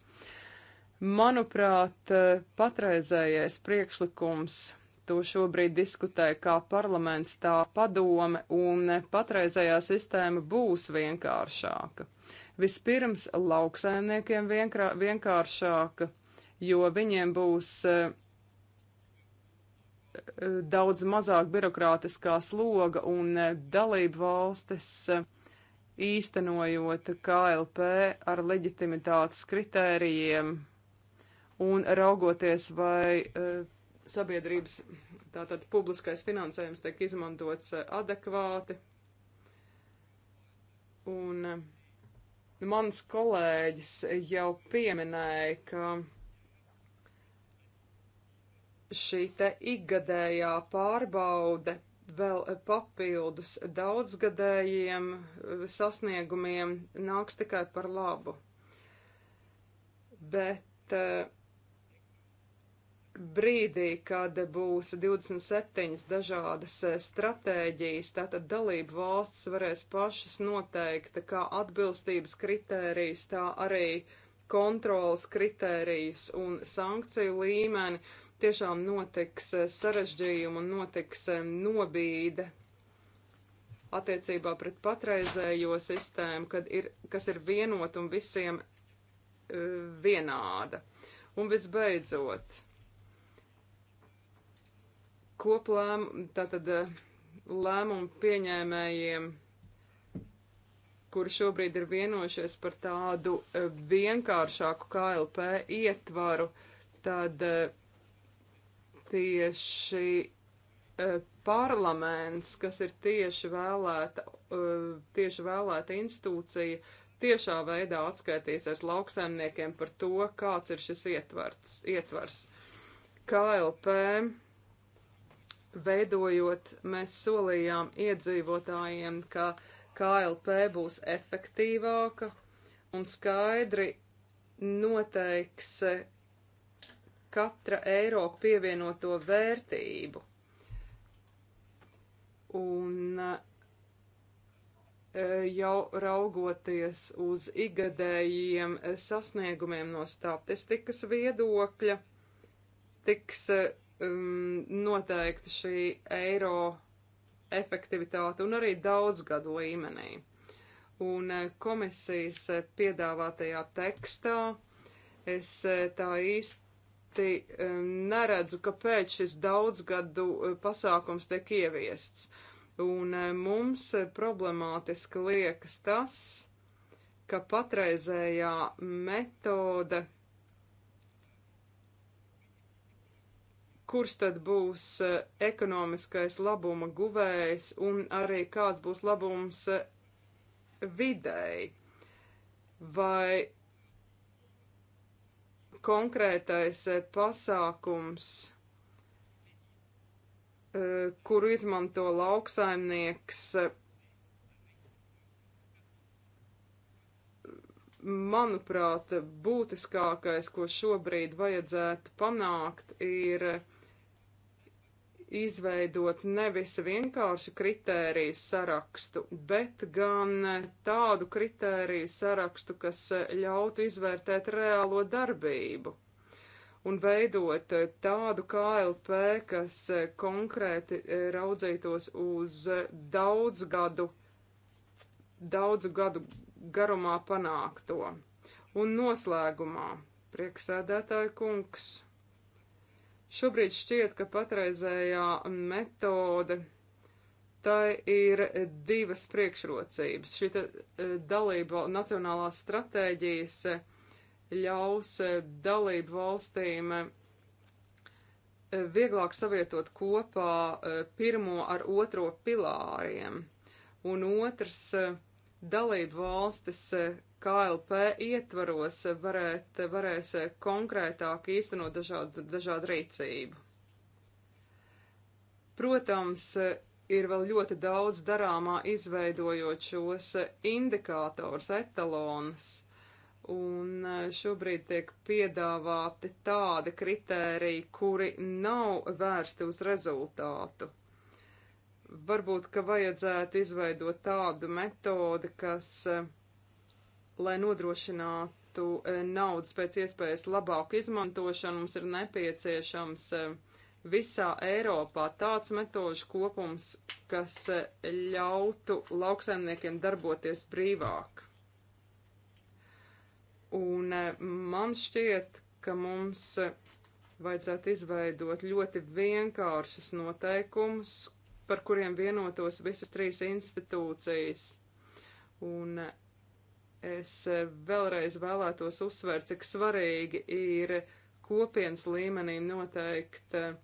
Manuprāt, patreizējais priekšlikums to šobrīd diskutē kā parlaments, tā padome, un patreizējā sistēma būs vienkāršāka. Vispirms lauksaimniekiem vienkrā, vienkāršāka, jo viņiem būs e, e, daudz mazāk birokrātiskā sloga un e, dalību valstis īstenojot KLP ar leģitimitātes kritērijiem un raugoties, vai uh, sabiedrības tātad publiskais finansējums tiek izmantots eh, adekvāti. Un eh, mans kolēģis jau pieminēja, ka šī te ikgadējā pārbaude vēl eh, papildus daudzgadējiem sasniegumiem nāks tikai par labu. Bet uh, brīdī, kad būs 27 dažādas eh, stratēģijas, tātad dalību valsts varēs pašas noteikt kā atbilstības kritērijas, tā arī kontrolas kritērijas un sankciju līmeni. Tiešām notiks eh, sarežģījumi un notiks eh, nobīde attiecībā pret patreizējo sistēmu, kad ir, kas ir vienot un visiem vienāda. Un visbeidzot, koplēm, tātad lēmumu pieņēmējiem, kur šobrīd ir vienojušies par tādu e, vienkāršāku KLP ietvaru, tad e, tieši e, parlaments, kas ir tieši vēlēta, tieši vēlēta institūcija, tiešā veidā atskaitīsies lauksaimniekiem par to, kāds ir šis ietvarts, ietvars. KLP veidojot, mēs solījām iedzīvotājiem, ka KLP būs efektīvāka un skaidri noteiks katra eiro pievienoto vērtību. Un e, jau raugoties uz igadējiem sasniegumiem no statistikas viedokļa, tiks e, um, noteikti šī eiro efektivitāte un arī daudzgadu līmenī. Un eh, komisijas eh, piedāvātajā tekstā es eh, tā īsti um, neredzu, kāpēc šis daudzgadu pasākums tiek ieviests. Un mums problemātiski liekas tas, ka patreizējā metode kurš tad būs eh, ekonomiskais labuma guvējs un arī kāds būs labums eh, videi. Vai konkrētais eh, pasākums, kuru izmanto lauksaimnieks, manuprāt, būtiskākais, ko šobrīd vajadzētu panākt, ir izveidot nevis vienkārši kritēriju sarakstu, bet gan tādu kritēriju sarakstu, kas ļautu izvērtēt reālo darbību un veidot tādu KLP, kas konkrēti e, raudzītos uz daudz gadu, daudz gadu garumā panākto. Un noslēgumā, prieksēdētāju kungs. Šobrīd šķiet, ka patreizējā metode tai ir divas priekšrocības. Šī e, dalība nacionālās stratēģijas e, ļaus e, dalību valstīm vieglāk savietot kopā pirmo ar otro pilāriem. Un otrs, dalību valstis KLP ietvaros varēt, varēs konkrētāk īstenot dažādu, dažādu rīcību. Protams, ir vēl ļoti daudz darāmā izveidojot šos indikātors, etalons, un šobrīd tiek piedāvāti tādi kritēriji, kuri nav vērsti uz rezultātu. Varbūt, ka vajadzētu izveidot tādu metodi, kas uh, lai nodrošinātu e, naudas pēc iespējas labāku izmantošanu, mums ir nepieciešams e, visā Eiropā tāds metožu kopums, kas e, ļautu lauksaimniekiem darboties brīvāk. Un man šķiet, ka mums vajadzētu izveidot ļoti vienkāršus noteikumus, par kuriem vienotos visas trīs institūcijas. Un Es vēlreiz vēlētos uzsvērt, cik svarīgi ir kopienas līmenī noteikt eh,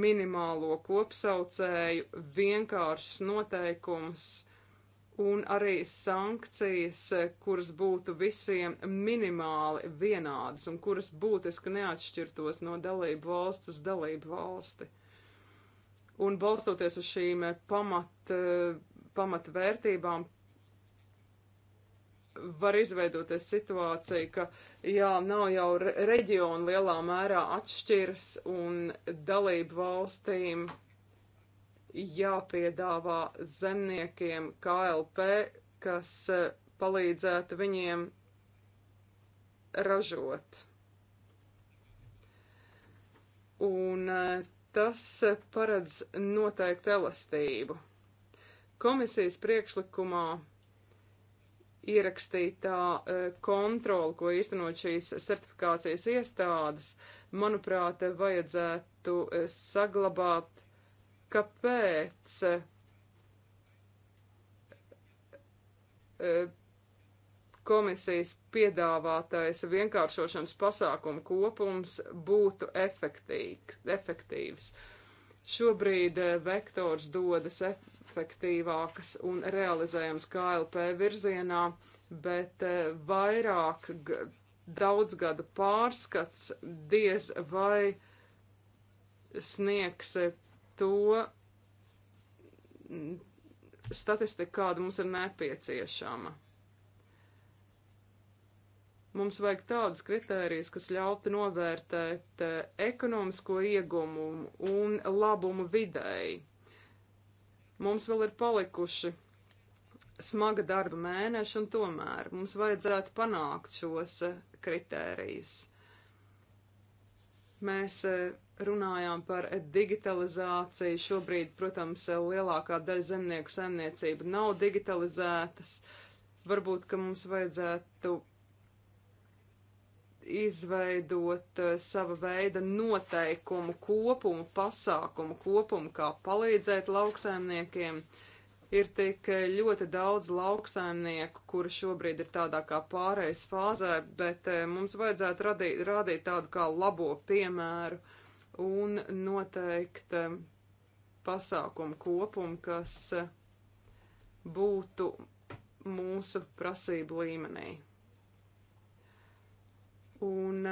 minimālo kopsaucēju vienkāršus noteikumus un arī sankcijas, eh, kuras būtu visiem minimāli vienādas un kuras būtiski neatšķirtos no dalību valsts uz dalību valsti un balstoties uz šīm eh, pamat, pamatvērtībām, var izveidoties situācija, ka, jā, nav jau reģiona lielā mērā atšķiras un dalību valstīm jāpiedāvā zemniekiem KLP, kas e, palīdzētu viņiem ražot. Un e, tas e, paredz noteikti elastību. Komisijas priekšlikumā ierakstītā e, kontrola, ko īstenot šīs certifikācijas iestādes, manuprāt, vajadzētu e, saglabāt, kāpēc e, komisijas piedāvātais vienkāršošanas pasākumu kopums būtu efektīvs. Šobrīd vektors dodas efektīvākas un realizējams KLP virzienā, bet eh, vairāk daudzgada pārskats diez vai sniegs eh, to mm, statistiku, kāda mums ir nepieciešama. Mums vajag tādas kritērijas, kas ļautu novērtēt eh, ekonomisko iegumu un labumu vidēji. Mums vēl ir palikuši smaga darba mēneši, un tomēr mums vajadzētu panākt šos eh, kritērijus. Mēs eh, runājām par digitalizāciju. Šobrīd, protams, eh, lielākā daļa zemnieku saimniecība nav digitalizētas. Varbūt, ka mums vajadzētu izveidot eh, sava veida noteikumu kopumu, pasākumu kopumu, kā palīdzēt lauksaimniekiem. Ir tik eh, ļoti daudz lauksaimnieku, kuri šobrīd ir tādā kā pārejas fāzē, bet eh, mums vajadzētu radīt, radīt tādu kā labo piemēru un noteikt pasākumu kopumu, kas būtu mūsu prasību līmenī un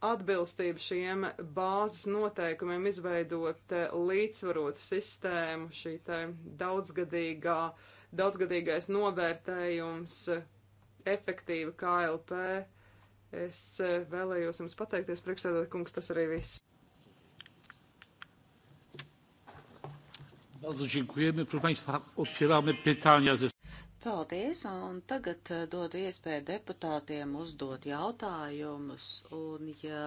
atbilstību šiem bāzes noteikumiem izveidot eh, līdzsvarotu sistēmu, šī te daudzgadīgā, daudzgadīgais novērtējums, efektīva KLP. Es eh, vēlējos jums pateikties, priekšsēdētāj kungs, tas arī viss. Bardzo dziękujemy. Proszę Państwa, otwieramy pytania ze Paldies, un tagad eh, dodu iespēju deputātiem uzdot jautājumus, un ja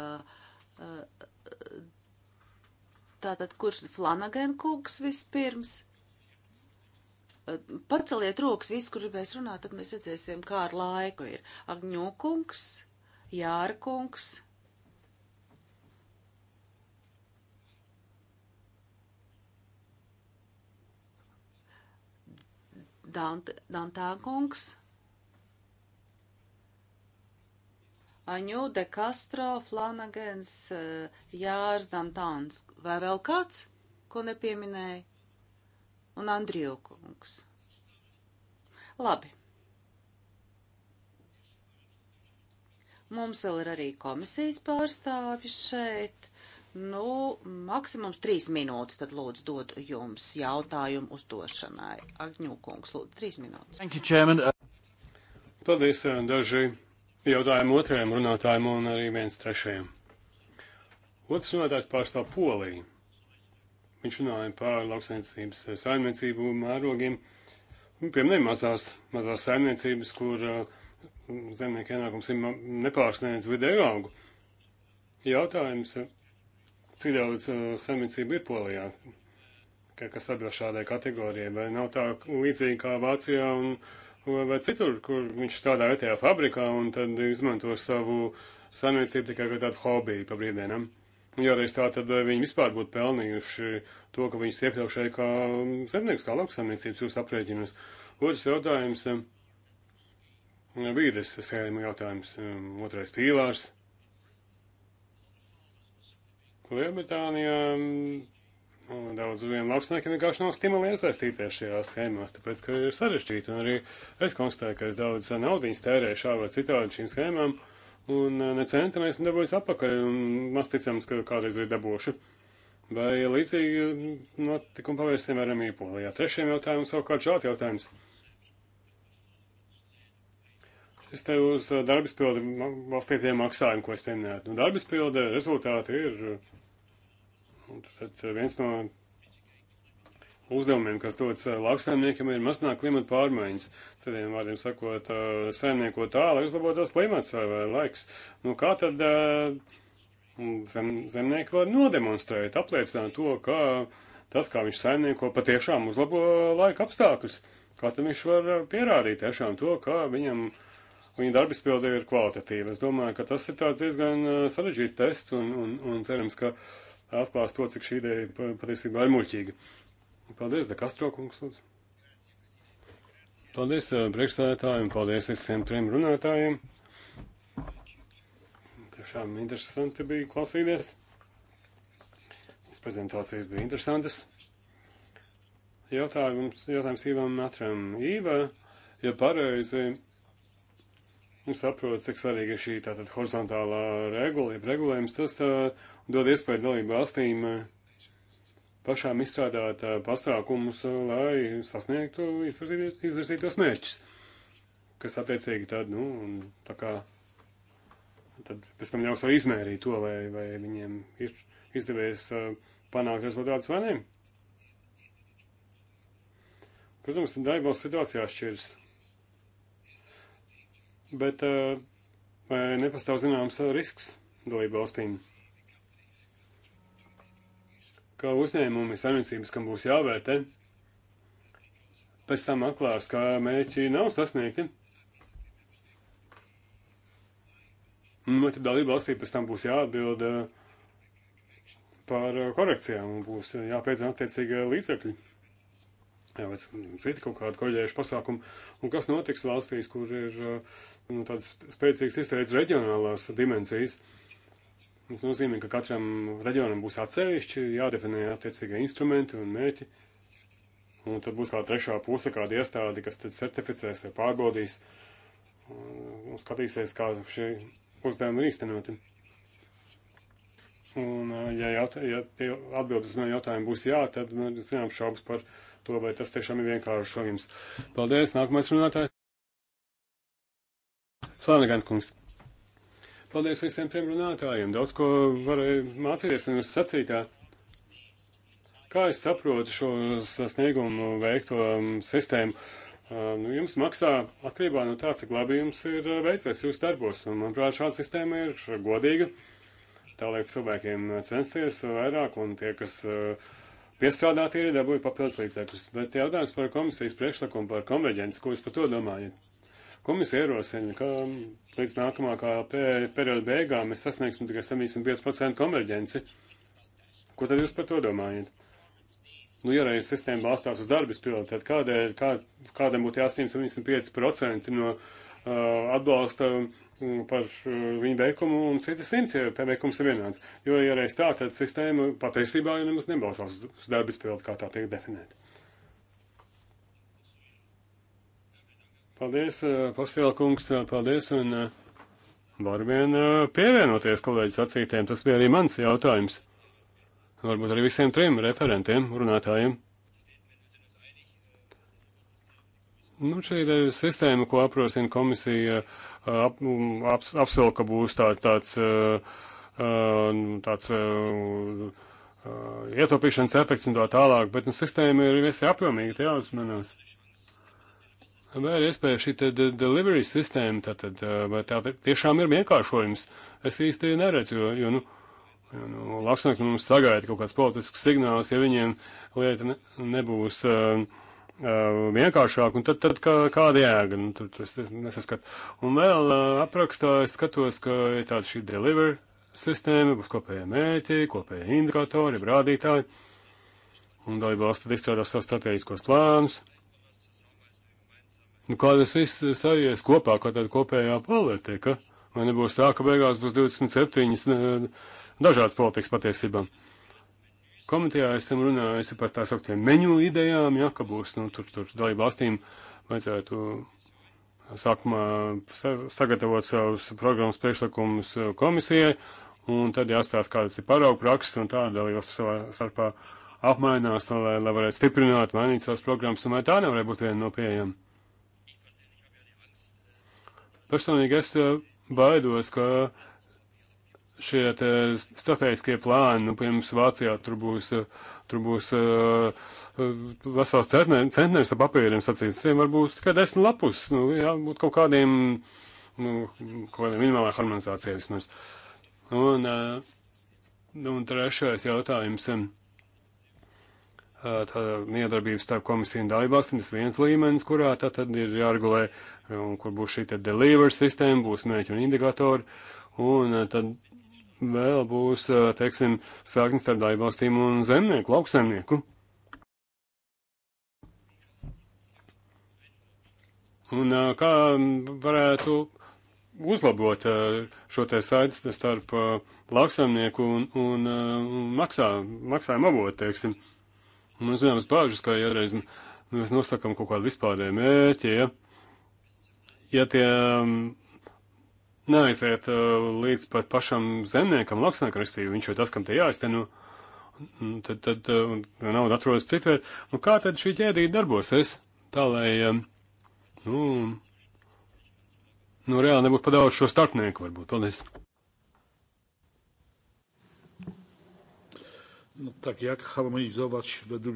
eh, tātad kurš Flanagan kungs vispirms? Eh, paceliet rokas, visi, kur gribēs runāt, tad mēs redzēsim, kā ar laiku ir. Agņokungs, Jārkungs, Dant, Dantākungs, Aņū, De Castro, Flanagens, eh, Jārs, Dantāns. Vai vēl kāds, ko nepieminēja? Un Andriju kungs. Labi. Mums vēl ir arī komisijas pārstāvis šeit. Nu, maksimums trīs minūtes, tad lūdzu dod jums jautājumu uzdošanai. Agņūkungs, lūdzu, trīs minūtes. Thank you, Chairman. Paldies, daži jautājumi otrajam runātājam un arī viens trešajam. Otrs runātājs pārstāv Poliju. Viņš runāja par lauksainicības saimniecību mērogiem. Piemēram, mazās, mazās saimniecības, kur uh, zemnieku ienākums ir nepārsniedz vidēju augu. Jautājums, cik daudz uh, saimniecību ir Polijā, ka, kas atbilst šādai kategorijai, vai nav tā līdzīgi kā Vācijā un vai citur, kur viņš strādā vietējā fabrikā un tad izmanto savu saimniecību tikai kā tādu hobiju pa brīvdienam. Ja reiz tā, tad uh, viņi vispār būtu pelnījuši to, ka viņus iekļaušai kā um, zemnieks, kā lauksaimniecības jūs aprēķinus. Otrs jautājums, um, vīdes schēma jautājums, um, otrais pīlārs. Lielbritānijā mm, daudziem lauksniekiem vienkārši nav stimuli iesaistīties šajās schēmās, tāpēc, ka ir sarežģīti. Un arī es konstatēju, ka es daudz naudiņas tērēju šā vai citādi šīm schēmām, un eh, ne centamies un dabūjas apakaļ, un maz ticams, ka kādreiz arī dabūšu. Vai līdzīgi mm, notikumu pavērsiem varam īpolijā. Trešiem jautājumam savukārt šāds jautājums. jautājums Es te uz eh, darba spildi valstī tie maksājumi, ko es pieminētu. Nu, darba spilde rezultāti ir eh, tad eh, viens no uzdevumiem, kas dots lauksaimniekiem, ir mazināt klimata pārmaiņas. Citiem vārdiem sakot, saimnieko tā, lai uzlabotos klimats vai, vai laiks. Nu, kā tad zem, zemnieki var nodemonstrēt, apliecināt to, ka tas, kā viņš saimnieko, patiešām uzlabo laika apstākļus? Kā tad viņš var pierādīt tiešām to, ka viņam. Uh, viņa darba izpilde ir kvalitatīva. Es domāju, ka tas ir tāds diezgan sarežģīts tests un, un, un cerams, ka atklās to, cik šī ideja patiesībā ir muļķīga. Paldies, De Castro kungs, lūdzu. Paldies priekšstādātājiem, paldies visiem trim runātājiem. Tiešām interesanti bija klausīties. Šīs prezentācijas bija interesantas. Jautājums, jautājums Īvam Matram. Īva, ja pareizi Nu, saprotu, cik svarīga ir šī tātad horizontālā regula, regulējums, tas tā, dod iespēju dalību valstīm eh, pašām izstrādāt eh, pasākumus, lai sasniegtu izvirzītos mērķus, kas attiecīgi tad, nu, tā kā, tad pēc tam ļaus arī izmērīt to, vai, vai viņiem ir izdevies eh, panākt rezultātus vai nē. Protams, daļbalsts situācijā šķirs bet eh, vai nepastāv zināms risks dalību valstīm? Kā uzņēmumi saimniecības, kam būs jāvērtē, pēc tam atklās, ka mērķi nav sasniegti. Un tad dalību valstī pēc tam būs jāatbild eh, par korekcijām un būs jāpēdzina attiecīgie līdzekļi vai citi kaut kādi koļējuši pasākumi, un kas notiks valstīs, kur ir uh, nu, tādas spēcīgas izturētas reģionālās dimensijas. Tas nozīmē, ka katram reģionam būs atsevišķi jādefinē attiecīgie instrumenti un mērķi. Un tad būs kā trešā puse, kāda iestāde, kas tad certificēs vai pārbaudīs un skatīsies, kā šie uzdevumi ir īstenoti. Un, ja, jaut, ja atbildes uz manu jautājumu būs jā, tad, zinām, šaubas par to, vai tas tiešām ir vienkārši šovjums. Paldies, nākamais runātājs. Flanagan kungs. Paldies visiem tiem runātājiem. Daudz ko varēja mācīties un jūs sacītā. Kā es saprotu šo sasniegumu veikto um, sistēmu? Um, nu, jums maksā atkarībā no tā, cik labi jums ir uh, veicies jūsu darbos. Un, manuprāt, šāda sistēma ir godīga. Tā liek cilvēkiem uh, censties vairāk, un tie, kas uh, piestrādāti, ir dabūju papildus līdzekļus. Bet jautājums par komisijas priekšlikumu par konverģenci, ko jūs par to domājat? Komisija ierosina, ka līdz nākamā perioda beigām mēs sasniegsim tikai 75% konverģenci. Ko tad jūs par to domājat? Nu, ja reiz sistēma balstās uz darbas prioritāti, kādēļ, kā, kādam būtu jāsniem 75% no uh, atbalsta mm, par uh, viņu veikumu un citas simts, ja pēveikums ir vienāds. Jo, ja reiz tā, tad sistēma patiesībā jau nemaz nebalstās uz darbas prioritāti, kā tā tiek definēta. Paldies, eh, Postēla kungs, eh, paldies, un eh, varu vien pievienoties kolēģis acītēm. Tas bija arī mans jautājums. Varbūt arī visiem trim referentiem, runātājiem. Nu, šī sistēma, ko aprosina komisija, ap, um, ap, apsol, ka būs tāds, tāds, nu, tāds ietaupīšanas efekts un tā tālāk, bet nu, sistēma ir visai apjomīga, jāuzmanās. Tā Vai nu, ir iespēja šī delivery sistēma, tātad, vai tā tiešām ir vienkāršojums? Es īsti neredzu, jo, jo nu, jo, nu lauksnieki mums sagaida kaut kāds politisks signāls, ja viņiem lieta ne, nebūs uh, uh, vienkāršāk, un tad, tad kā, kāda jēga, nu, tur tas nesaskatu. Un vēl uh, aprakstā es skatos, ka ir tāda šī delivery sistēma, būs kopējie mērķi, kopējie indikatori, rādītāji, un dalība valsts tad izstrādā savus strateģiskos plānus. Nu, kā tas viss sajies kopā, kā tāda kopējā politika? Vai nebūs tā, ka beigās būs 27 dažādas politikas patiesībā? Komitejā esam runājusi par tā sauktiem menu idejām, ja, ka būs, nu, tur, tur dalību valstīm vajadzētu sākumā sagatavot savus programmas priekšlikumus komisijai, un tad jāstāsta, kādas ir paraugu prakses, un tā dalībās savā starpā apmainās, lai, lai varētu stiprināt, mainīt savas programmas, un vai tā nevarētu būt viena no pieejām. Personīgi es baidos, ka šie strateģiskie plāni, nu, piemēram, Vācijā tur būs, tur būs uh, vesels centnēs ar papīriem sacīts, tiem varbūt tikai desmit lapus, nu, jābūt kaut kādiem, nu, kaut kādiem minimālā harmonizācija vismaz. Un, uh, un trešais jautājums. Um, miedarbības starp komisiju un dalībvalstīm, tas viens līmenis, kurā tad, tad ir jāregulē, un kur būs šī deliver sistēma, būs mērķi un indikatori, un tad vēl būs, teiksim, sāknis starp dalībvalstīm un zemnieku, lauksemnieku. Un kā varētu uzlabot šo te saites starp lauksemnieku un, un maksā, maksājumu avotu, teiksim. Man zināms bāžas, kā jau reiz mēs nosakam kaut kādu vispārēju mērķi, ja, ja tie mm, neaiziet uh, līdz pat pašam zemniekam, lauksaimniekam, respektīvi, viņš jau tas, kam tie jāizteno, tad, tad uh, nauda atrodas citviet. Nu, kā tad šī ķēdīte darbosies? Tā, lai, um, nu, nu reāli nebūtu padaudz šo starpnieku, varbūt. Paldies! No, tak jak harmonizować według.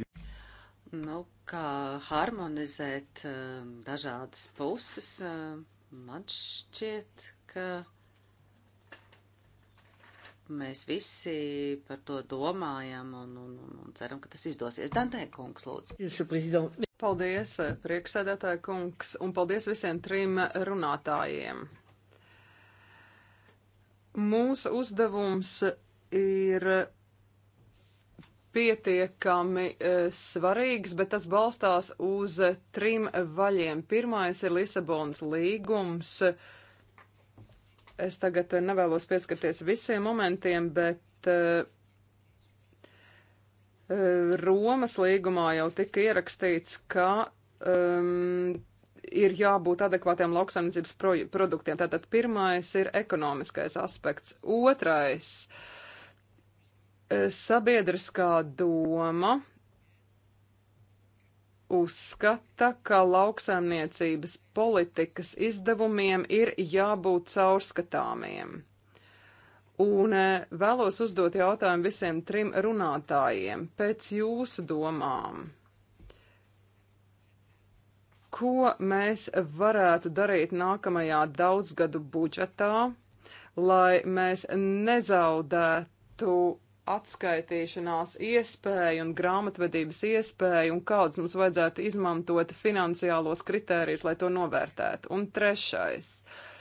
Nu, kā harmonizēt um, dažādas puses, um, man šķiet, ka mēs visi par to domājam un, un, un, un ceram, ka tas izdosies. Dantē kungs, lūdzu. Paldies, eh, priekšsēdētāja kungs, un paldies visiem trim runātājiem. Mūsu uzdevums ir pietiekami e, svarīgs, bet tas balstās uz trim vaļiem. Pirmais ir Lisabonas līgums. Es tagad nevēlos pieskarties visiem momentiem, bet e, e Romas līgumā jau tika ierakstīts, ka um, ir jābūt adekvātiem lauksaimniecības produktiem. Tātad pirmais ir ekonomiskais aspekts. Otrais. Uh, Sabiedriskā doma uzskata, ka lauksaimniecības politikas izdevumiem ir jābūt caurskatāmiem. Un e, vēlos uzdot jautājumu visiem trim runātājiem pēc jūsu domām. Ko mēs varētu darīt nākamajā daudzgadu budžetā, lai mēs nezaudētu atskaitīšanās iespēju un grāmatvedības iespēju un kādas mums vajadzētu izmantot finansiālos kritērijus, lai to novērtētu. Un trešais. Uh,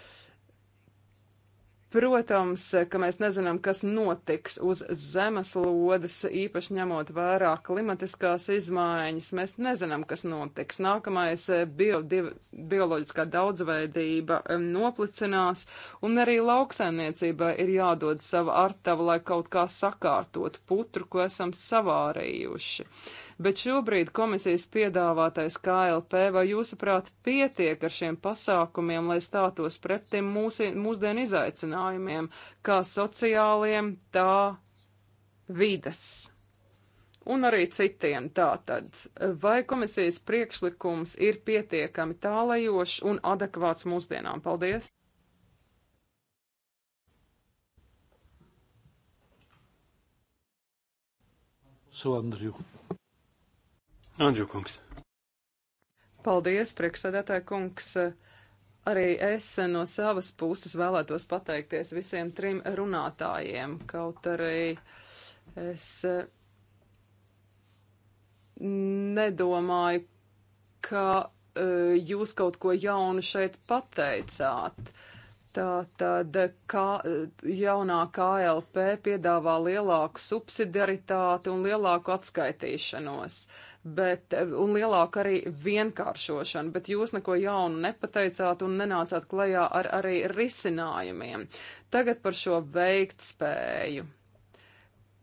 Protams, ka mēs nezinām, kas notiks uz zemeslodes, īpaši ņemot vērā klimatiskās izmaiņas. Mēs nezinām, kas notiks. Nākamais eh, bio, div, bioloģiskā daudzveidība noplicinās, un arī lauksaimniecībai ir jādod sava artava, lai kaut kā sakārtot putru, ko esam savārījuši bet šobrīd komisijas piedāvātais KLP vai jūsuprāt pietiek ar šiem pasākumiem, lai stātos pretim mūsu, mūsdienu izaicinājumiem, kā sociāliem, tā vides un arī citiem. Tātad, vai komisijas priekšlikums ir pietiekami tālajošs un adekvāts mūsdienām? Paldies! So Andriju. Andriu kungs. Paldies, priekšsēdētāja kungs. Arī es no savas puses vēlētos pateikties visiem trim runātājiem, kaut arī es eh, nedomāju, ka uh, jūs kaut ko jaunu šeit pateicāt. Uh, Tātad kā, jaunā KLP piedāvā lielāku subsidiaritāti un lielāku atskaitīšanos, bet, un lielāku arī vienkāršošanu, bet jūs neko jaunu nepateicāt un nenācāt klajā ar arī risinājumiem. Tagad par šo veiktspēju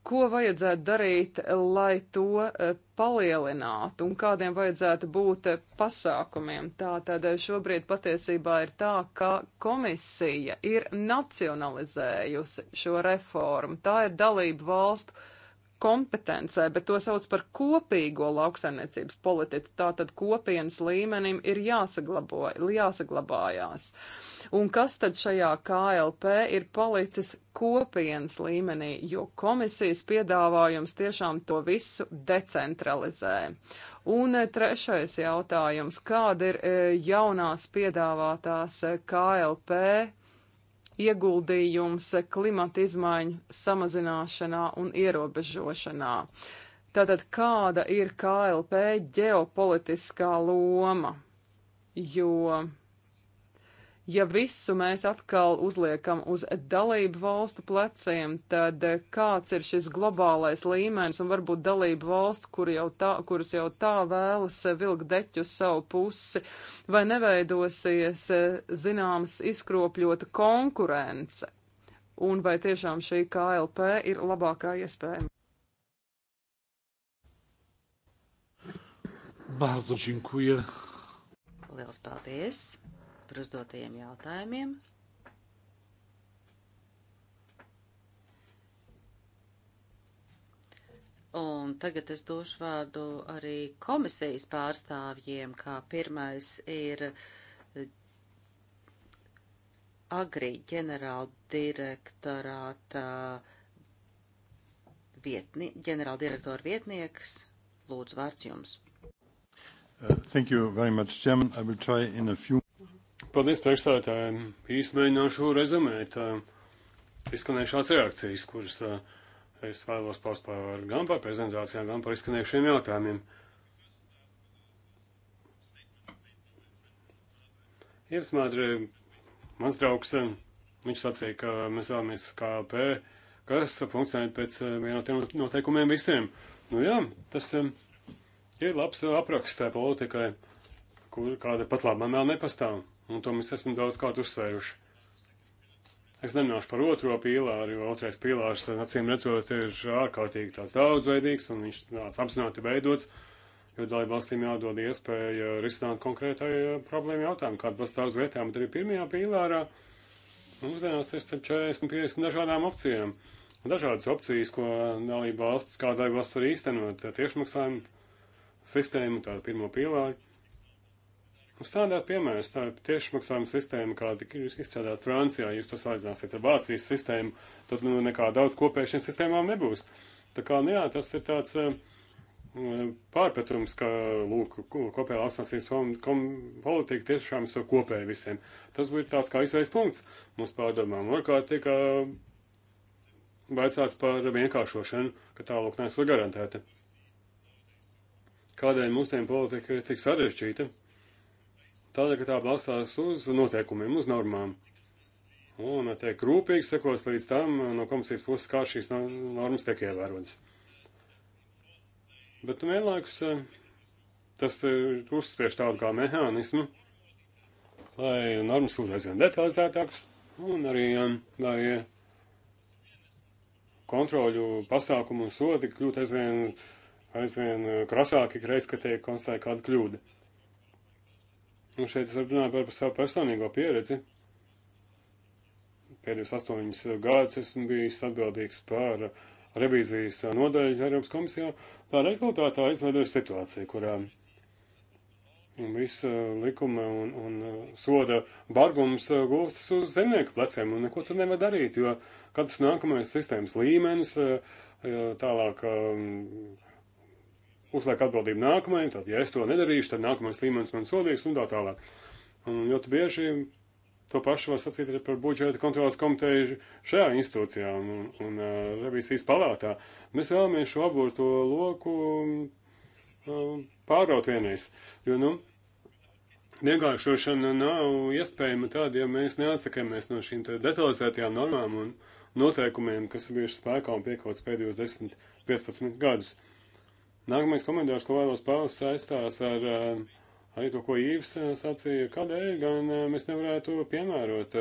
ko vajadzētu darīt, lai to eh, palielinātu un kādiem vajadzētu būt eh, pasākumiem. Tātad eh, šobrīd patiesībā ir tā, ka komisija ir nacionalizējusi šo reformu. Tā ir dalību valstu kompetencē, bet to sauc par kopīgo lauksaimniecības politiku. Tātad kopienas līmenim ir jāsaglabājās. Un kas tad šajā KLP ir palicis kopienas līmenī, jo komisijas piedāvājums tiešām to visu decentralizē. Un eh, trešais jautājums, kāda ir eh, jaunās piedāvātās eh, KLP ieguldījums klimata izmaiņu samazināšanā un ierobežošanā. Tātad kāda ir KLP ģeopolitiskā loma? Jo ja visu mēs atkal uzliekam uz dalību valstu pleciem, tad kāds ir šis globālais līmenis un varbūt dalību valsts, kur jau tā, kuras jau tā vēlas vilkt deķu uz savu pusi, vai neveidosies eh, zināms izkropļota konkurence? Un vai tiešām šī KLP ir labākā iespējama? Bardzo dziękuję. Lielas paldies! par uzdotajiem jautājumiem. Un tagad es došu vārdu arī komisijas pārstāvjiem, kā pirmais ir agrī ģenerāla direktorāta vietni, ģenerāla direktora vietnieks. Lūdzu, vārds jums. Uh, thank you very much, Chairman. I will try in a few Paldies priekšstādātājiem. Īsti mēģināšu rezumēt izskanējušās reakcijas, kuras es vēlos paust par gan par prezentācijām, gan par izskanējušiem jautājumiem. Ievas Mādri, mans draugs, viņš sacīja, ka mēs vēlamies KP, kas funkcionē pēc vienotiem noteikumiem visiem. Nu jā, tas ir labs apraksts tā politikai, kur kāda pat labam vēl nepastāv. Un to mēs esam daudz kārt uzsvēruši. Es nemināšu par otro pīlāru, jo otrais pīlārs, acīm redzot, ir ārkārtīgi tāds daudzveidīgs, un viņš tāds apzināti veidots, jo dalību valstīm jādod iespēja risināt konkrētai eh, problēmu jautājumu, kāda pastāv uz vietām, bet arī pirmajā pīlārā mūsdienās ir starp 40 un 50 dažādām opcijām. Dažādas opcijas, ko dalību valsts, kā dalību valsts var īstenot, tiešmaksājumu sistēmu, tādu pirmo pīlāru. Mums tādā piemērs, tā ir tiešmaksājuma sistēma, kāda ir izstrādāta Francijā, jūs to salīdzināsiet ar Vācijas sistēmu, tad nu, nekā daudz kopēju šiem sistēmām nebūs. Tā kā, nu jā, tas ir tāds eh, pārpratums, ka, lūk, kopējā lauksnāsības politika tiešām ir kopēja visiem. Tas būtu tāds kā izveids punkts mūsu pārdomām. Varbūt tika baicāts eh, par vienkāršošanu, ka tā lūk nesot garantēta. Kādēļ mūsu tiem politika ir tik sarežģīta? Tādēļ, ka tā balstās uz noteikumiem, uz normām. Un tiek rūpīgi sekos līdz tam no komisijas puses, kā šīs normas tiek ievērotas. Bet vienlaikus eh, tas ir uzspiež tādu kā mehānismu, lai normas kļūtu aizvien detalizētākas un arī, eh, lai kontroļu pasākumu un sodi kļūtu aizvien, aizvien eh, krasāki, reiz, kad tiek konstatēta kāda kļūda. Un nu, šeit es runāju par savu personīgo pieredzi. Pēdējos astoņus gadus esmu bijis atbildīgs par revīzijas nodaļu Eiropas komisijā. Tā rezultātā izveidoja situāciju, kurā visa eh, likuma un, un eh, soda bargums eh, gūstas uz zemnieku pleciem, un neko tur nevar darīt, jo katrs nākamais sistēmas līmenis tālāk uzliek atbildību nākamajam, tad, ja es to nedarīšu, tad nākamais līmenis man sodīs un tā tālāk. Un ļoti bieži to pašu var sacīt arī par budžeta kontrolas komiteju šajā institūcijā un, un, un uh, revīzijas palātā. Mēs vēlamies šo aburto loku uh, pāraut vienreiz, jo, nu, vienkāršošana nav iespējama tāda, ja mēs neatsakāmies no šīm detalizētajām normām un noteikumiem, kas ir bijuši spēkā un piekauts pēdējos 10-15 gadus. Uh, Nākamais komentārs, ko vēlos paust, saistās ar eh, arī to, ko Īvs eh, sacīja, kādēļ gan eh, mēs nevarētu piemērot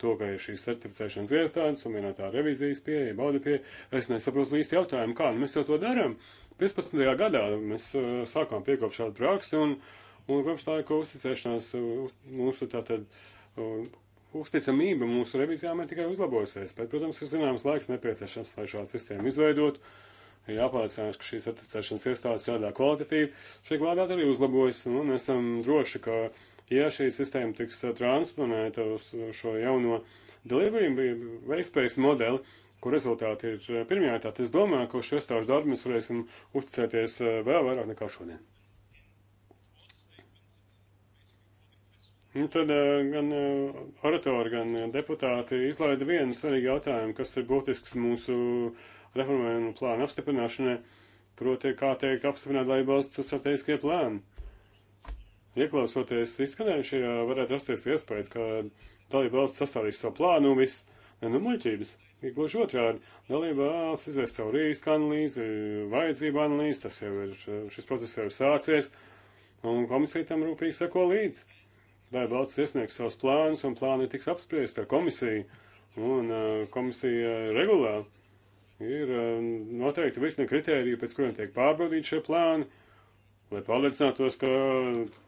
to, ka ir šīs certificēšanas iestādes un vienotā revizijas pieeja, bauda pieeja. Es nesaprotu īsti jautājumu, kā nu, mēs jau to darām. 15. gadā mēs sākām piekopt šādu praksi un, un kopš tā, ka uzticēšanās mūsu tātad uzticamība mūsu revizijām ir tikai uzlabojusies, bet, protams, ir zināms laiks nepieciešams, lai šādu sistēmu izveidotu ir jāpārliecinās, ka šīs certificēšanas iestādes strādā kvalitatīvi. Šī kvalitāte arī uzlabojas, un esam droši, ka, ja šī sistēma tiks eh, transponēta uz šo jauno delivery veiktspējas modeli, kur rezultāti ir eh, pirmajā etapā, es domāju, ka uz šo iestāžu darbu mēs varēsim uzticēties eh, vēl vairāk nekā šodien. Un nu, tad gan oratori, gan deputāti izlaida vienu svarīgu jautājumu, kas ir būtisks mūsu uh, reformējumu plānu apstiprināšanai, proti, kā tiek apstiprināt laibalstu strateģiskie plāni. Ieklausoties izskanējušajā, varētu rasties iespējas, ka dalība valsts sastādīs savu plānu un viss, ne nu muļķības. Ir gluži otrādi. Dalība valsts izvērs savu risku analīzi, vajadzību analīzi, tas jau ir, šis process jau ir sācies, un komisija tam rūpīgi seko līdzi. Dalība valsts iesniegs savus plānus, un plāni tiks apspriest ar komisiju, un uh, komisija regulā ir um, noteikti virkne kritēriju, pēc kuriem tiek pārbaudīti šie plāni, lai pārliecinātos, ka,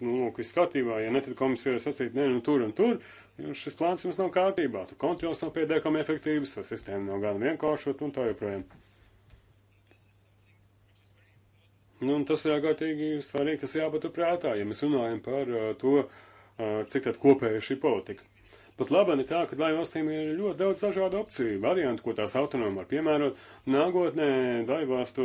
nu, viss kārtībā, ja ne, tad komisija var sacīt, nē, nu, tur un tur, jo šis plāns jums nav kārtībā, tur kontrols nav pietiekami efektīvs, vai sistēma nav gan vienkāršot, un tā joprojām. Nu, un tas ir ārkārtīgi svarīgi, tas jāpatur prātā, ja mēs runājam par uh, to, uh, cik tad kopēja šī politika. Pat labi ir tā, ka dalību valstīm ir ļoti daudz dažādu opciju, variantu, ko tās autonomi var piemērot. Nākotnē dalību valstu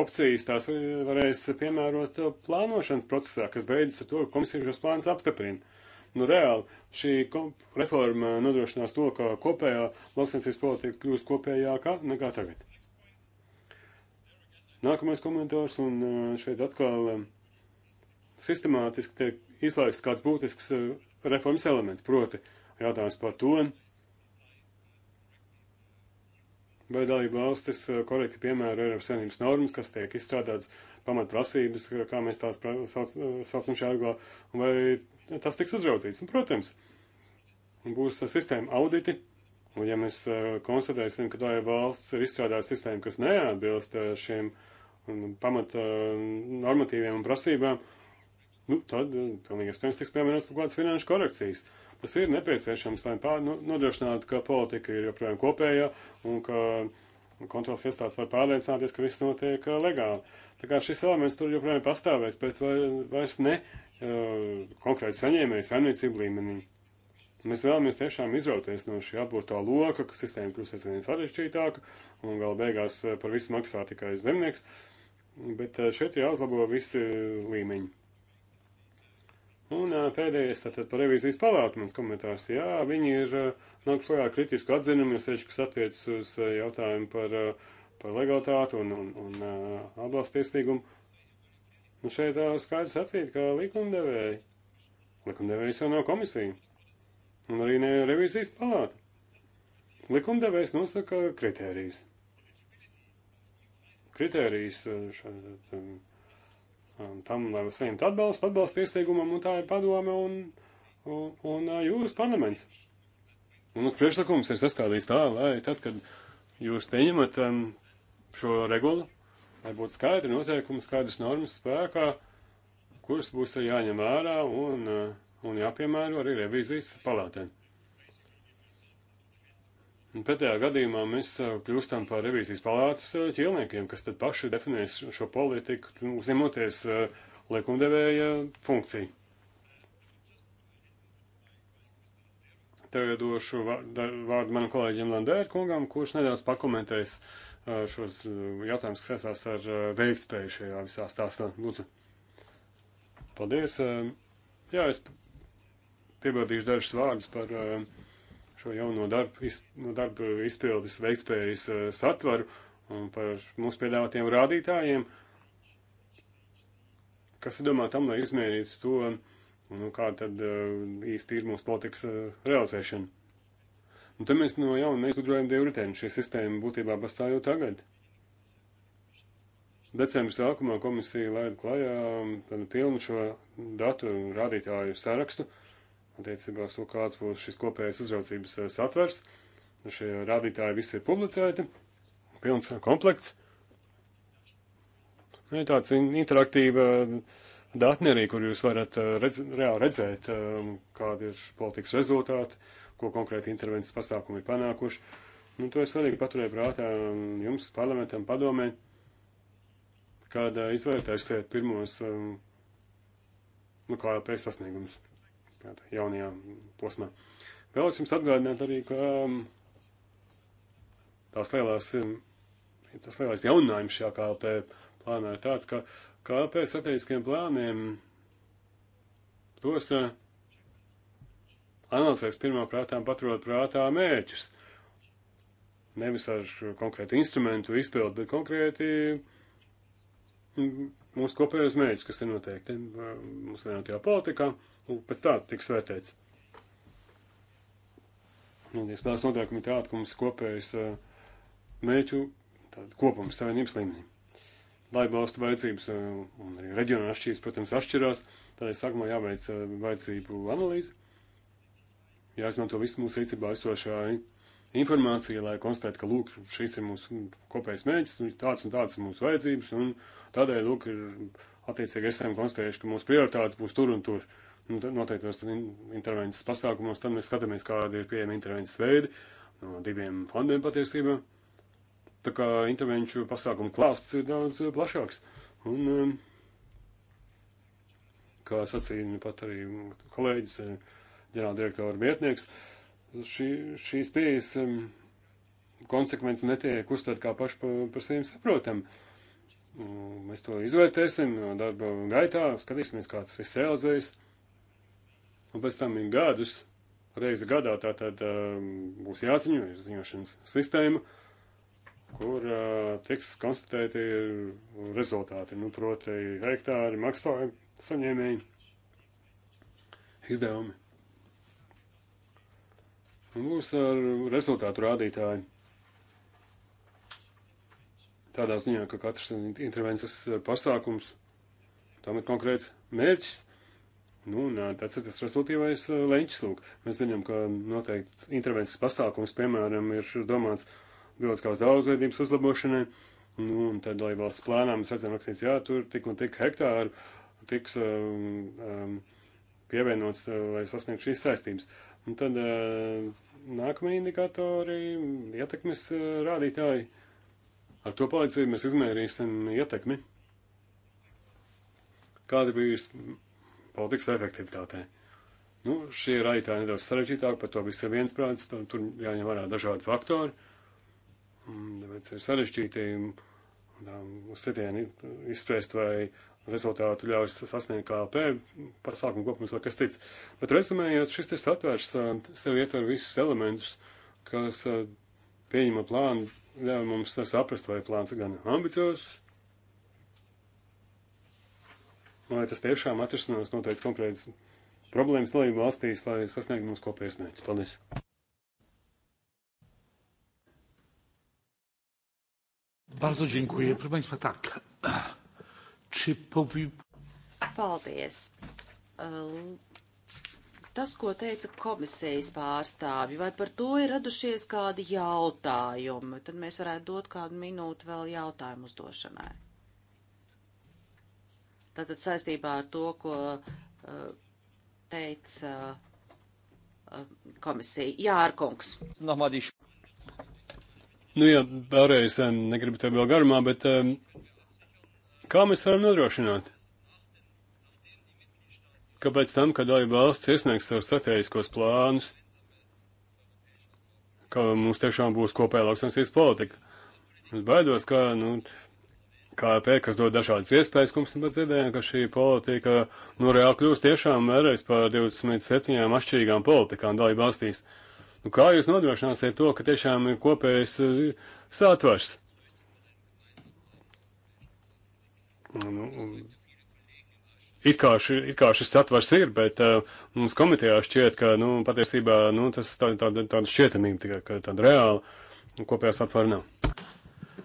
opcijas tās varēs piemērot plānošanas procesā, kas beidzas ar to, ka komisija šos plānus apstiprina. Nu, reāli šī reforma nodrošinās to, ka kopējā lauksensības politika kļūst kopējākā nekā tagad. Nākamais komentārs, un eh, šeit atkal eh, sistemātiski tiek izlaists kāds būtisks eh, reformas elements. Proti, jautājums par to, vai dalība valstis eh, korekti piemēra Eiropas Savienības normas, kas tiek izstrādātas pamatprasības, kā mēs tās sauc, eh, saucam šajā argolā, vai tas tiks uzraudzīts. Un, protams, būs sistēma auditi, un ja mēs eh, konstatēsim, ka dalība valsts ir izstrādājusi sistēmu, kas neatbilst šiem mm, pamata normatīviem un prasībām, nu, tad mm, pilnīgi iespējams tiks piemērots kaut kādas finanšu korekcijas. Tas ir nepieciešams, lai pār, nu, nodrošinātu, ka politika ir joprojām kopējā un ka kontrols iestāsts var pārliecināties, ka viss notiek uh, legāli. Tā kā šis elements tur joprojām pastāvēs, bet vai, vairs ne uh, konkrēti saņēmēju saimniecību līmenī. Mēs vēlamies tiešām izrauties no šī apburtā loka, ka sistēma kļūst aizvien sarežģītāka un gala beigās uh, par visu maksā tikai zemnieks. Bet uh, šeit jāuzlabo visi līmeņi. Un pēdējais tātad par revīzijas palātu mans komentārs. Jā, viņi ir eh, nāk klajā kritisku atzinumu, jo sevišķi, kas attiecas uz eh, jautājumu par, eh, par legalitāti un, un, un atbalstiestīgumu. Un nu, šeit skaidrs sacīt, ka likumdevēji, likumdevējs jau nav komisija, un arī ne revīzijas palāta. Likumdevējs nosaka kritērijus. Kritērijus šādi tam, lai saņemtu atbalstu, atbalstu iesaigumam, un tā ir padome un, un, un jūras parlaments. Un uz priekšlikums ir sastādīts tā, lai tad, kad jūs pieņemat um, šo regulu, lai būtu skaidri noteikumi, skaidrs normas spēkā, kuras būs jāņem vērā un, un jāpiemēro arī revīzijas palātēm. Pretējā gadījumā mēs uh, kļūstam par revīzijas palātas uh, ķīlniekiem, kas tad paši definēs šo politiku, nu, uzņemoties uh, likumdevēja funkciju. Tev došu vārdu manam kolēģim Landēra kungam, kurš nedaudz pakomentēs šos jautājumus, kas saistās ar veiktspēju šajā visā stāstā. Lūdzu. Paldies. Jā, es piebildīšu dažus vārdus par uh, šo jauno darbu, no nu, darba izpildes veiktspējas eh, satvaru un um, par mūsu piedāvātiem rādītājiem, kas ir domā tam, lai izmērītu to, nu, kā tad eh, īsti ir mūsu politikas eh, realizēšana. Un te mēs no jauna neizgudrojam divu ritēnu. Šī sistēma būtībā pastāv jau tagad. Decembra sākumā komisija laida klajā um, pilnu šo datu rādītāju sarakstu. Uh, attiecībā uz to, kāds būs šis kopējais uzraudzības eh, satvers. Šie rādītāji visi ir publicēti, pilns komplekts. Nu, ir tāds interaktīva datni arī, kur jūs varat eh, redz, reāli redzēt, eh, kāda ir politikas rezultāti, ko konkrēti intervences pasākumi ir panākuši. Nu, to ir svarīgi paturēt prātā jums, parlamentam, padomē, kad izvērtēsiet pirmos nu, KLP sasniegumus tādā jaunajā posmā. Vēlos jums atgādināt arī, ka um, tās lielās, um, tas lielais jauninājums šajā KLP plānā ir tāds, ka KLP strateģiskiem plāniem tos uh, analizēs pirmā prātām paturot prātā mērķus. Nevis ar konkrētu instrumentu izpildu, bet konkrēti mm, mūsu kopējos mērķus, kas ir noteikti uh, mūsu vienotajā politikā. Lūk, pēc tā tiks vērtēts. Indies klāsts noteikumi ir tādi, ka mums kopējas mēķu kopums savienības līmenī. Lai balstu vajadzības un arī reģiona atšķirības, protams, atšķirās, tādēļ sākumā jāveic vajadzību analīze, jāizmanto visu mūsu rīcībā esošā informācija, lai konstatētu, ka lūk, šis ir mūsu kopējais mēģis, nu, tāds un tāds ir mūsu vajadzības, un tādēļ, lūk, ir attiecīgi esam konstatējuši, ka mūsu prioritātes būs tur un tur. Uh, nu, noteiktos intervences pasākumos, tad mēs skatāmies, kāda ir pieejama intervences veidi no diviem fondiem patiesībā. Tā kā intervenču pasākumu klāsts ir daudz eh, plašāks. Un, eh, kā sacīja nu pat arī kolēģis, eh, ģenerāldirektora vietnieks, šī, šīs pieejas konsekvences netiek uztvert kā paši par, par sevi saprotam. Nu, mēs to izvērtēsim darba gaitā, skatīsimies, kā tas viss realizējas un pēc tam ir gadus, reizi gadā tā tad um, būs jāziņo, ir ziņošanas sistēma, kur uh, tiks konstatēti rezultāti, nu, proti, hektāri, maksājumi, saņēmēji, izdevumi. Un būs ar rezultātu rādītāji. Tādā ziņā, ka katrs intervences pasākums tam ir konkrēts mērķis Nu, un tāds ir tas rezultīvais leņķis, lūk. Mēs zinām, ka noteikti intervences pasākums, piemēram, ir domāts bioloģiskās daudzveidības uzlabošanai, nu, un tad, lai valsts plānā mēs redzam rakstīts, jā, tur tik un tik hektāru tiks um, um, pievienots, lai sasniegtu šīs saistības. Un tad uh, nākamie indikatori, ietekmes uh, rādītāji, ar to palīdzību mēs izmērīsim ietekmi. Kādi bija politikas efektivitātē. Nu, šie rādītāji nedaudz sarežģītāk, par to viss ir viensprāts, tur jāņem vērā dažādi faktori, tāpēc ir sarežģīti um, uz sitieni izspriest, vai rezultātu ļauj sasniegt KLP pasākumu kopums vai kas cits. Bet rezumējot, šis tests atvērš um, sev ietver visus elementus, kas uh, pieņemot plānu ļauj mums saprast, vai plāns ir gan ambiciozs, lai tas tiešām atrisinās noteikti konkrētas problēmas dalību valstīs, lai sasniegtu mūsu kopējos mērķus. Paldies! Bardzo dziękuję. Proszę Państwa, tak. Czy powi... Paldies. Ehm, tas, ko teica komisijas pārstāvji, vai par to ir radušies kādi jautājumi? Tad mēs varētu dot kādu minūtu vēl jautājumu uzdošanai. Tātad saistībā ar to, ko eh, teica eh, komisija. Jā, Arkungs. Nahmadīšu. Nu jā, vēlreiz eh, negribu tev vēl garumā, bet kā mēs varam nodrošināt? Kāpēc tam, kad daļa valsts iesniegs savus strateģiskos plānus, ka mums tiešām būs kopēja lauksaimniecības politika? Es baidos, ka, nu, KLP, kas dod dažādas iespējas, kungs, bet dzirdējām, ka šī politika nu reāli kļūst tiešām vēlreiz par 27 atšķirīgām politikām dalību valstīs. Nu, kā jūs nodrošināsiet to, ka tiešām ir kopējs eh, sātvars? Nu, it, kā ši, it kā šis satvars ir, bet uh, mums komitejā šķiet, ka nu, patiesībā nu, tas tāda tā, tā, tā šķietamība tikai, ka tāda reāla nu, kopējā satvara nav.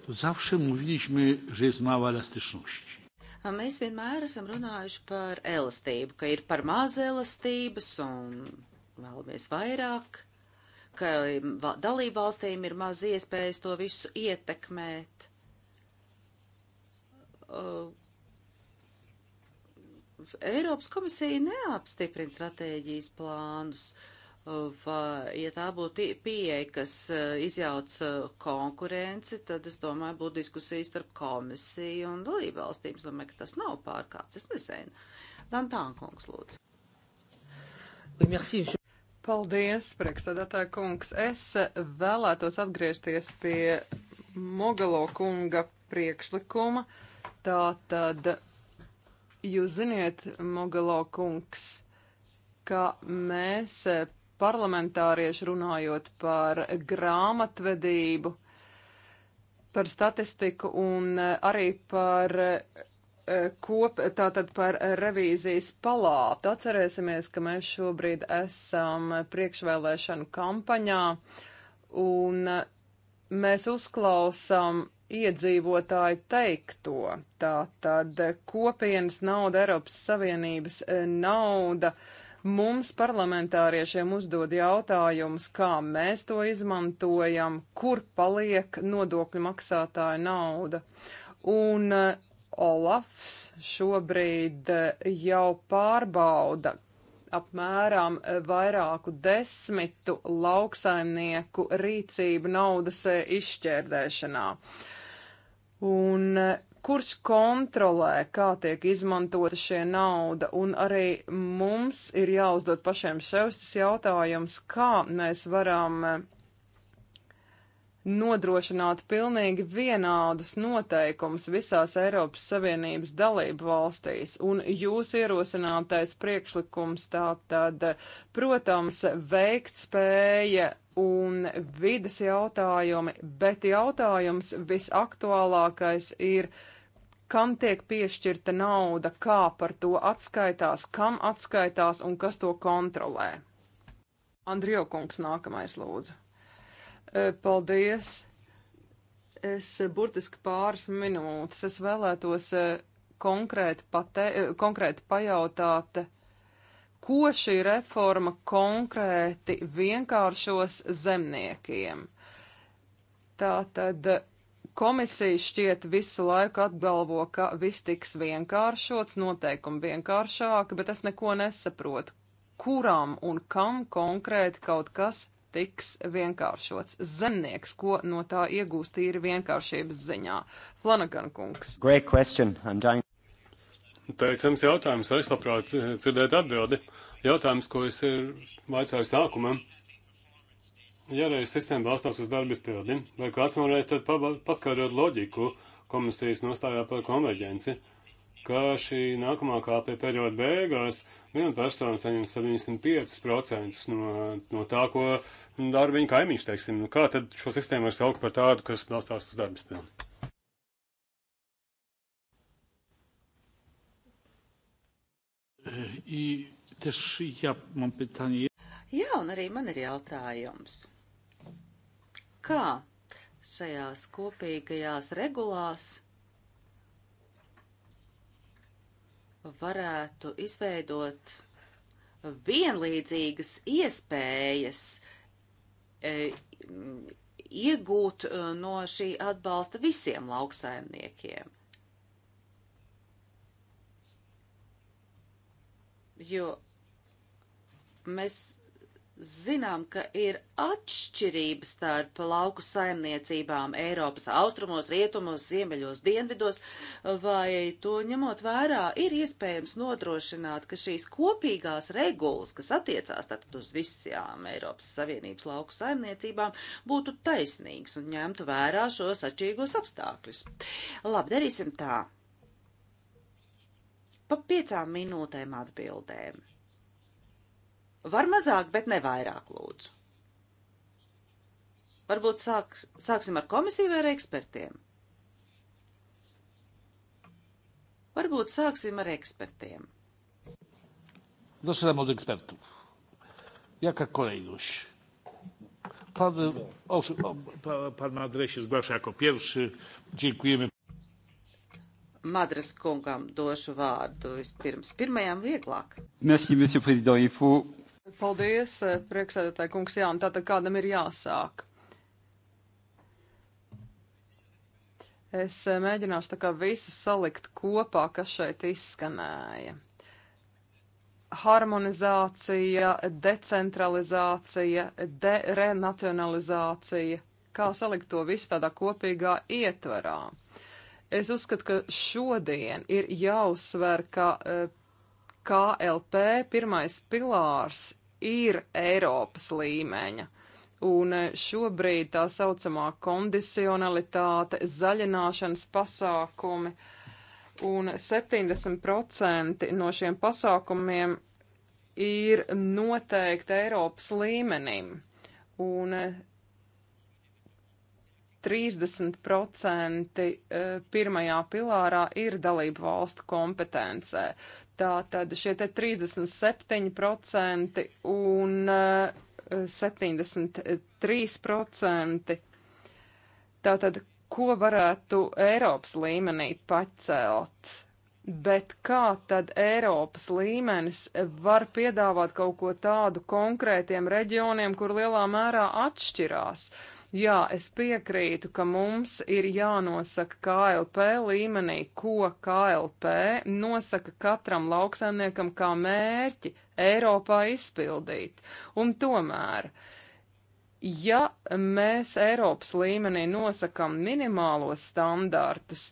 Zawsze mówiliśmy, że jest mała elastyczności. Mēs vienmēr esam runājuši par elastību, ka ir par maz elastības un vēlamies vairāk, ka dalību valstīm ir maz iespējas to visu ietekmēt. Uh, Eiropas komisija neapstiprina stratēģijas plānus. Uh, vai ja tā būtu pieeja, kas eh, izjauc eh, konkurenci, tad es domāju, būtu diskusija starp komisiju un dalību valstīm. Es domāju, ka tas nav pārkāpts. Es nezinu. Dantānkungs, lūdzu. Oui, merci. Paldies, priekšsēdētāja kungs. Es eh, vēlētos atgriezties pie Mogalo kunga priekšlikuma. Tā tad, jūs ziniet, Mogalo kungs, ka mēs parlamentārieši runājot par grāmatvedību, par statistiku un eh, arī par eh, kop, tātad par revīzijas palātu. Atcerēsimies, ka mēs šobrīd esam priekšvēlēšanu kampaņā un eh, mēs uzklausām iedzīvotāju teikto. Tātad kopienas nauda, Eiropas Savienības nauda. Uh, Mums parlamentāriešiem uzdod jautājums, kā mēs to izmantojam, kur paliek nodokļu maksātāja nauda. Un eh, Olafs šobrīd eh, jau pārbauda apmēram eh, vairāku desmitu lauksaimnieku rīcību naudas izšķērdēšanā. Un kurš kontrolē, kā tiek izmantota šie nauda, un arī mums ir jāuzdod pašiem sev šis jautājums, kā mēs varam eh, nodrošināt pilnīgi vienādus noteikumus visās Eiropas Savienības dalību valstīs, un jūs ierosinātais priekšlikums tā tad, protams, veikt spēja un vidas jautājumi, bet jautājums visaktuālākais ir, uh, kam tiek piešķirta nauda, kā par to atskaitās, kam atskaitās un kas to kontrolē. Andrijo kungs nākamais lūdzu. E, paldies. Es burtiski pāris minūtes. Es vēlētos e, konkrēti, pate, e, konkrēti pajautāt, ko šī reforma konkrēti vienkāršos zemniekiem. Tātad Komisija šķiet visu laiku apgalvo, ka viss tiks vienkāršots, noteikumi vienkāršāki, bet es neko nesaprotu, kuram un kam konkrēti kaut kas tiks vienkāršots. Zemnieks, ko no tā iegūst īri vienkāršības ziņā? Flanagan kungs. Great question. I'm dying. Teicams jautājums, es labprāt eh, dzirdētu atbildi. Jautājums, ko es ir eh, vaicāju sākumam. Ja arī sistēma balstās uz darbu izpildi, vai kāds man varētu tad paskaidrot loģiku komisijas nostājā par konverģenci, ka šī nākamā kāpē perioda beigās viena persona saņem 75% no, no tā, ko dara viņa kaimiņš, teiksim. Nu, kā tad šo sistēmu var saukt par tādu, kas balstās uz darbu izpildi? I też ja mam pytanie. Jā, un arī man ir jautājums kā šajās kopīgajās regulās varētu izveidot vienlīdzīgas iespējas e, iegūt e, no šī atbalsta visiem lauksaimniekiem. Jo mēs zinām, ka ir atšķirības starp lauku saimniecībām Eiropas austrumos, rietumos, ziemeļos, dienvidos, vai to ņemot vērā ir iespējams nodrošināt, ka šīs kopīgās regulas, kas attiecās tātad uz visām Eiropas Savienības lauku saimniecībām, būtu taisnīgas un ņemtu vērā šos atšķirīgos apstākļus. Labi, darīsim tā. Pa piecām minūtēm atbildēm Var mazāk, bet ne vairāk, lūdzu. Varbūt sāks, sāksim ar komisiju vai ar ekspertiem? Varbūt sāksim ar ekspertiem. Zaczynam od ekspertów. Jaka kolejność? Pan, o, o, pan Madres się zgłasza jako pierwszy. Dziękujemy. Madres kungam došu vārdu vispirms. Pirmajam vieglāk. Merci, monsieur président. Il faut Paldies, eh, priekšsēdētāji kungs, jā, un tātad kādam ir jāsāk. Es eh, mēģināšu tā kā visu salikt kopā, kas šeit izskanēja. Harmonizācija, decentralizācija, derenacionalizācija, kā salikt to visu tādā kopīgā ietvarā. Es uzskatu, ka šodien ir jāuzsver, ka eh, KLP pirmais pilārs ir Eiropas līmeņa. Un šobrīd tā saucamā kondicionalitāte, zaļināšanas pasākumi un 70% no šiem pasākumiem ir noteikti Eiropas līmenim. Un 30% eh, pirmajā pilārā ir dalību valstu kompetencē. Tātad šie te 37% un 73%. Eh, Tātad, ko varētu Eiropas līmenī pacelt? Bet kā tad Eiropas līmenis var piedāvāt kaut ko tādu konkrētiem reģioniem, kur lielā mērā atšķirās? Uh, Jā, es piekrītu, ka mums ir jānosaka KLP līmenī, ko KLP nosaka katram lauksaimniekam kā mērķi Eiropā izpildīt. Un tomēr. Ja mēs Eiropas līmenī nosakam minimālos standārtus,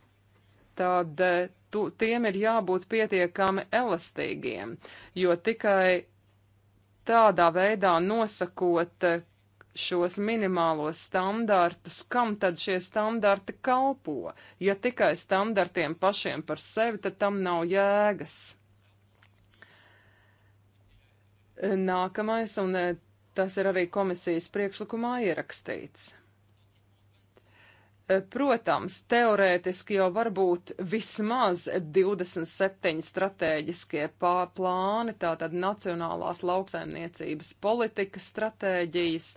tad eh, tu, tiem ir jābūt pietiekami elastīgiem, jo tikai tādā veidā nosakot eh, šos minimālos standartus, kam tad šie standarti kalpo? Ja tikai standartiem pašiem par sevi, tad tam nav jēgas. Nākamais, un eh, tas ir arī komisijas priekšlikumā ierakstīts. Protams, teorētiski jau varbūt vismaz 27 stratēģiskie plāni, tātad nacionālās lauksaimniecības politikas stratēģijas,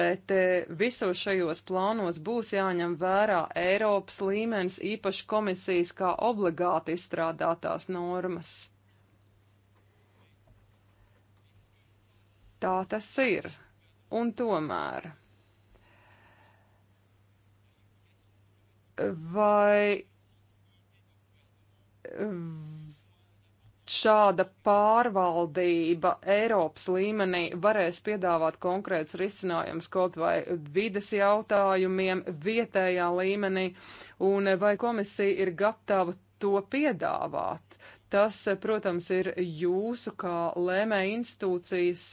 bet e, visos šajos plānos būs jāņem vērā Eiropas līmenis īpaši komisijas kā obligāti izstrādātās normas. Tā tas ir. Un tomēr. vai eh, šāda pārvaldība Eiropas līmenī varēs piedāvāt konkrēts risinājums kaut vai vides jautājumiem vietējā līmenī, un eh, vai komisija ir gatava to piedāvāt. Tas, eh, protams, ir jūsu kā lēmē institūcijas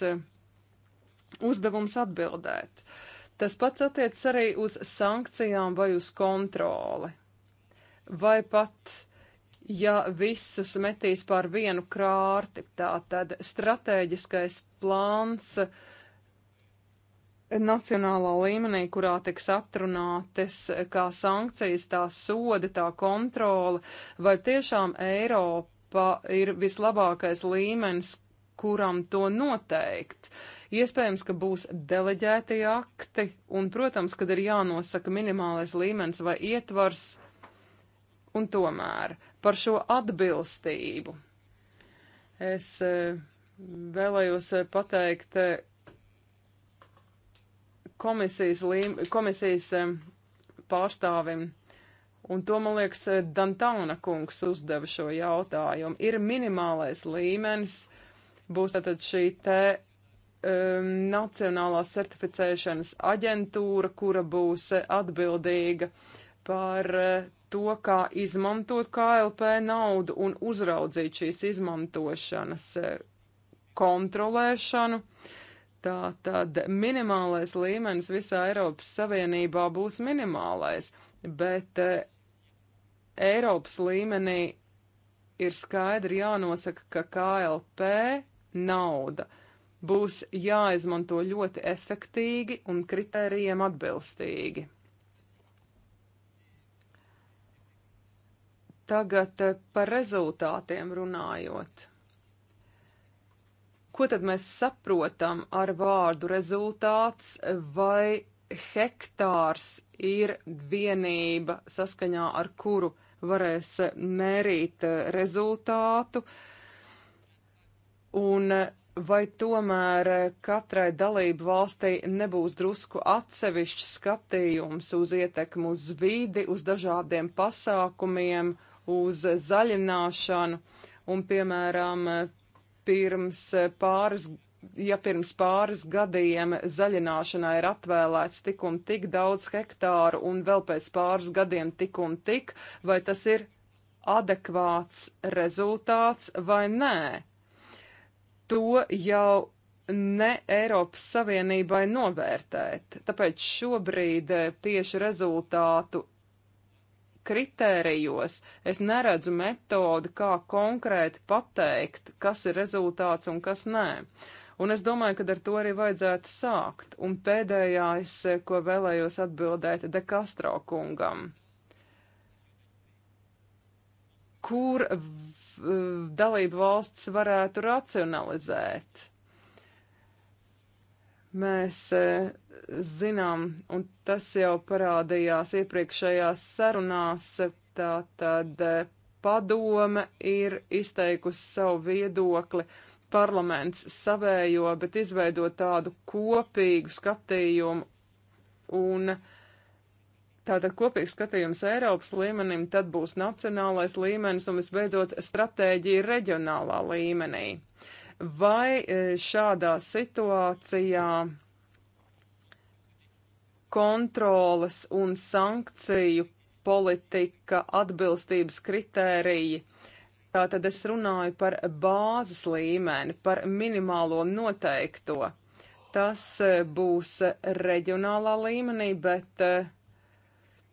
uzdevums atbildēt. Uh, Tas pats attiecas arī uz sankcijām vai uz kontroli. Vai pat, ja visus metīs pār vienu krārti, tā tad stratēģiskais plāns nacionālā līmenī, kurā tiks aptrunātas kā sankcijas, tā sodi, tā kontrola, vai tiešām Eiropa ir vislabākais līmenis, kuram to noteikt. Iespējams, ka būs deleģēti akti, un, protams, kad ir jānosaka minimālais līmenis vai ietvars, un tomēr par šo atbilstību. Es eh, vēlējos eh, pateikt eh, komisijas, līm, komisijas pārstāvim. Un to, man liekas, Dantāna kungs uzdeva šo jautājumu. Ir minimālais līmenis, būs tātad šī te um, Nacionālā certificēšanas aģentūra, kura būs atbildīga par uh, to, kā izmantot KLP naudu un uzraudzīt šīs izmantošanas uh, kontrolēšanu. Tā tad minimālais līmenis visā Eiropas Savienībā būs minimālais, bet uh, Eiropas līmenī ir skaidri jānosaka, ka KLP nauda. Būs jāizmanto ļoti efektīgi un kritērijiem atbilstīgi. Tagad eh, par rezultātiem runājot. Ko tad mēs saprotam ar vārdu rezultāts vai hektārs ir vienība, saskaņā ar kuru varēs mērīt eh, rezultātu, un vai tomēr katrai dalību valstī nebūs drusku atsevišķs skatījums uz ietekmu uz vidi, uz dažādiem pasākumiem, uz zaļināšanu, un, piemēram, pirms pāris ja pirms pāris gadiem zaļināšanai ir atvēlēts tik un tik daudz hektāru un vēl pēc pāris gadiem tik un tik, vai tas ir adekvāts rezultāts vai nē? to jau ne Eiropas Savienībai novērtēt. Tāpēc šobrīd eh, tieši rezultātu kritērijos es neredzu metodi, kā konkrēti pateikt, kas ir rezultāts un kas nē. Un es domāju, ka ar to arī vajadzētu sākt. Un pēdējais, eh, ko vēlējos atbildēt De Castro kungam. Kur Eh, dalību valsts varētu racionalizēt. Mēs eh, zinām, un tas jau parādījās iepriekšējās sarunās, tā tad eh, padome ir izteikusi savu viedokli, parlaments savējo, bet izveidot tādu kopīgu skatījumu un uh, Tātad kopīgs skatījums Eiropas līmenim, tad būs nacionālais līmenis un visbeidzot stratēģija reģionālā līmenī. Vai e, šādā situācijā kontroles un sankciju politika atbilstības kritēriji. Tātad es runāju par bāzes līmeni, par minimālo noteikto. Tas e, būs reģionālā līmenī, bet uh,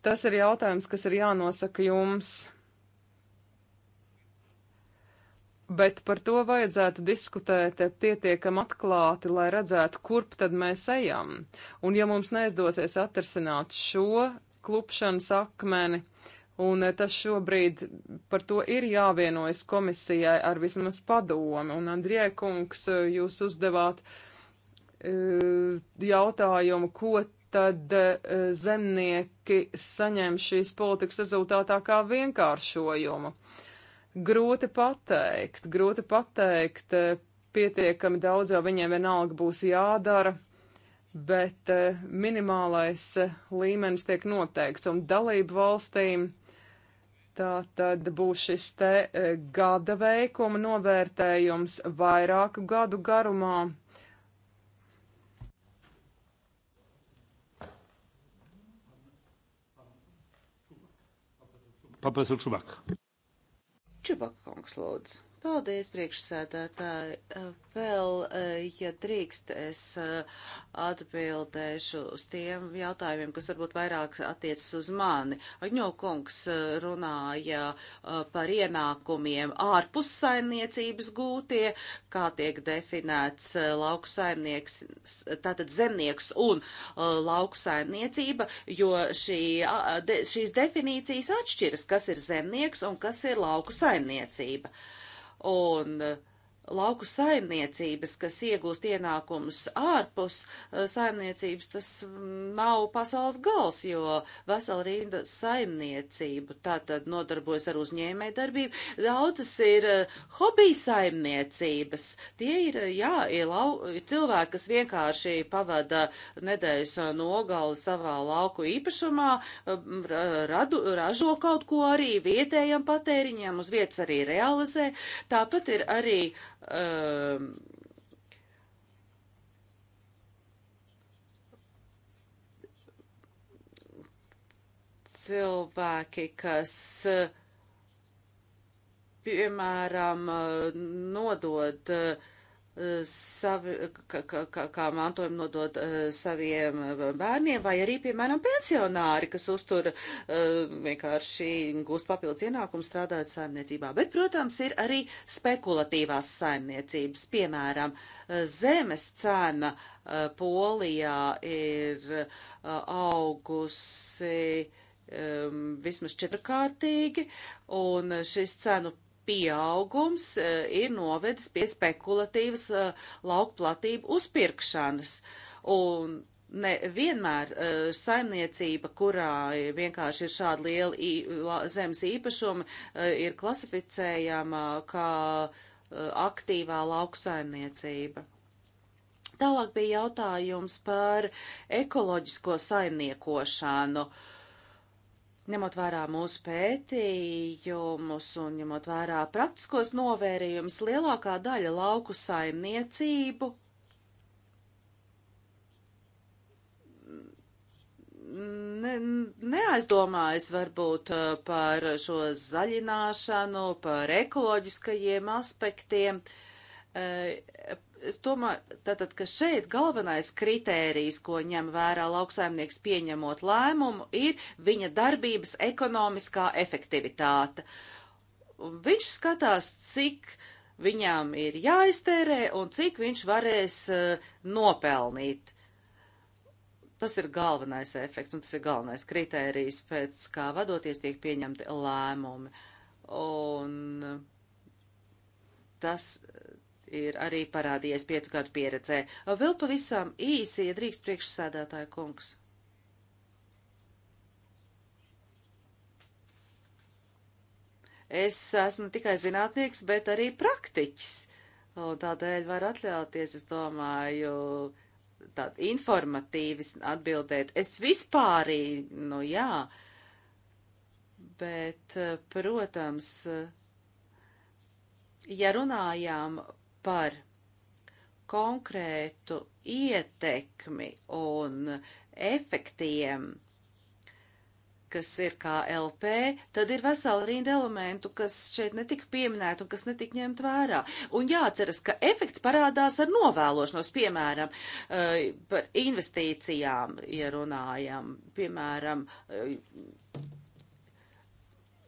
Tas ir jautājums, kas ir jānosaka jums. Bet par to vajadzētu diskutēt pietiekam atklāti, lai redzētu, kurp tad mēs ejam. Un ja mums neizdosies atrasināt šo klupšanas akmeni, un tas šobrīd par to ir jāvienojas komisijai ar vismaz padomu, un Andrie kungs, jūs uzdevāt eh, jautājumu, ko tad e, zemnieki saņem šīs politikas rezultātā kā vienkāršojumu. Grūti pateikt, grūti pateikt, e, pietiekami daudz jau viņiem vienalga būs jādara, bet e, minimālais līmenis tiek noteikts un dalību valstīm. Tā tad būs šis te gada veikuma novērtējums vairāku gadu garumā, Paprasas Čubak. Čubak kungs lūdzu. Paldies, priekšsēdētāji. Vēl, eh, ja drīkst, es eh, atbildēšu uz tiem jautājumiem, kas varbūt vairāk attiecas uz mani. Aņokungs eh, runāja par ienākumiem ārpus saimniecības gūtie, kā tiek definēts lauksaimnieks, tātad zemnieks un lauksaimniecība, jo šī, de, šīs definīcijas atšķiras, kas ir zemnieks un kas ir lauku saimniecība. Uh, un uh, lauku saimniecības, kas iegūst ienākumus ārpus eh, saimniecības, tas nav pasaules gals, jo vesela rinda saimniecību tātad nodarbojas ar uzņēmē darbību. Daudzas ir eh, hobija saimniecības. Tie ir, eh, jā, ir lau, cilvēki, kas vienkārši pavada nedēļas nogali savā lauku īpašumā, radu, ražo kaut ko arī vietējam patēriņam, uz vietas arī realizē. Tāpat ir arī uh, Ehm, cilvēki, kas, piemēram, nodod uh, savi, kā, kā, kā mantojumu nodot eh, saviem eh, bērniem, vai arī, piemēram, pensionāri, kas uztur eh, vienkārši gūst papildus ienākumu strādājot saimniecībā. Bet, protams, ir arī spekulatīvās saimniecības, piemēram, zemes cena Polijā ir augusi um, vismaz četrkārtīgi, un šis cenu pieaugums eh, ir novedis pie spekulatīvas eh, laukplatību uzpirkšanas. Un ne vienmēr uh, eh, saimniecība, kurā vienkārši ir šāda liela ī, la, zemes īpašuma, uh, ir klasificējama kā uh, aktīvā lauksaimniecība. Tālāk bija jautājums par ekoloģisko saimniekošanu. Uh, ņemot vērā mūsu pētījumus un ņemot vērā praktiskos novērījumus, lielākā daļa lauku saimniecību ne, neaizdomājas varbūt uh, par šo zaļināšanu, par ekoloģiskajiem aspektiem. Uh, es domāju, tātad, ka šeit galvenais kritērijs, ko ņem vērā lauksaimnieks pieņemot lēmumu, ir viņa darbības ekonomiskā efektivitāte. Viņš skatās, cik viņām ir jāiztērē un cik viņš varēs uh, nopelnīt. Tas ir galvenais efekts un tas ir galvenais kritērijs, pēc kā vadoties tiek pieņemti lēmumi. Un tas ir arī parādījies piecu gadu pieredzē. Vēl pavisam īsi, ja drīkst priekšsēdētāja kungs. Es esmu tikai zinātnieks, bet arī praktiķis. Un tādēļ var atļauties, es domāju, tādu informatīvi atbildēt. Es vispārī, nu jā, bet, eh, protams, eh, ja runājām par konkrētu ietekmi un efektiem, kas ir kā LP, tad ir vesela rinda elementu, kas šeit netika pieminēta un kas netika ņemt vērā. Un jāatceras, ka efekts parādās ar novēlošanos, piemēram, eh, par investīcijām, ja runājam, piemēram, eh,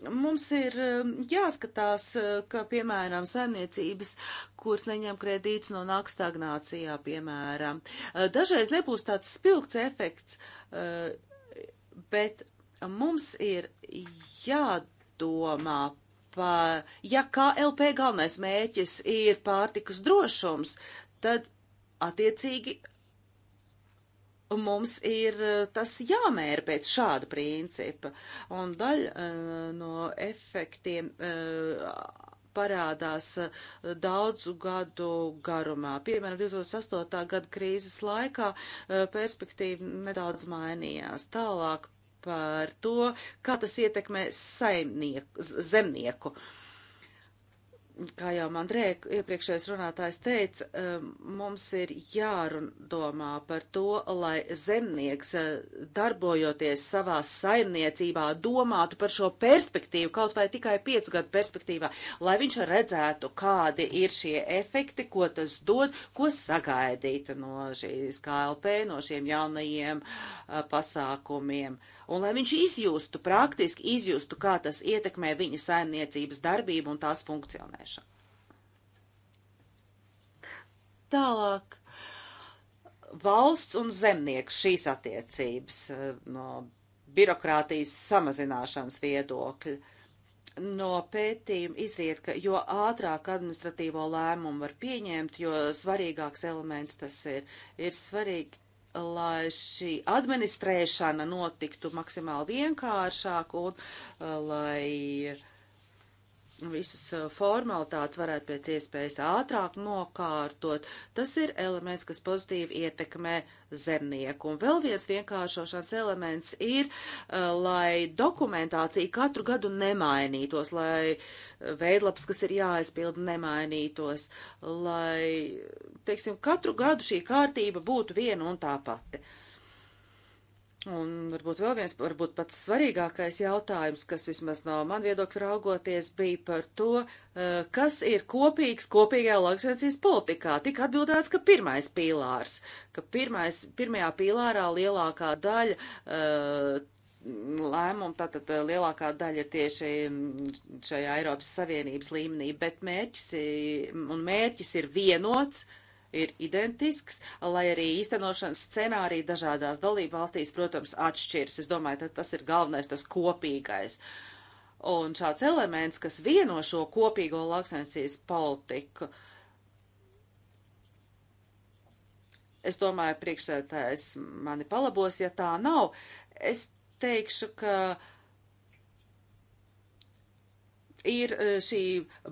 Mums ir eh, jāskatās, eh, ka, piemēram, saimniecības, kuras neņem kredītus, nonāk stagnācijā, piemēram. Eh, dažreiz nebūs tāds spilgts efekts, bet mums ir jādomā par, ja KLP galvenais mēķis ir pārtikas drošums, tad attiecīgi mums ir e, tas jāmēra pēc šāda principa. Un daļa e, no efektiem e, parādās daudzu gadu garumā. Piemēram, 2008. gada krīzes laikā perspektīva nedaudz mainījās. Tālāk par to, kā tas ietekmē saimnieku, zemnieku. Uh, kā jau man drēk, iepriekšējais runātājs teica, um, mums ir jārundomā par to, lai zemnieks uh, darbojoties savā saimniecībā domātu par šo perspektīvu, kaut vai tikai piecu gadu perspektīvā, lai viņš redzētu, kādi ir šie efekti, ko tas dod, ko sagaidīt no šīs KLP, no šiem jaunajiem uh, pasākumiem. Uh, un lai viņš izjustu, praktiski izjustu, kā tas ietekmē viņa saimniecības darbību un tās funkcionēšanu. Tālāk. Valsts un zemnieks šīs attiecības eh, no birokrātijas samazināšanas viedokļa. No pētījuma izriet, ka jo ātrāk administratīvo lēmumu var pieņemt, jo svarīgāks elements tas ir. Ir svarīgi lai šī administrēšana notiktu maksimāli vienkāršāk un eh, lai visas uh, formalitātes varētu pēc iespējas ātrāk nokārtot, tas ir elements, kas pozitīvi ietekmē zemnieku. Un vēl viens vienkāršošanas elements ir, uh, lai dokumentācija katru gadu nemainītos, lai veidlaps, kas ir jāaizpild, nemainītos, lai, teiksim, katru gadu šī kārtība būtu viena un tā pati. Un varbūt vēl viens, varbūt pats svarīgākais jautājums, kas vismaz no man viedokļa raugoties, bija par to, eh, kas ir kopīgs kopīgajā lauksaimniecības politikā. Tik atbildēts, ka pirmais pīlārs, ka pirmais, pirmajā pīlārā lielākā daļa uh, lēmumu, tātad eh, lielākā daļa ir tieši šajā Eiropas Savienības līmenī, bet mērķis, un mērķis ir vienots, ir identisks, lai arī īstenošanas scenāriji dažādās dalību valstīs, protams, atšķirs. Es domāju, ka tas ir galvenais, tas kopīgais. Un šāds elements, kas vieno šo kopīgo lauksainicijas politiku, uh, es domāju, priekšsētājs mani palabos, ja tā nav. Es teikšu, ka ir e, šī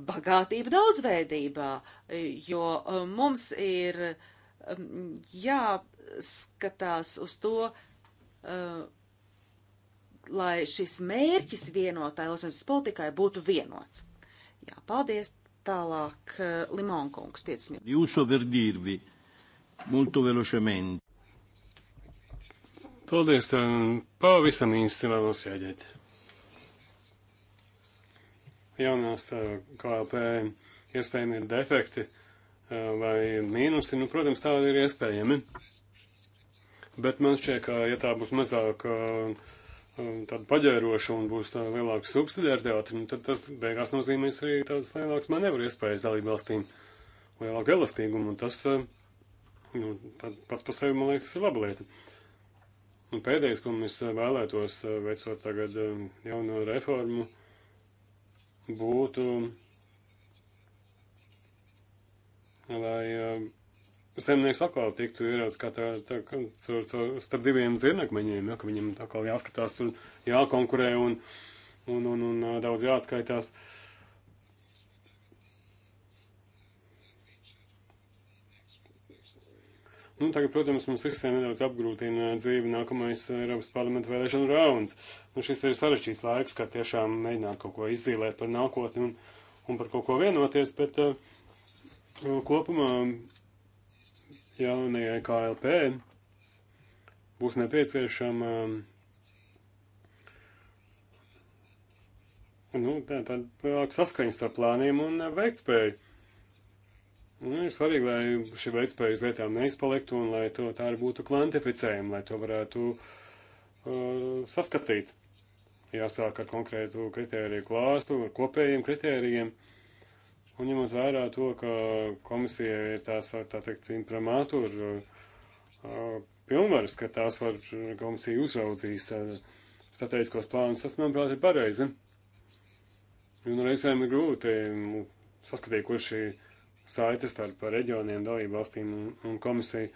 bagātība daudzveidībā, e, jo e, mums ir jāskatās uz to, lai šis mērķis vienotai lauksaimniecības politikai būtu vienots. Jā, paldies. Tālāk Limonkungs, 5 minūtes. Jūsu verdirvi, molto velocemente. Paldies, pavisam īsti vēlos ieģēt jaunās KLP iespējami ir defekti vai mīnusi, nu, protams, tādi ir iespējami. Bet man šķiet, ka, ja tā būs mazāk tāda paģēroša un būs lielāka subsidiaritāte, nu, tad tas beigās nozīmēs arī tādas lielākas manevru iespējas dalību valstīm, lielāku elastīgumu, un tas, nu, pats par sevi, man liekas, ir laba lieta. Un pēdējais, ko mēs vēlētos, veicot tagad jauno reformu, būtu, lai zemnieks eh, atkal tiktu ierauts kā tā, tā, caur, caur starp diviem dzirnakmeņiem, jo, ka viņam atkal jāskatās un jākonkurē un, un, un, un, un eh, daudz jāatskaitās. Nu, tagad, protams, mums visiem nedaudz apgrūtina dzīvi nākamais eh, Eiropas parlamenta vēlēšana rauns. Nu, šis ir sarežģīts laiks, kā tiešām mēģināt kaut ko izzīmēt par nākotni un, un par kaut ko vienoties, bet uh, kopumā jaunajai e KLP būs nepieciešama um, nu, tā, tā lielāka saskaņa starp plāniem un veiktspēju. Un ir svarīgi, lai šī veiktspēja uz vietām neizpaliktu un lai to tā arī būtu kvantificējama, lai to varētu uh, saskatīt jāsāk ar konkrētu kritēriju klāstu, ar kopējiem kritērijiem. Un ņemot vērā to, ka komisija ir tās, tā teikt, imprimātūra pilnvaras, ka tās var komisija uzraudzīs strateģiskos plānus, tas, manuprāt, ir pareizi. Un reizēm ir grūti nu, saskatīt, kur šī saite starp reģioniem, dalību valstīm un, un komisiju.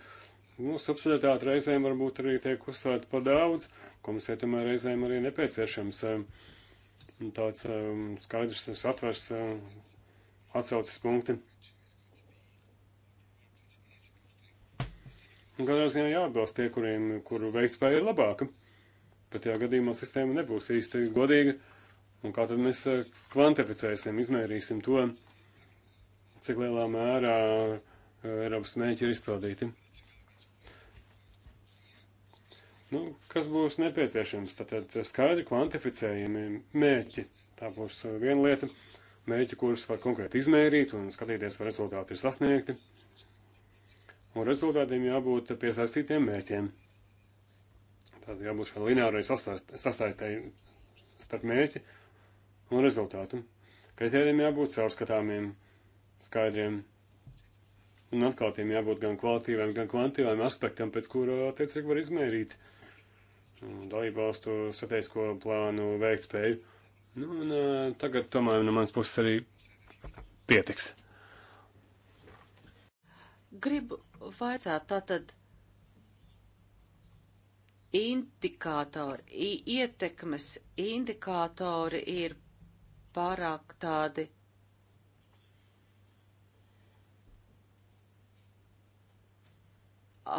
Nu, subsidiatāte reizēm varbūt arī tiek uzsvērta par daudz. Uh, Komisētumā reizēm arī nepieciešams eh, tāds eh, skaidrs satvers eh, atsaucas punkti. Katrā ziņā jāatbalsta tie, kuriem, kuru veiktspēja ir labāka. Pretējā gadījumā sistēma nebūs īsti godīga. Un kā tad mēs kvantificēsim, izmērīsim to, cik lielā mērā Eiropas mēķi ir izpildīti? Nu, kas būs nepieciešams? Tātad skaidri kvantificējami mērķi. Tā būs uh, viena lieta. Mērķi, kurus var konkrēti izmērīt un skatīties, vai rezultāti ir sasniegti. Un rezultātiem jābūt piesaistītiem mērķiem. Tātad jābūt šai lineārai sasaistēji starp mērķi un rezultātu. Kritērijiem jābūt caurskatāmiem, skaidriem. Un atkal tiem jābūt gan kvalitīviem, gan kvantitīviem aspektam, pēc kura attiecīgi var izmērīt uh, dalībvalstu sateisko plānu veiktspēju. Nu, un, tagad tomēr no manas puses arī pietiks. Gribu vaicāt, tātad indikātori, ietekmes indikātori ir pārāk tādi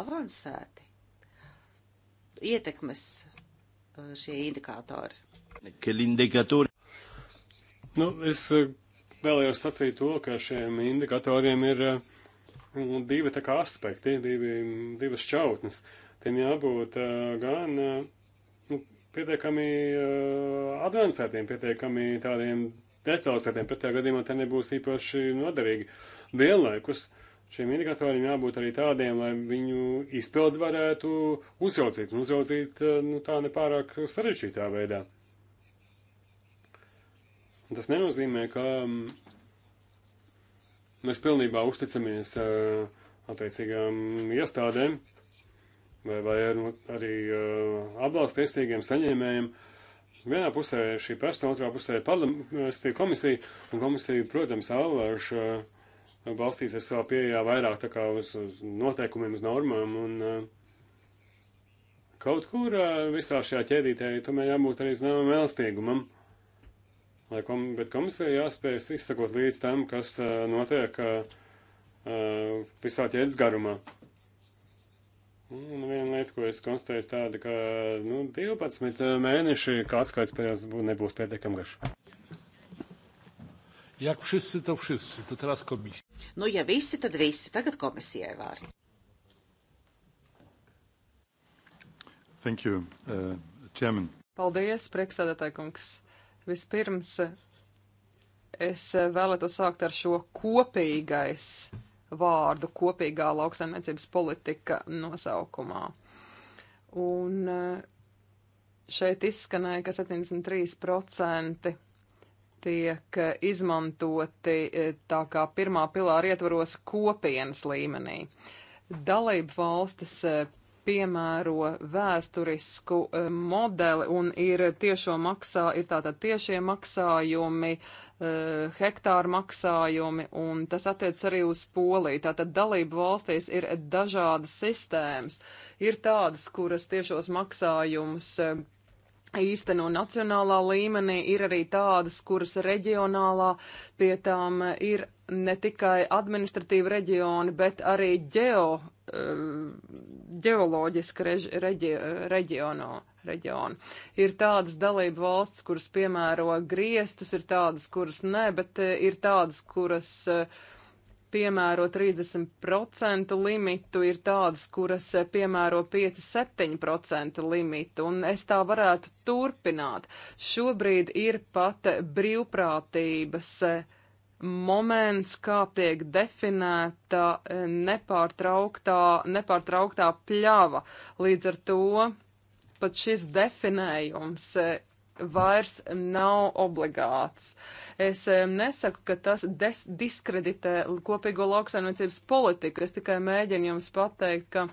avansēti ietekmes uh, šie indikātori? Nu, es uh, vēlējos sacīt to, ka šiem indikatoriem ir uh, divi tā kā aspekti, divi, divas šķautnes. Tiem jābūt gan nu, pietiekami advancētiem, pietiekami tādiem detalizētiem, pretējā gadījumā tie nebūs īpaši noderīgi. Vienlaikus uh, šiem indikatoriem jābūt arī tādiem, lai viņu izpildu varētu uzjaucīt, un uzjaucīt eh, nu, tā nepārāk sarežģītā veidā. Un tas nenozīmē, ka mm, mēs pilnībā uzticamies uh, attiecīgām iestādēm vai, vai ar, arī uh, atbalsta tiesīgiem saņēmējiem. Vienā pusē šī persona, otrā pusē parlamenta komisija, un komisija, protams, allaž uh, balstīsies savā pieejā vairāk tā kā uz, uz noteikumiem, uz normām, un uh, kaut kur uh, visā šajā ķēdītē tomēr jābūt arī zināmam elastīgumam, lai kom, bet komisija jāspēj izsakot līdz tam, kas uh, notiek visā ķēdes garumā. Un viena lieta, ko es konstatēju, tāda, ka nu, 12 mēneši kā atskaits pēdējās nebūs pietiekami garš. Jak wszyscy, to wszyscy. To teraz komisja. Nu, ja visi, tad visi. Tagad komisijai vārds. Thank you, uh, chairman. Paldies, priekšsēdētāj kungs. Vispirms es vēlētos sākt ar šo kopīgais vārdu kopīgā lauksaimniecības politika nosaukumā. Un uh, šeit izskanēja, ka 73% tiek izmantoti e, tā kā pirmā pilāra ietvaros kopienas līmenī. Dalību valstis e, piemēro vēsturisku e, modeli un ir tiešo maksā, ir tātad tiešie maksājumi, hektāru maksājumi un tas attiec arī uz Poliju. Tātad dalību valstīs ir dažādas sistēmas. Ir tādas, kuras tiešos maksājumus īsteno nacionālā līmenī, ir arī tādas, kuras reģionālā pie tām ir ne tikai administratīva reģiona, bet arī ģeo, eh, ģeoloģiska reģi, reģi, eh, reģiono, reģiona. Ir tādas dalību valsts, kuras piemēro griestus, ir tādas, kuras ne, bet eh, ir tādas, kuras uh, piemēro 30% limitu, ir tādas, kuras eh, piemēro 5-7% limitu, un es tā varētu turpināt. Šobrīd ir pat brīvprātības eh, moments, kā tiek definēta eh, nepārtrauktā, nepārtrauktā pļava. Līdz ar to pat šis definējums vairs nav obligāts. Es nesaku, ka tas diskreditē kopīgo lauksaimniecības politiku, es tikai mēģinu jums pateikt, ka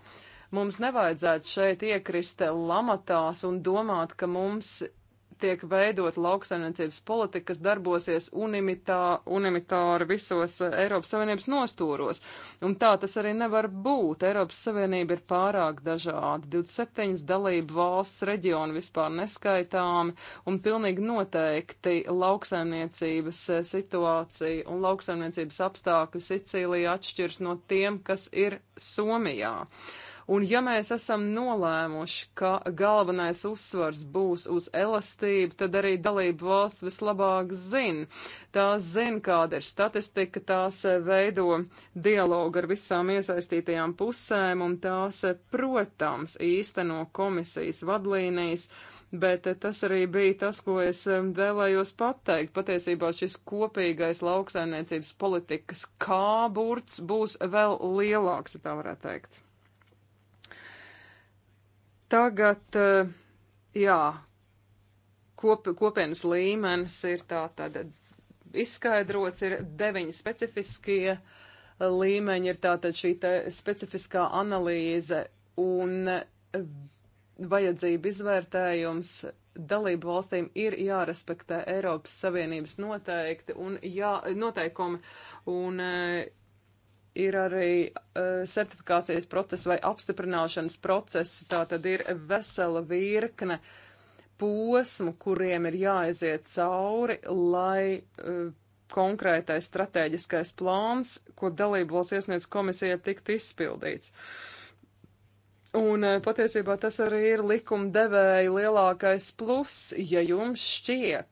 mums nevajadzētu šeit iekrist lamatās un domāt, ka mums tiek veidot lauksainiecības politika, kas darbosies unimitā, unimitāri visos Eiropas Savienības nostūros. Un tā tas arī nevar būt. Eiropas Savienība ir pārāk dažāda. 27 dalību valsts reģionu vispār neskaitāmi un pilnīgi noteikti lauksainiecības situācija un lauksainiecības apstākļi Sicīlijā atšķirs no tiem, kas ir Somijā. Yeah. Un ja mēs esam nolēmuši, ka galvenais uzsvars būs uz elastību, tad arī dalību valsts vislabāk zina. Tās zina, kāda ir statistika, tās eh, veido dialogu ar visām iesaistītajām pusēm, un tās, eh, protams, īsteno komisijas vadlīnijas. Bet eh, tas arī bija tas, ko es vēlējos pateikt. Patiesībā šis kopīgais lauksaimniecības politikas kāburts būs vēl lielāks, ja tā varētu teikt. Tagad, eh, jā, kop, kopienas līmenis ir tā tad izskaidrots, ir deviņi specifiskie līmeņi, ir tā tad šī te specifiskā analīze un vajadzība izvērtējums dalību valstīm ir jārespektē Eiropas Savienības noteikti un jā, noteikumi, un eh, ir arī uh, certifikācijas procesa vai apstiprināšanas procesa. Tā tad ir vesela virkne posmu, kuriem ir jāaiziet cauri, lai uh, konkrētais strateģiskais plāns, ko dalību valsts iesniedz komisija, tiktu izpildīts. Un uh, patiesībā tas arī ir likumdevēja lielākais pluss, ja jums šķiet,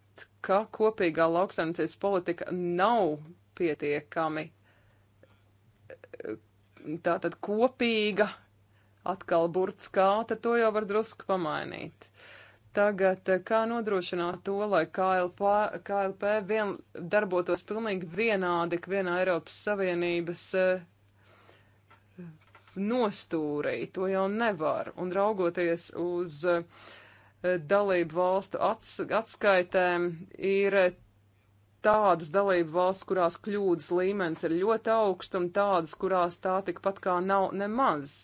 ka kopīgā lauksaimniecības politika nav pietiekami tā tad kopīga, atkal burts kā, tad to jau var drusku pamainīt. Tagad, eh, kā nodrošināt to, lai KLP, KLP vien, darbotos pilnīgi vienādi ikvienā Eiropas Savienības eh, nostūrī, to jau nevar. Un raugoties uz eh, dalību valstu ats, atskaitēm, ir tādas dalību valsts, kurās kļūdas līmenis ir ļoti augsts, un tādas, kurās tā tikpat kā nav nemaz.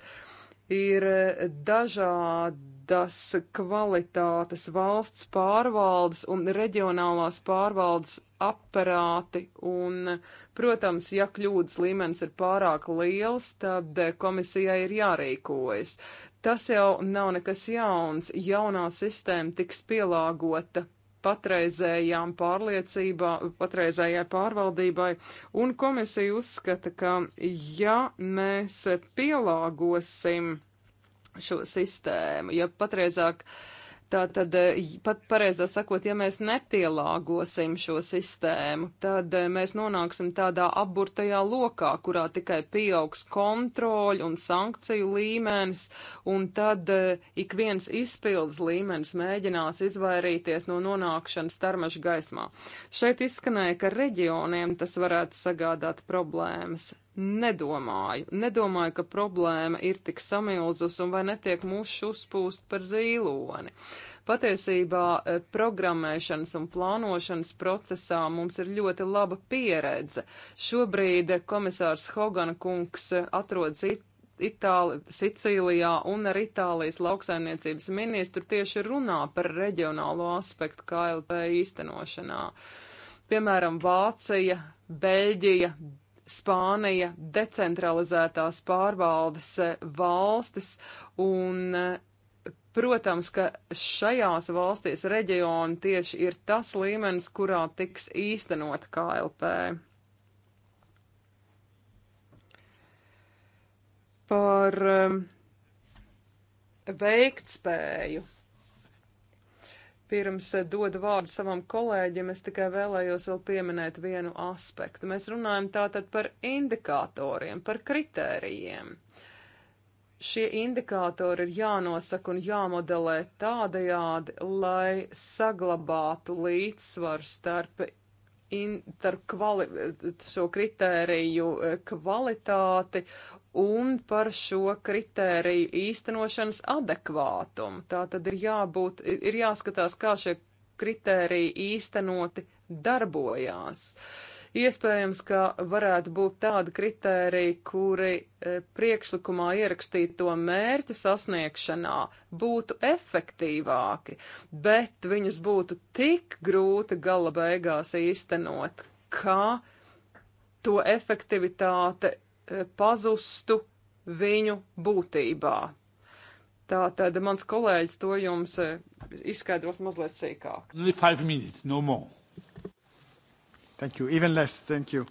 Ir e, dažādas kvalitātes valsts pārvaldes un reģionālās pārvaldes aparāti, un, protams, ja kļūdas līmenis ir pārāk liels, tad e, komisijai ir jārīkojas. Tas jau nav nekas jauns. Jaunā sistēma tiks pielāgota patreizējām pārliecībā, patreizējai pārvaldībai, un komisija uzskata, ka ja mēs pielāgosim šo sistēmu, ja patreizāk uh, Tātad, e, pat pareizā sakot, ja mēs nepielāgosim šo sistēmu, tad e, mēs nonāksim tādā apburtajā lokā, kurā tikai pieaugs kontroļu un sankciju līmenis, un tad e, ik viens izpildes līmenis mēģinās izvairīties no nonākšanas tarmašu gaismā. Šeit izskanēja, ka reģioniem tas varētu sagādāt problēmas nedomāju. Nedomāju, ka problēma ir tik samilzus un vai netiek mūsu uzpūst par zīloni. Patiesībā e, programmēšanas un plānošanas procesā mums ir ļoti laba pieredze. Šobrīd e, komisārs Hogana kungs e, atrodas it Itāli, Sicīlijā un ar Itālijas lauksaimniecības ministru tieši runā par reģionālo aspektu KLP īstenošanā. Piemēram, Vācija, Beļģija, Spānija decentralizētās pārvaldes eh, valstis, un, eh, protams, ka šajās valstīs reģioni tieši ir tas līmenis, kurā tiks īstenota KLP. Par um, veiktspēju Pirms eh, dodu vārdu savam kolēģim, es tikai vēlējos vēl pieminēt vienu aspektu. Mēs runājam tātad par indikatoriem, par kritērijiem. Šie indikatori ir jānosaka un jāmodelē tādajādi, lai saglabātu līdzsvaru starp in, kvali, eh, šo kritēriju eh, kvalitāti un par šo kritēriju īstenošanas adekvātumu. Tā tad ir jābūt, ir jāskatās, kā šie kritēriji īstenoti darbojās. Iespējams, ka varētu būt tādi kritēriji, kuri e, priekšlikumā ierakstīto mērķu sasniegšanā būtu efektīvāki, bet viņus būtu tik grūti gala beigās īstenot, ka to efektivitāte E, pazustu viņu būtībā. Tā tad mans kolēģis to jums e, izskaidros mazliet sīkāk. Minutes, no more. Thank you, even less, thank you.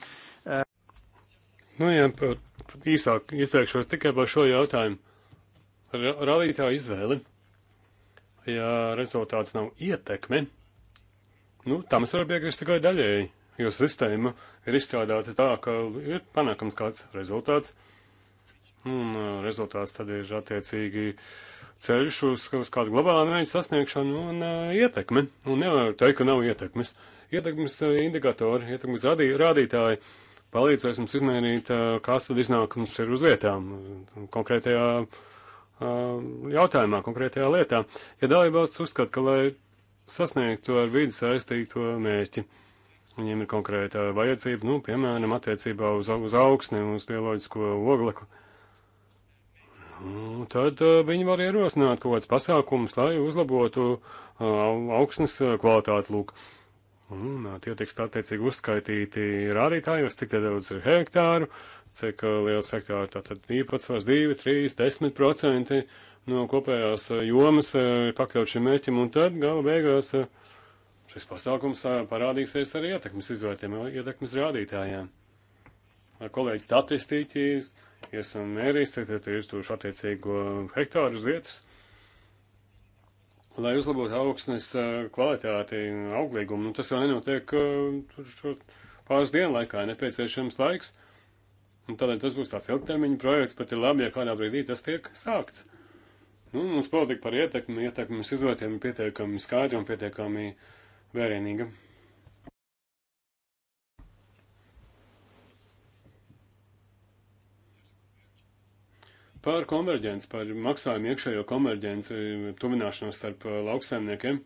Uh... Nu jā, par, par īsāk izteikšos tikai par šo jautājumu. Ra Rādītāju izvēli, ja rezultāts nav ietekme, nu, tam es varu piekrist tikai daļēji jo sistēma ir izstrādāta tā, ka ir panākams kāds rezultāts, un uh, rezultāts tad ir attiecīgi ceļš uz, uz kādu globālu mērķu sasniegšanu un uh, ietekmi. Un nevar teikt, ka nav ietekmes. Ietekmes uh, indikatori, ietekmes radī, rādītāji palīdzēs mums izmērīt, uh, kāds tad iznākums ir uz vietām uh, konkrētajā uh, jautājumā, konkrētajā lietā. Ja dalībvalsts uzskata, ka lai sasniegtu ar vīdi saistīto mērķi, Viņiem ir konkrēta vajadzība, nu, piemēram, attiecībā uz, uz augsni, uz bioloģisko oglekli. Nu, tad uh, viņi var ierosināt kaut kāds pasākums, lai uzlabotu uh, augsnes eh, kvalitāti, lūk. Un uh, tie tiks attiecīgi uzskaitīti rādītājos, cik daudz ir hektāru, cik uh, liels hektāru, tātad īpatsvars 2, 3, 10 procenti no kopējās jomas ir pakļaut šim mērķim, un tad gala beigās. Uh, šis pasākums parādīsies arī ietekmes izvērtējumā, ietekmes rādītājiem. Kolēģi statistiķīs, esam mērīsiet, ir iztuši attiecīgo hektāru uz vietas, lai uzlabotu augsnes kvalitāti, auglīgumu. Nu, tas jau nenotiek pāris dienu laikā, nepieciešams laiks. Un tādēļ tas būs tāds ilgtermiņa projekts, bet ir labi, ja kādā brīdī tas tiek sākts. Nu, mums politika par ietekmi, ietekmes izvērtējumi pietiekami skaidri un pietiekami uh, vērienīga. Par konverģenci, par maksājumu iekšējo konverģenci, tuvināšanos starp eh, lauksaimniekiem.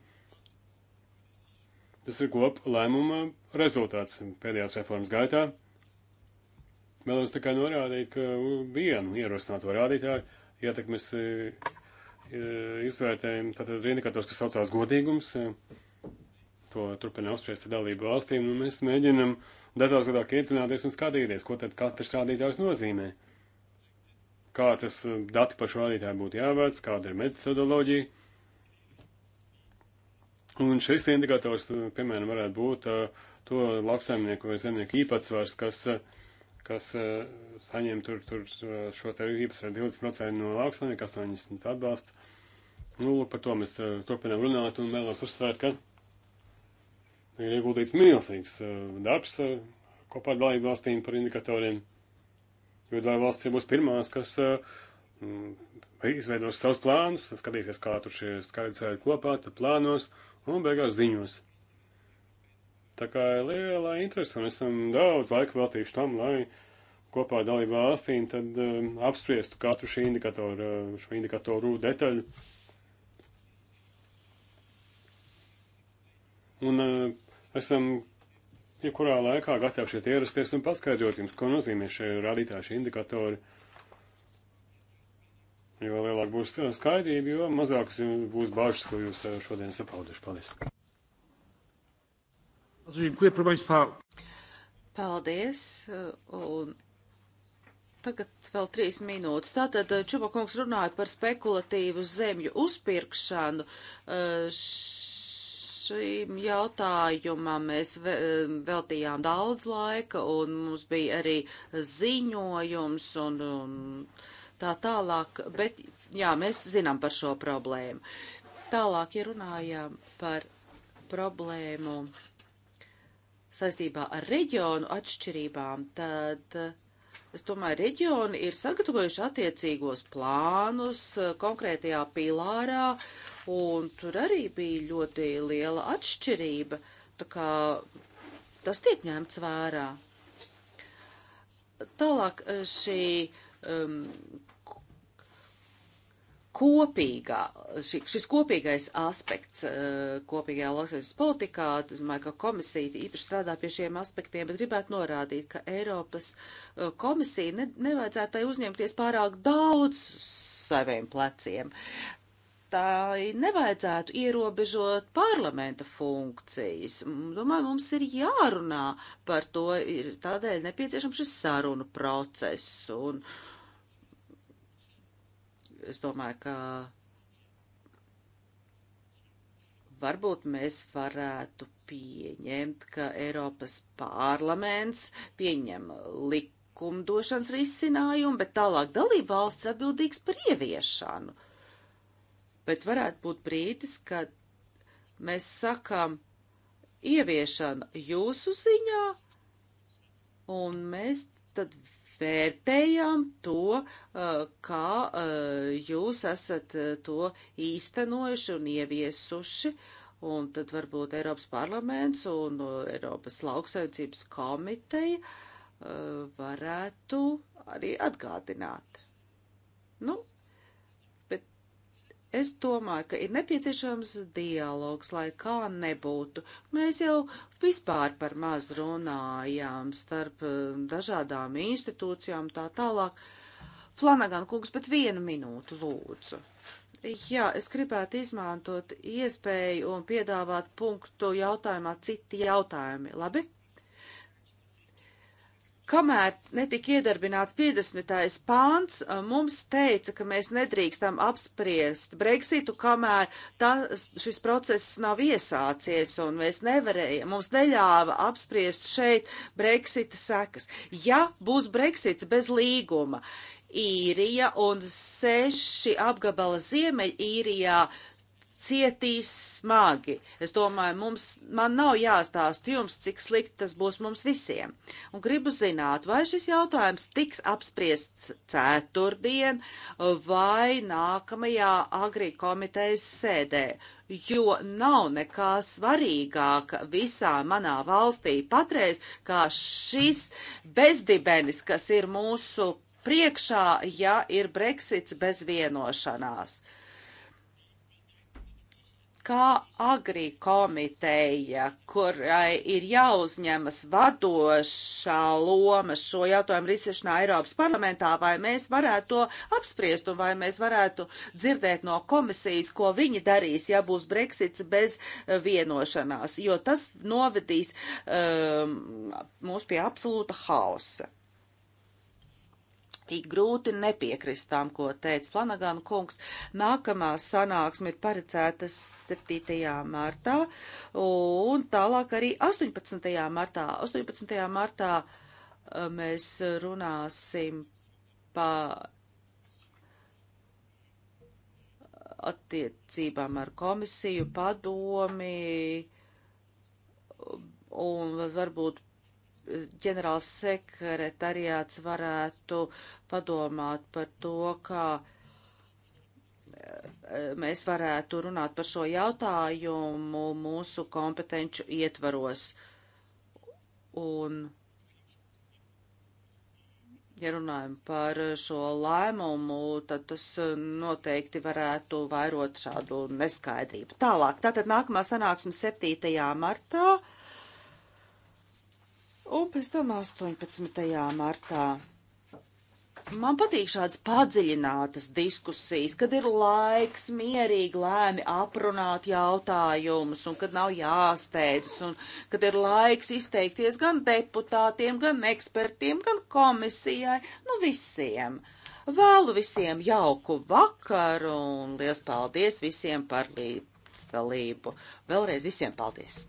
Tas ir kop lēmuma rezultāts pēdējās reformas gaitā. Vēlos tikai norādīt, ka vienu ierosināto rādītāju ietekmes eh, izvērtējumu, tātad indikators, kas saucās godīgums, eh, to turpina apspriest ar dalību valstīm, un mēs mēģinam detalizētāk iedzināties un skatīties, ko tad katrs rādītājs nozīmē. Kā tas eh, dati par šo rādītāju būtu jāvērts, kāda ir metodoloģija. Un šis indikators, eh, piemēram, varētu būt uh, to lauksaimnieku vai zemnieku īpatsvars, kas, kas uh, saņem tur, tur šo te īpatsvaru 20% no lauksaimnieka, 80 atbalsts. Nu, lūk, par to mēs uh, turpinām runāt un vēlos uzsvērt, ka ir ieguldīts milzīgs eh, darbs eh, kopā ar dalību valstīm par indikatoriem, jo dalību valsts ir būs pirmās, kas eh, mm, izveidos savus plānus, skatīsies, kā tur šie skaidrs ir kopā, tad plānos un beigās ziņos. Tā kā ir liela interese, un esam daudz laika veltījuši tam, lai kopā ar dalību valstīm tad um, apspriestu katru šī indikatoru, šo indikatoru detaļu. Un uh, esam jebkurā laikā gatavi šeit ierasties un paskaidrot jums, ko nozīmē šie rādītāji, šie indikatori. Jo lielāk būs skaidrība, jo mazāks būs bažas, ko jūs šodien sapauduši. Paldies! Paldies! Un tagad vēl trīs minūtes. Tātad Čubakungs runāja par spekulatīvu zemju uzpirkšanu. Š šīm jautājumam mēs veltījām daudz laika, un mums bija arī ziņojums un, un tā tālāk, bet jā, mēs zinām par šo problēmu. Tālāk, ja runājām par problēmu saistībā ar reģionu atšķirībām, tad eh, es domāju, reģioni ir sagatavojuši attiecīgos plānus eh, konkrētajā pilārā, uh, un tur arī bija ļoti liela atšķirība, tā kā tas tiek ņemts vērā. Tālāk eh, šī um, kopīgā, šī, šis kopīgais aspekts eh, kopīgajā lauksaimniecības politikā, es domāju, ka komisija īpaši strādā pie šiem aspektiem, bet gribētu norādīt, ka Eiropas eh, komisija ne, nevajadzētu tai uzņemties pārāk daudz saviem pleciem tai nevajadzētu ierobežot parlamenta funkcijas. Domāju, mums ir jārunā par to, ir tādēļ nepieciešams šis sarunu process. Un es domāju, ka varbūt mēs varētu pieņemt, ka Eiropas parlaments pieņem likumdošanas risinājumu, bet tālāk dalība valsts atbildīgs par ieviešanu bet varētu būt brīdis, kad mēs sakām, ieviešana jūsu ziņā, un mēs tad vērtējām to, uh, kā uh, jūs esat uh, to īstenojuši un ieviesuši, un tad varbūt Eiropas parlaments un Eiropas lauksaimniecības komiteja varētu arī atgādināt. Nu, Es domāju, ka ir nepieciešams dialogs, lai kā nebūtu. Mēs jau vispār par maz runājām starp um, dažādām institūcijām tā tālāk. Flanagan kungs, bet vienu minūtu lūdzu. Jā, es gribētu izmantot iespēju un piedāvāt punktu jautājumā citi jautājumi. Labi? Kamēr netika iedarbināts 50. pāns, mums teica, ka mēs nedrīkstam apspriest Brexitu, kamēr tas, šis process nav iesācies, un mēs nevarējam, mums neļāva apspriest šeit Brexita sekas. Ja būs Brexits bez līguma, Īrija un seši apgabala ziemeļīrijā cietīs smagi. Es domāju, mums, man nav jāstāst jums, cik slikti tas būs mums visiem. Un gribu zināt, vai šis jautājums tiks apspriests ceturtdien vai nākamajā agri komitejas sēdē, jo nav nekā svarīgāka visā manā valstī patreiz, kā šis bezdibenis, kas ir mūsu priekšā, ja ir Brexits bez vienošanās kā agri komiteja, kurai ir jāuzņemas vadošā loma šo jautājumu risināšanā Eiropas parlamentā, vai mēs varētu to apspriest un vai mēs varētu dzirdēt no komisijas, ko viņi darīs, ja būs Brexits bez eh, vienošanās, jo tas novedīs um, mūs pie absolūta hausa. Grūti nepiekrist tam, ko teica Flanagan kungs. Nākamā sanāksme ir paredzēta 7. martā un tālāk arī 18. martā. 18. martā eh, mēs runāsim par attiecībām ar komisiju, padomi un varbūt ģenerāls sekretariāts varētu padomāt par to, kā e, mēs varētu runāt par šo jautājumu mūsu kompetenču ietvaros. Un, ja runājam par šo lēmumu, tad tas noteikti varētu vairot šādu neskaidrību. Tālāk, tātad nākamā sanāksme 7. martā un pēc tam 18. martā. Man patīk šādas padziļinātas diskusijas, kad ir laiks mierīgi lēni aprunāt jautājumus un kad nav jāsteidzas un kad ir laiks izteikties gan deputātiem, gan ekspertiem, gan komisijai, nu visiem. Vēlu visiem jauku vakaru un liels paldies visiem par līdzdalību. Vēlreiz visiem paldies!